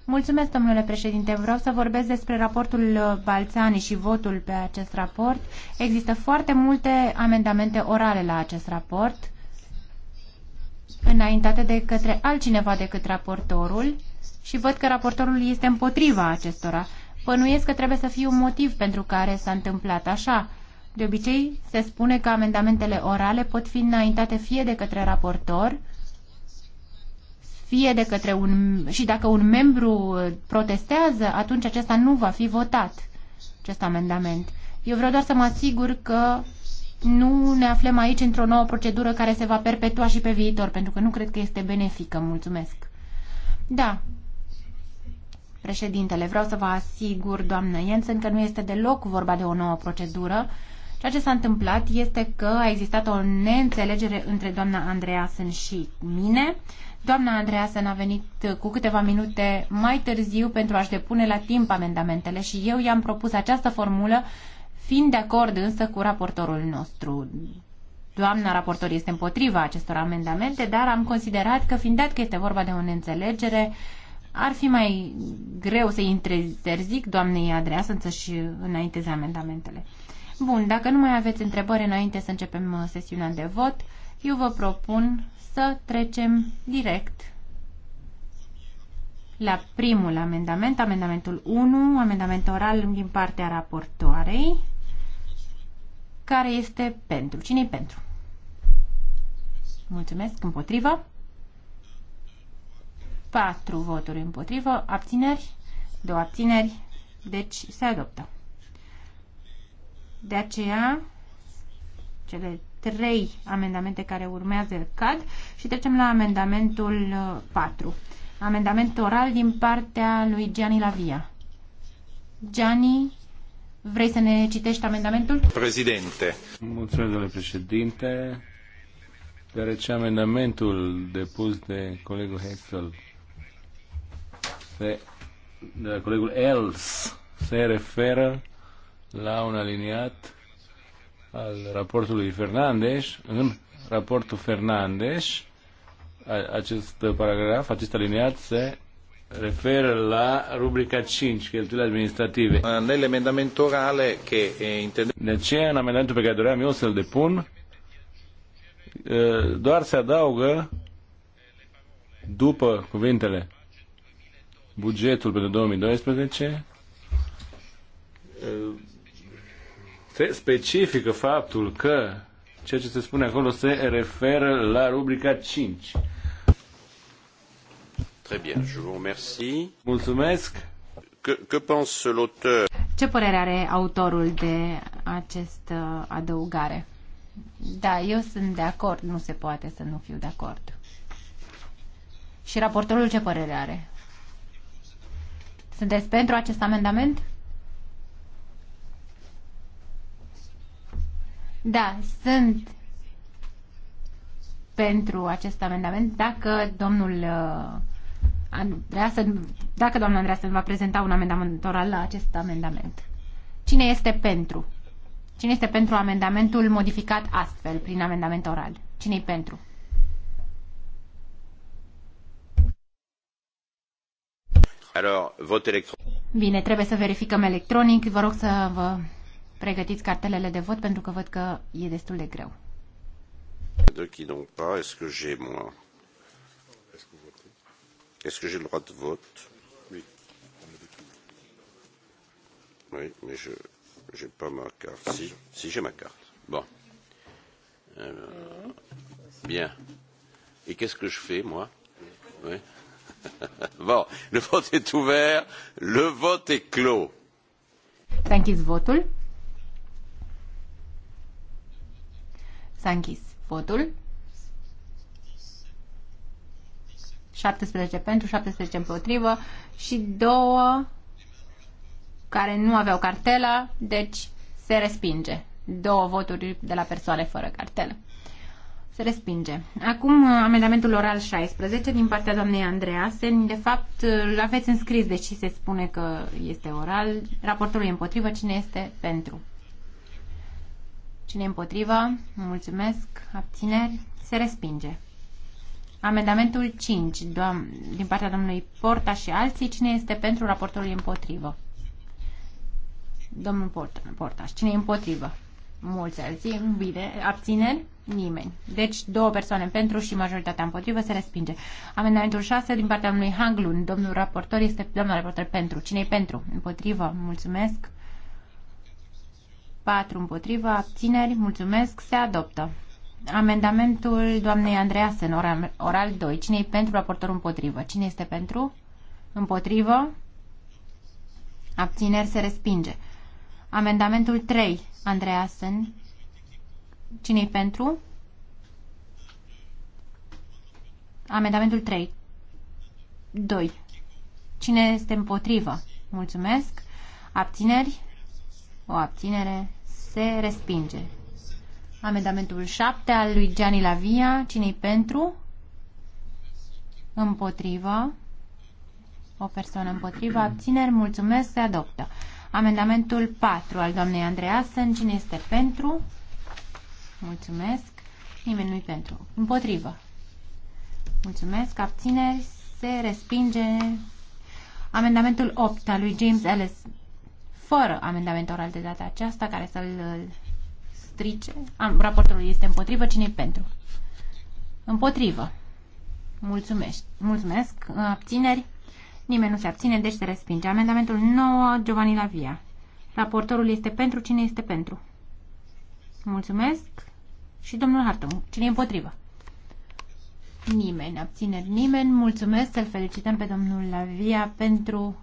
Mulțumesc, domnule președinte. Vreau să vorbesc despre raportul uh, Balțani și votul pe acest raport. Există foarte multe amendamente orale la acest raport, înaintate de către altcineva decât raportorul și văd că raportorul este împotriva acestora. Pănuiesc că trebuie să fie un motiv pentru care s-a întâmplat așa. De obicei, se spune că amendamentele orale pot fi înaintate fie de către raportor, fie de către un... și dacă un membru protestează, atunci acesta nu va fi votat, acest amendament. Eu vreau doar să mă asigur că nu ne aflăm aici într-o nouă procedură care se va perpetua și pe viitor, pentru că nu cred că este benefică. Mulțumesc. Da. Președintele, vreau să vă asigur, doamnă Jensen, că nu este deloc vorba de o nouă procedură. Ceea ce s-a întâmplat este că a existat o neînțelegere între doamna Andreasen și mine. Doamna Andreasen a venit uh, cu câteva minute mai târziu pentru a-și depune la timp amendamentele și eu i-am propus această formulă, fiind de acord însă cu raportorul nostru. Doamna raportor este împotriva acestor amendamente, dar am considerat că, fiind dat că este vorba de o neînțelegere, ar fi mai greu să i interzic doamnei Andreasen să-și înainteze amendamentele. Bun, dacă nu mai aveți întrebări înainte să începem uh, sesiunea de vot, eu vă propun să trecem direct la primul amendament, amendamentul 1, amendament oral din partea raportoarei, care este pentru. cine pentru? Mulțumesc. Împotrivă? 4 voturi împotrivă, abțineri, 2 abțineri, deci se adoptă. De aceea, cele trei amendamente care urmează cad și trecem la amendamentul 4. Uh, Amendament oral din partea lui Gianni Lavia. Gianni, vrei să ne citești amendamentul? Președinte. Mulțumesc, domnule președinte. Deoarece amendamentul depus de colegul Hexel de colegul Els se referă la un aliniat al raportului Fernandez, în raportul Fernandez, acest paragraf, acest aliniat se referă la rubrica 5, cheltuieli administrative. Nell'emendamento orale che eh, intende... De ce în amendamentul pe care doream eu să-l depun, eh, doar se adaugă după cuvintele bugetul pentru 2012 se specifică faptul că ceea ce se spune acolo se referă la rubrica 5. Très bien, je vous remercie. Mulțumesc. Que, que pense l'auteur? Ce părere are autorul de această adăugare? Da, eu sunt de acord, nu se poate să nu fiu de acord. Și raportorul ce părere are? Sunteți pentru acest amendament? Da, sunt pentru acest amendament dacă domnul uh, Andreasen, dacă doamna Andreasen va prezenta un amendament oral la acest amendament. Cine este pentru? Cine este pentru amendamentul modificat astfel, prin amendament oral? Cine-i pentru? Alors, vot electronic. Bine, trebuie să verificăm electronic. Vă rog să vă pregătiți cartelele de vot pentru că văd că e destul de greu. De qui n'ont pas, est-ce que j'ai moi Est-ce que j'ai le droit de vote Oui. Oui, mais je n'ai pas ma carte. Si, si j'ai ma carte. Bon. Alors, euh, bien. Et qu'est-ce que je fais, moi Oui. bon, le vote est ouvert, le vote est clos. Thank you, închis votul. S-a închis votul. 17 pentru, 17 împotrivă și două care nu aveau cartelă, deci se respinge. Două voturi de la persoane fără cartelă. Se respinge. Acum amendamentul oral 16 din partea doamnei Andreasen. De fapt, îl aveți înscris, deși se spune că este oral. Raportul e împotrivă. Cine este pentru? Cine împotrivă? Mulțumesc. Abțineri? Se respinge. Amendamentul 5 din partea domnului Porta și alții. Cine este pentru? Raportorul împotrivă. Domnul Porta, Portaș. Cine e împotrivă? Mulți alții. Bine. Abțineri? Nimeni. Deci două persoane pentru și majoritatea împotrivă se respinge. Amendamentul 6 din partea domnului Hanglun. Domnul raportor este domnul raportor pentru. Cine e pentru? Împotrivă. Mulțumesc. 4 împotrivă, abțineri, mulțumesc, se adoptă. Amendamentul doamnei Andreasen, oral, oral 2. Cine e pentru, raportor împotrivă? Cine este pentru? Împotrivă? Abțineri se respinge. Amendamentul 3, Andreasen. cine e pentru? Amendamentul 3. 2. Cine este împotrivă? Mulțumesc. Abțineri? o abținere, se respinge. Amendamentul 7 al lui Gianni Lavia, cine-i pentru? Împotrivă. O persoană împotrivă, abțineri, mulțumesc, se adoptă. Amendamentul 4 al doamnei Andreasen, cine este pentru? Mulțumesc. Nimeni nu-i pentru. Împotrivă. Mulțumesc. Abțineri. Se respinge amendamentul 8 al lui James Ellis fără amendament oral de data aceasta, care să-l strice. Am, raportul este împotrivă, cine pentru? Împotrivă. Mulțumesc. Mulțumesc. Abțineri? Nimeni nu se abține, deci se respinge. Amendamentul 9, Giovanni Lavia. Raportorul este pentru, cine este pentru? Mulțumesc. Și domnul Hartung, cine e împotrivă? Nimeni, abțineri nimeni. Mulțumesc, să-l felicităm pe domnul Lavia pentru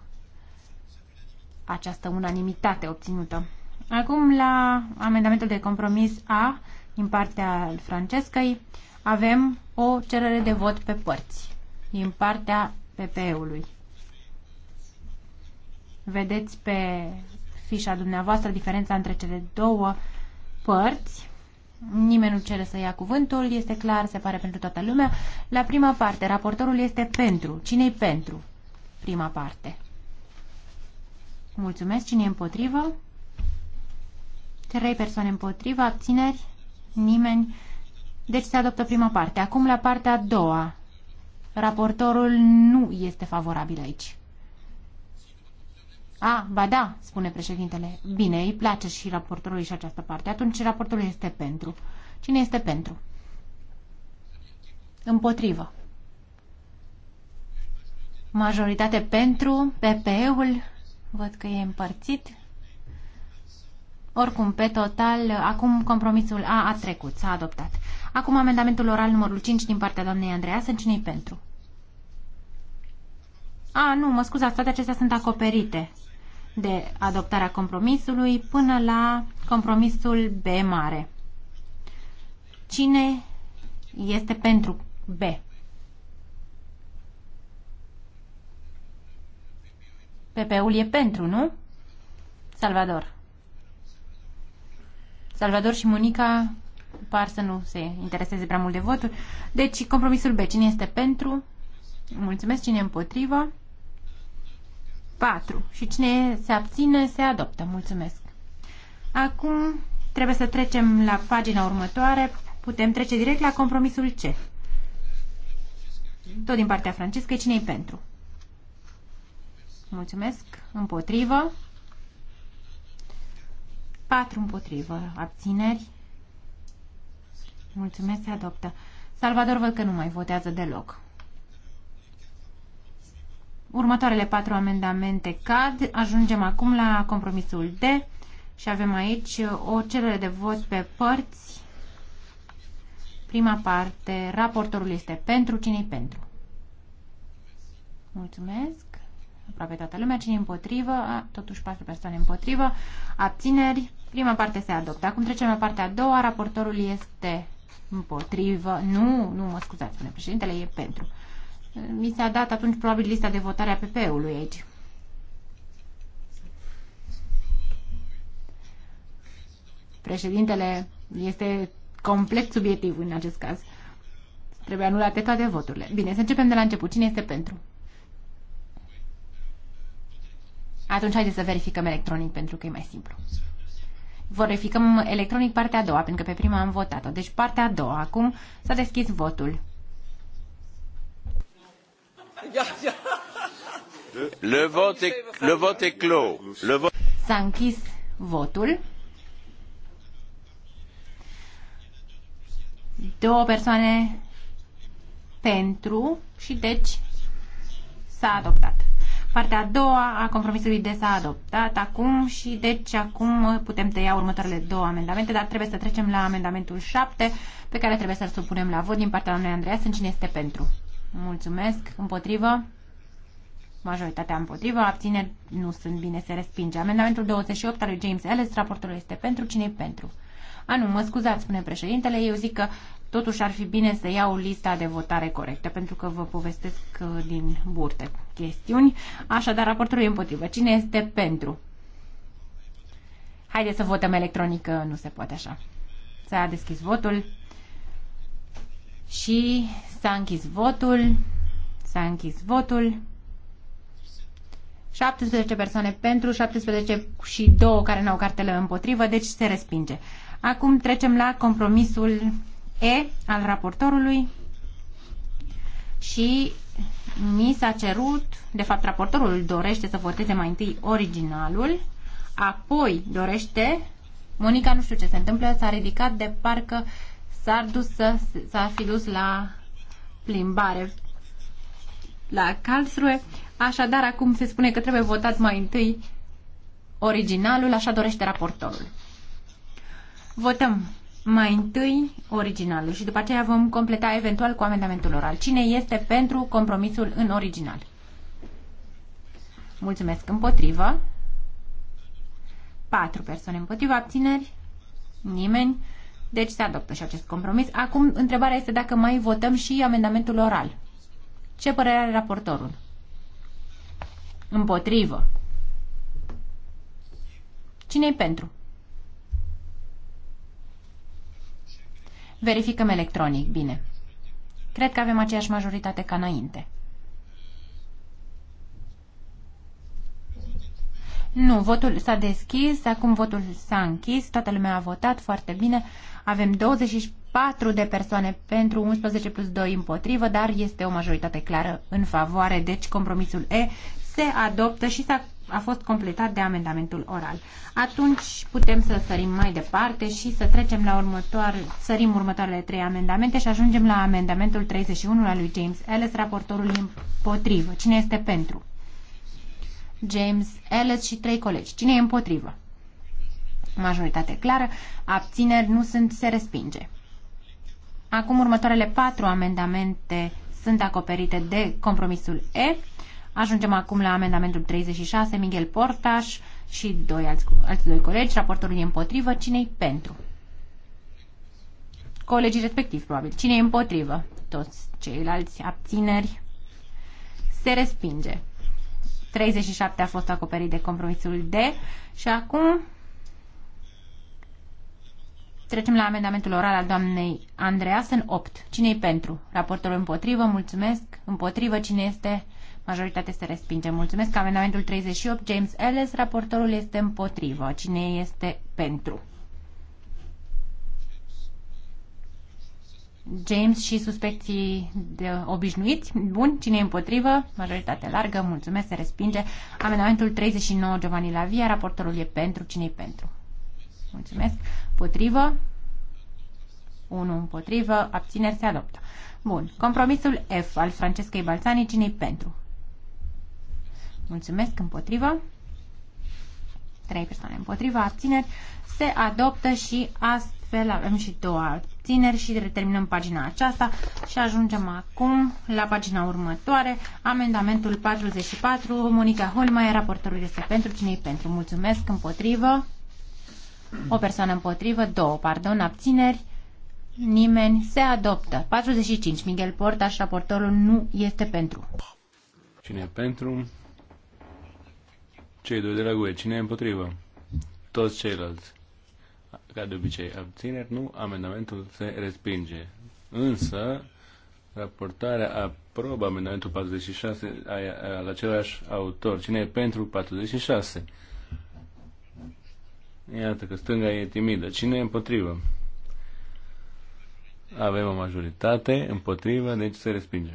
această unanimitate obținută. Acum la amendamentul de compromis A din partea Francescăi avem o cerere de vot pe părți din partea PPE-ului. Vedeți pe fișa dumneavoastră diferența între cele două părți. Nimeni nu cere să ia cuvântul, este clar, se pare pentru toată lumea. La prima parte, raportorul este pentru. Cine-i pentru? Prima parte. Mulțumesc. Cine e împotrivă? Trei persoane împotrivă, abțineri, nimeni. Deci se adoptă prima parte. Acum la partea a doua. Raportorul nu este favorabil aici. A, ba da, spune președintele. Bine, îi place și raportorului și această parte. Atunci raportorul este pentru. Cine este pentru? Împotrivă. Majoritate pentru, PP-ul, Văd că e împărțit. Oricum, pe total, acum compromisul A a trecut, s-a adoptat. Acum amendamentul oral numărul 5 din partea doamnei Andreea. Sunt cine pentru? A, nu, mă scuzați, toate acestea sunt acoperite de adoptarea compromisului până la compromisul B mare. Cine este pentru B? PP-ul e pentru, nu? Salvador. Salvador și Monica par să nu se intereseze prea mult de voturi. Deci, compromisul B. Cine este pentru? Mulțumesc. Cine e împotrivă? 4. Și cine se abține, se adoptă. Mulțumesc. Acum trebuie să trecem la pagina următoare. Putem trece direct la compromisul C. Tot din partea francescă. cine e pentru? Mulțumesc. Împotrivă. 4 împotrivă. Abțineri. Mulțumesc. Se adoptă. Salvador văd că nu mai votează deloc. Următoarele patru amendamente cad. Ajungem acum la compromisul D și avem aici o cerere de vot pe părți. Prima parte, raportorul este pentru, cine pentru? Mulțumesc aproape toată lumea, cine împotrivă, a, totuși patru persoane împotrivă, abțineri, prima parte se adoptă. Acum trecem la partea a doua, raportorul este împotrivă, nu, nu mă scuzați, spune președintele, e pentru. Mi s-a dat atunci probabil lista de votare a PP-ului aici. Președintele este complet subiectiv în acest caz. Trebuie anulate toate voturile. Bine, să începem de la început. Cine este pentru? Atunci haideți să verificăm electronic pentru că e mai simplu. Verificăm electronic partea a doua, pentru că pe prima am votat-o. Deci partea a doua. Acum s-a deschis votul. Le vot e, le vot e clos. Le vot... S-a închis votul. Două persoane pentru și deci s-a adoptat. Partea a doua a compromisului de s-a adoptat acum și deci acum putem tăia următoarele două amendamente, dar trebuie să trecem la amendamentul 7 pe care trebuie să-l supunem la vot din partea doamnei Andreea. Sunt cine este pentru. Mulțumesc. Împotrivă? Majoritatea împotrivă. Abțineri nu sunt bine, se respinge. Amendamentul 28 al lui James Ellis, raportul este pentru. cine pentru? A, nu, mă scuzați, spune președintele, eu zic că Totuși ar fi bine să iau lista de votare corectă, pentru că vă povestesc uh, din burte chestiuni. Așadar, raportul e împotrivă. Cine este pentru? Haideți să votăm electronic, că nu se poate așa. S-a deschis votul și s-a închis votul. S-a închis votul. 17 persoane pentru, 17 și 2 care n-au cartele împotrivă, deci se respinge. Acum trecem la compromisul E al raportorului și mi s-a cerut, de fapt raportorul dorește să voteze mai întâi originalul, apoi dorește, Monica nu știu ce se întâmplă, s-a ridicat de parcă s-ar să, s fi dus la plimbare la Karlsruhe, așadar acum se spune că trebuie votat mai întâi originalul, așa dorește raportorul. Votăm mai întâi originalul și după aceea vom completa eventual cu amendamentul oral. Cine este pentru compromisul în original? Mulțumesc. Împotrivă. Patru persoane împotrivă. Abțineri? Nimeni. Deci se adoptă și acest compromis. Acum, întrebarea este dacă mai votăm și amendamentul oral. Ce părere are raportorul? Împotrivă. Cine e pentru? Verificăm electronic, bine. Cred că avem aceeași majoritate ca înainte. Nu, votul s-a deschis, acum votul s-a închis, toată lumea a votat foarte bine. Avem 24 de persoane pentru, 11 plus 2 împotrivă, dar este o majoritate clară în favoare, deci compromisul E se adoptă și s-a a fost completat de amendamentul oral. Atunci putem să sărim mai departe și să trecem la următoare, sărim următoarele trei amendamente și ajungem la amendamentul 31 al lui James Ellis, raportorul împotrivă. Cine este pentru? James Ellis și trei colegi. Cine e împotrivă? Majoritate clară. Abțineri nu sunt, se respinge. Acum următoarele patru amendamente sunt acoperite de compromisul E Ajungem acum la amendamentul 36, Miguel Portaș și doi alți, alți doi colegi, raportorul e împotrivă, cine pentru? Colegii respectivi. probabil. Cine e împotrivă? Toți ceilalți abțineri. Se respinge. 37 a fost acoperit de compromisul D și acum Trecem la amendamentul oral al doamnei Andreasen 8. cine e pentru? Raportorul împotrivă, mulțumesc. Împotrivă, cine este? Majoritatea se respinge. Mulțumesc. Amendamentul 38, James Ellis. Raportorul este împotrivă. Cine este pentru? James și suspecții de obișnuiți. Bun, cine e împotrivă? Majoritate largă, mulțumesc, se respinge. Amendamentul 39, Giovanni Lavia, raportorul e pentru, cine e pentru? Mulțumesc. Potrivă? 1 împotrivă, abțineri se adoptă. Bun, compromisul F al Francescai Balțani, cine e pentru? Mulțumesc împotrivă. Trei persoane împotrivă, abțineri. Se adoptă și astfel avem și două abțineri și terminăm pagina aceasta și ajungem acum la pagina următoare. Amendamentul 44. Monica Holmaier, raportorul este pentru cine pentru. Mulțumesc împotrivă. O persoană împotrivă, două, pardon, abțineri. Nimeni se adoptă. 45. Miguel Portaș, raportorul nu este pentru. Cine pentru? Cei doi de la gură? Cine e împotrivă? Toți ceilalți. Ca de obicei, abțineri, nu, amendamentul se respinge. Însă, raportarea aprobă amendamentul 46 al același autor. Cine e pentru 46? Iată că stânga e timidă. Cine e împotrivă? Avem o majoritate împotrivă, deci se respinge.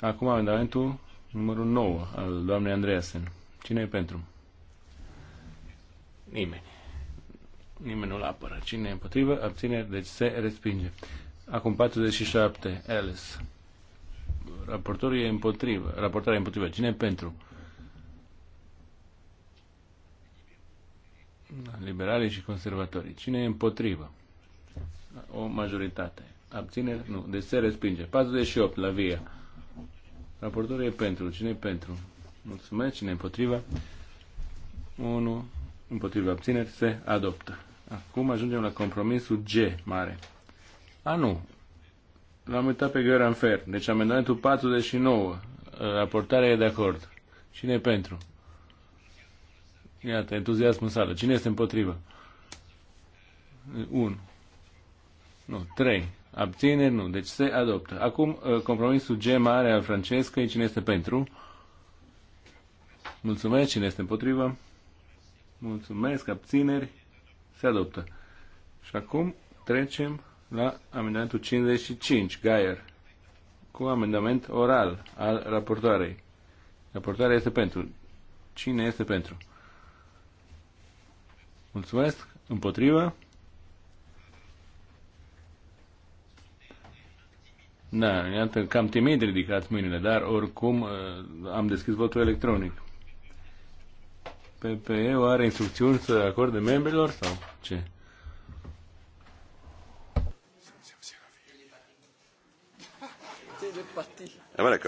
Acum amendamentul numărul 9 al doamnei Andreasen. Cine e pentru? Nimeni. Nimeni nu-l apără. Cine e împotrivă? Abține, deci se respinge. Acum 47. Alice. Raportorul e împotrivă. Raportarea e împotrivă. Cine e pentru? Da, liberalii și conservatorii. Cine e împotrivă? O majoritate. Abține? Nu. Deci se respinge. 48 la via. Raportorul e pentru. Cine e pentru? Mulțumesc. Cine împotriva? 1. Împotriva abțineri se adoptă. Acum ajungem la compromisul G mare. A, nu. L-am uitat pe Găran Fer. Deci amendamentul 49. Ă, raportarea e de acord. Cine e pentru? Iată, entuziasmul în sală. Cine este împotrivă? 1. Nu, 3. Abțineri, nu. Deci se adoptă. Acum, ă, compromisul G mare al Francescă. Cine este pentru? Mulțumesc. Cine este împotrivă? Mulțumesc. Abțineri. Se adoptă. Și acum trecem la amendamentul 55, Gaier, cu amendament oral al raportoarei. Raportarea este pentru. Cine este pentru? Mulțumesc. Împotrivă? Da, iată, cam timid ridicați mâinile, dar oricum uh, am deschis votul electronic. PPE are instrucțiuni să acorde membrilor sau ce? Ah,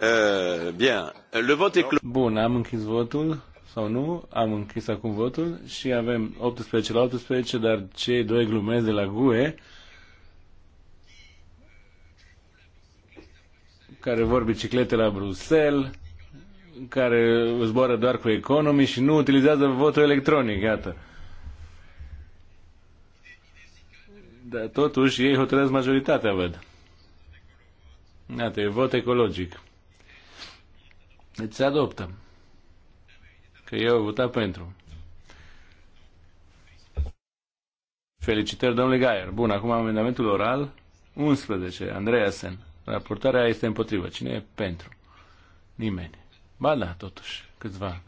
euh, le Bun, am închis votul sau nu, am închis acum votul și avem 18 la 18, dar cei doi glumezi de la GUE care vor biciclete la Bruxelles care zboară doar cu economii și nu utilizează votul electronic, iată. Dar totuși ei hotărăsc majoritatea, văd. Iată, e vot ecologic. Deci se adoptă. Că eu am votat pentru. Felicitări, domnule Gaier. Bun, acum amendamentul oral 11, Andreasen. Raportarea este împotrivă. Cine e pentru? Nimeni. Ba da, totuși, câțiva.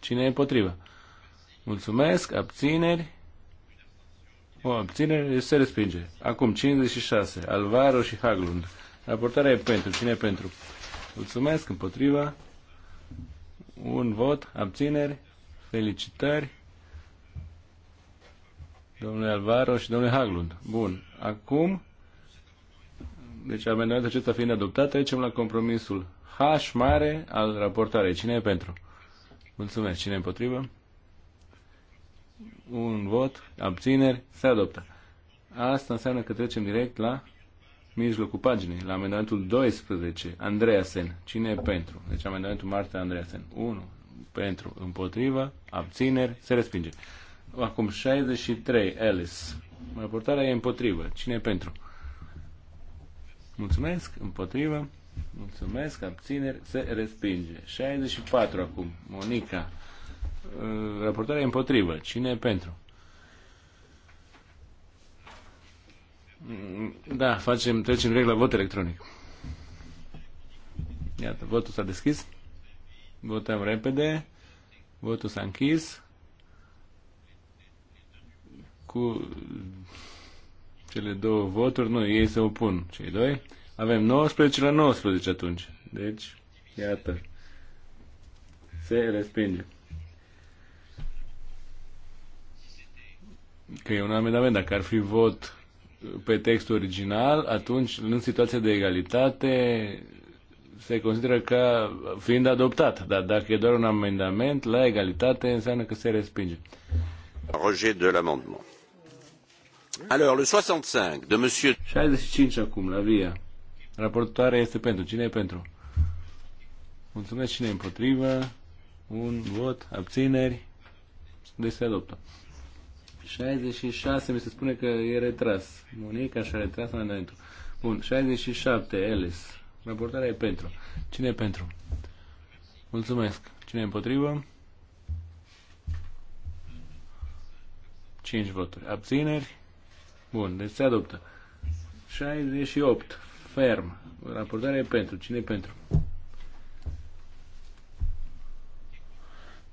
Cine e împotrivă? Mulțumesc, abțineri. O abținere se respinge. Acum 56. Alvaro și Haglund. Raportarea e pentru. Cine e pentru? Mulțumesc, împotriva. Un vot, abțineri, felicitări. Domnule Alvaro și domnule Haglund. Bun. Acum, deci amendamentul acesta fiind adoptat, trecem la compromisul H mare al raportoarei. Cine e pentru? Mulțumesc. Cine e împotrivă? Un vot, abțineri, se adoptă. Asta înseamnă că trecem direct la mijlocul paginii, la amendamentul 12, Andreasen. Cine e pentru? Deci amendamentul Marta Andreasen. 1. Pentru, împotrivă, abțineri, se respinge. Acum 63, Ellis. Raportarea e împotrivă. Cine e pentru? Mulțumesc, împotrivă, Mulțumesc, abțineri, se respinge. 64 acum, Monica. Raportarea împotrivă. Cine e pentru? Da, facem, trecem direct la vot electronic. Iată, votul s-a deschis. Votăm repede. Votul s-a închis. Cu cele două voturi, nu, ei se opun, cei doi. Avem 19 la 19 atunci. Deci, iată. Se respinge. Că e un amendament. Dacă ar fi vot pe textul original, atunci, în situația de egalitate, se consideră ca fiind adoptat. Dar dacă e doar un amendament, la egalitate înseamnă că se respinge. Rejet de l'amendement. Alors, le 65 de monsieur... 65 acum, la via. Raportoarea este pentru. Cine e pentru? Mulțumesc. Cine e împotrivă? Un vot. Abțineri. Deci se adoptă. 66 mi se spune că e retras. Monica și-a retras amendamentul. Bun. 67. Ellis. Raportarea e pentru. Cine e pentru? Mulțumesc. Cine e împotrivă? 5 voturi. Abțineri? Bun, deci se adoptă. 68 ferm. Raportarea e pentru. Cine e pentru?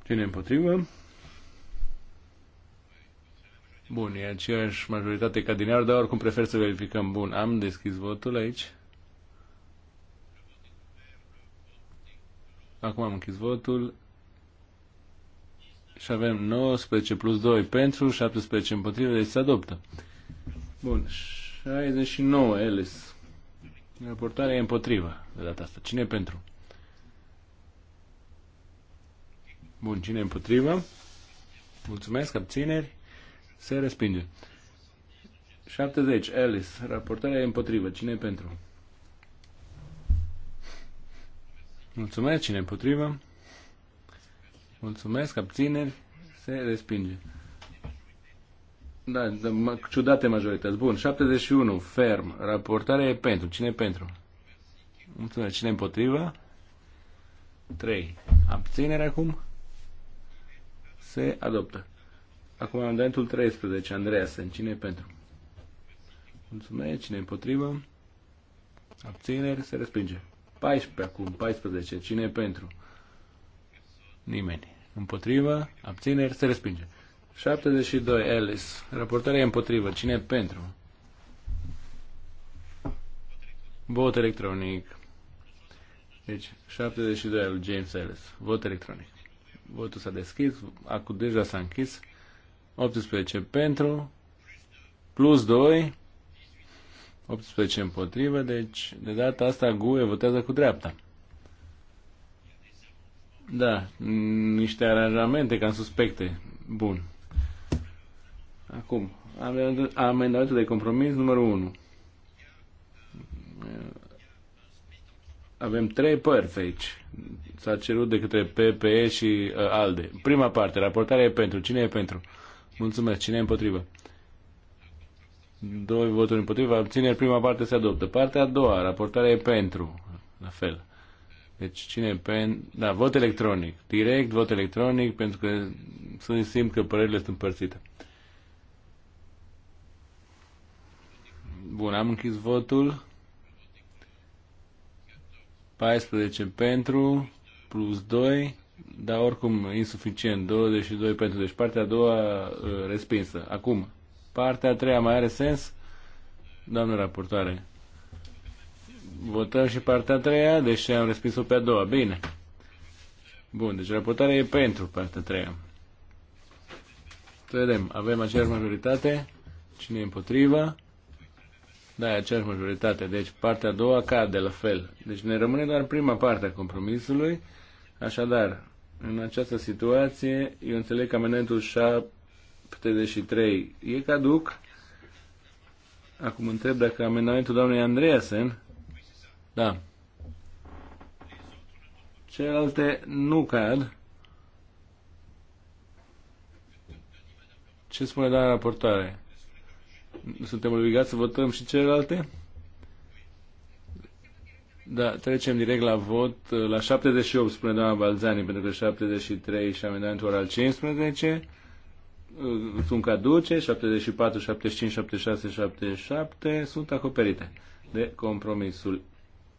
Cine împotrivă? Bun, e aceeași majoritate ca din dar oricum prefer să verificăm. Bun, am deschis votul aici. Acum am închis votul. Și avem 19 plus 2 pentru, 17 împotrivă, deci se adoptă. Bun, 69, Ellis. Raportarea e împotrivă de data asta. Cine e pentru? Bun, cine e împotrivă? Mulțumesc, abțineri. Se respinge. 70. Alice, Raportarea e împotrivă. Cine e pentru? Mulțumesc. Cine e împotrivă? Mulțumesc. Abțineri. Se respinge. Da, da ciudate majorități. Bun, 71, ferm. Raportarea e pentru. Cine e pentru? Mulțumesc. Cine împotriva? 3. Abținere acum? Se adoptă. Acum am amendamentul 13, Andreea Sen. Cine e pentru? Mulțumesc. Cine e împotrivă? Abțineri. Se respinge. 14 acum. 14. Cine e pentru? Nimeni. Împotriva, Abțineri. Se respinge. 72, Ellis. Raportarea e împotrivă. Cine e pentru? Vot electronic. Deci, 72 al James Ellis. Vot electronic. Votul s-a deschis, acum deja s-a închis. 18 pentru, plus 2, 18 împotrivă, deci de data asta GUE votează cu dreapta. Da, niște aranjamente cam suspecte. Bun. Acum, amendamentul de compromis numărul 1. Avem trei părți aici. S-a cerut de către PPE și uh, ALDE. Prima parte, raportarea e pentru. Cine e pentru? Mulțumesc. Cine e împotrivă? Doi voturi împotriva. Abțineri, prima parte se adoptă. Partea a doua, raportarea e pentru. La fel. Deci cine e pentru? Da, vot electronic. Direct vot electronic pentru că sunt simt că părerile sunt împărțite. Bun, am închis votul. 14 pentru, plus 2, dar oricum insuficient, 22 pentru. Deci partea a doua uh, respinsă. Acum, partea a treia mai are sens? Doamne raportoare, votăm și partea a treia, deși am respins-o pe a doua. Bine. Bun, deci raportarea e pentru partea a treia. Să vedem, avem aceeași majoritate. Cine e împotriva? Da, e aceeași majoritate. Deci partea a doua cade la fel. Deci ne rămâne doar prima parte a compromisului. Așadar, în această situație, eu înțeleg că amendamentul 73 e caduc. Acum întreb dacă amendamentul doamnei Andreasen. Da. Celelalte nu cad. Ce spune doamna raportoare? suntem obligați să votăm și celelalte? Da, trecem direct la vot. La 78 spune doamna Balzani, pentru că 73 și amendamentul al 15 uh, sunt caduce, 74, 75, 76, 77 sunt acoperite de compromisul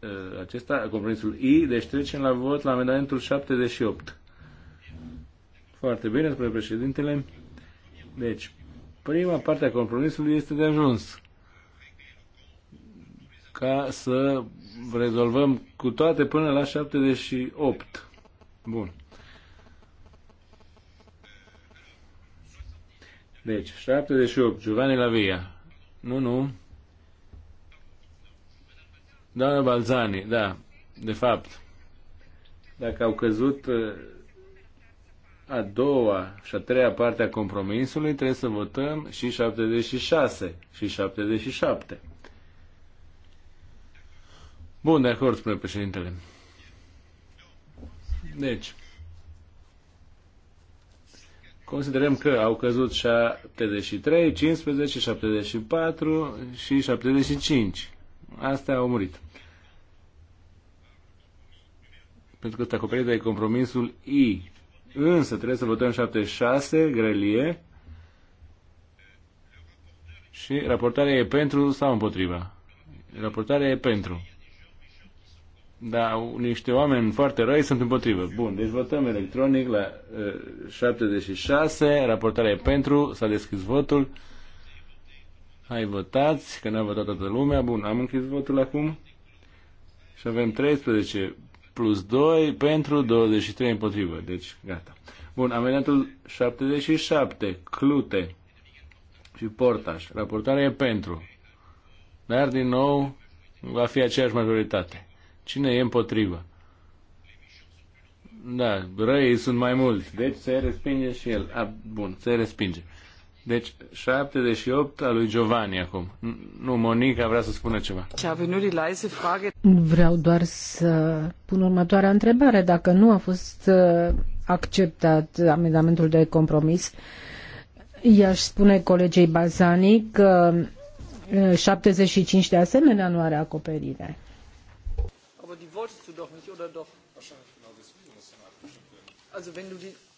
uh, acesta, compromisul I, deci trecem la vot la amendamentul 78. Foarte bine, spune președintele. Deci, prima parte a compromisului este de ajuns ca să rezolvăm cu toate până la 78. Bun. Deci, 78, Giovanni Lavia. Nu, nu. Doamna Balzani, da, de fapt. Dacă au căzut a doua și a treia parte a compromisului trebuie să votăm și 76 și 77. Bun, de acord, spune președintele. Deci, considerăm că au căzut 73, 15, 74 și 75. Astea au murit. Pentru că este acoperit de compromisul I Însă trebuie să votăm 76, grelie. Și raportarea e pentru sau împotriva? Raportarea e pentru. Da, niște oameni foarte răi sunt împotrivă. Bun, deci votăm electronic la uh, 76, raportarea e pentru, s-a deschis votul. Hai, votați, că n-a votat toată lumea. Bun, am închis votul acum. Și avem 13 plus 2 pentru 23 împotrivă. Deci, gata. Bun, amendamentul 77, Clute și Portaș. Raportarea e pentru. Dar, din nou, va fi aceeași majoritate. Cine e împotrivă? Da, răii sunt mai mulți, deci se respinge și el. A, bun, se respinge. Deci 78 a lui Giovanni acum. Nu, Monica vrea să spună ceva. Vreau doar să pun următoarea întrebare. Dacă nu a fost uh, acceptat amendamentul de compromis, i-aș spune colegei Bazani că 75 uh, de asemenea nu are acoperire. Also wenn du die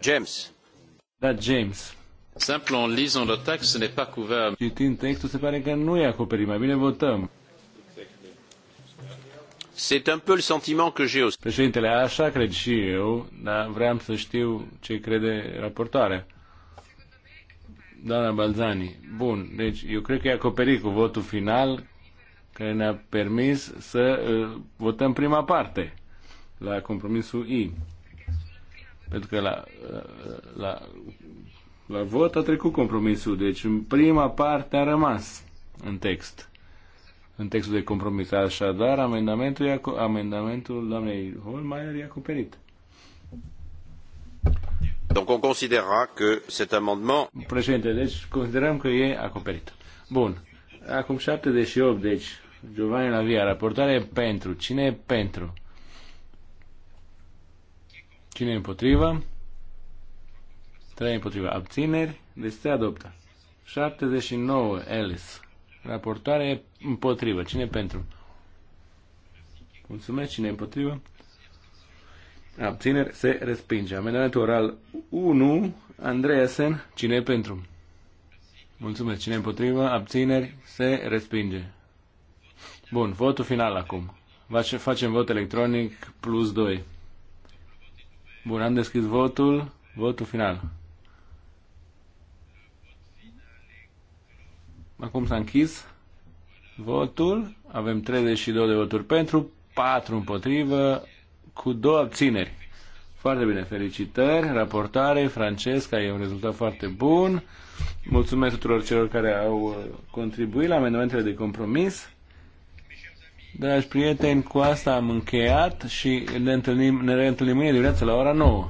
James. Da, James. Simplu, în lisant le text, ce n'est pas Citind textul, se pare că nu e acoperit. Mai bine votăm. C'est un peu le sentiment que j'ai aussi. Președintele, așa cred și eu, dar vreau să știu ce crede raportoarea. Doamna Balzani, bun, deci eu cred că e acoperit cu votul final care ne-a permis să uh, votăm prima parte la compromisul I. Pentru că la, la, la vot a trecut compromisul, deci în prima parte a rămas în text. În textul de compromis. Așadar, amendamentul, e aco- amendamentul doamnei Holmeier e acoperit. Donc on considérera que cet amendement... Președinte, deci considerăm că e acoperit. Bun. Acum 78, deci Giovanni Lavia, raportare pentru. Cine e pentru? Cine împotrivă? 3 împotrivă. Abțineri? Deci se adoptă. 79 Ellis. Raportare împotrivă. Cine pentru? Mulțumesc. Cine împotrivă? Abțineri se respinge. Amendamentul oral 1, Andreasen, cine pentru? Mulțumesc. Cine împotrivă? Abțineri se respinge. Bun, votul final acum. Facem vot electronic plus 2. Bun, am deschis votul. Votul final. Acum s-a închis votul. Avem 32 de voturi pentru, 4 împotrivă, cu două abțineri. Foarte bine, felicitări, raportare, Francesca, e un rezultat foarte bun. Mulțumesc tuturor celor care au uh, contribuit la amendamentele de compromis. Dragi prieteni, cu asta am încheiat și ne, întâlnim, ne reîntâlnim mâine dimineață la ora 9.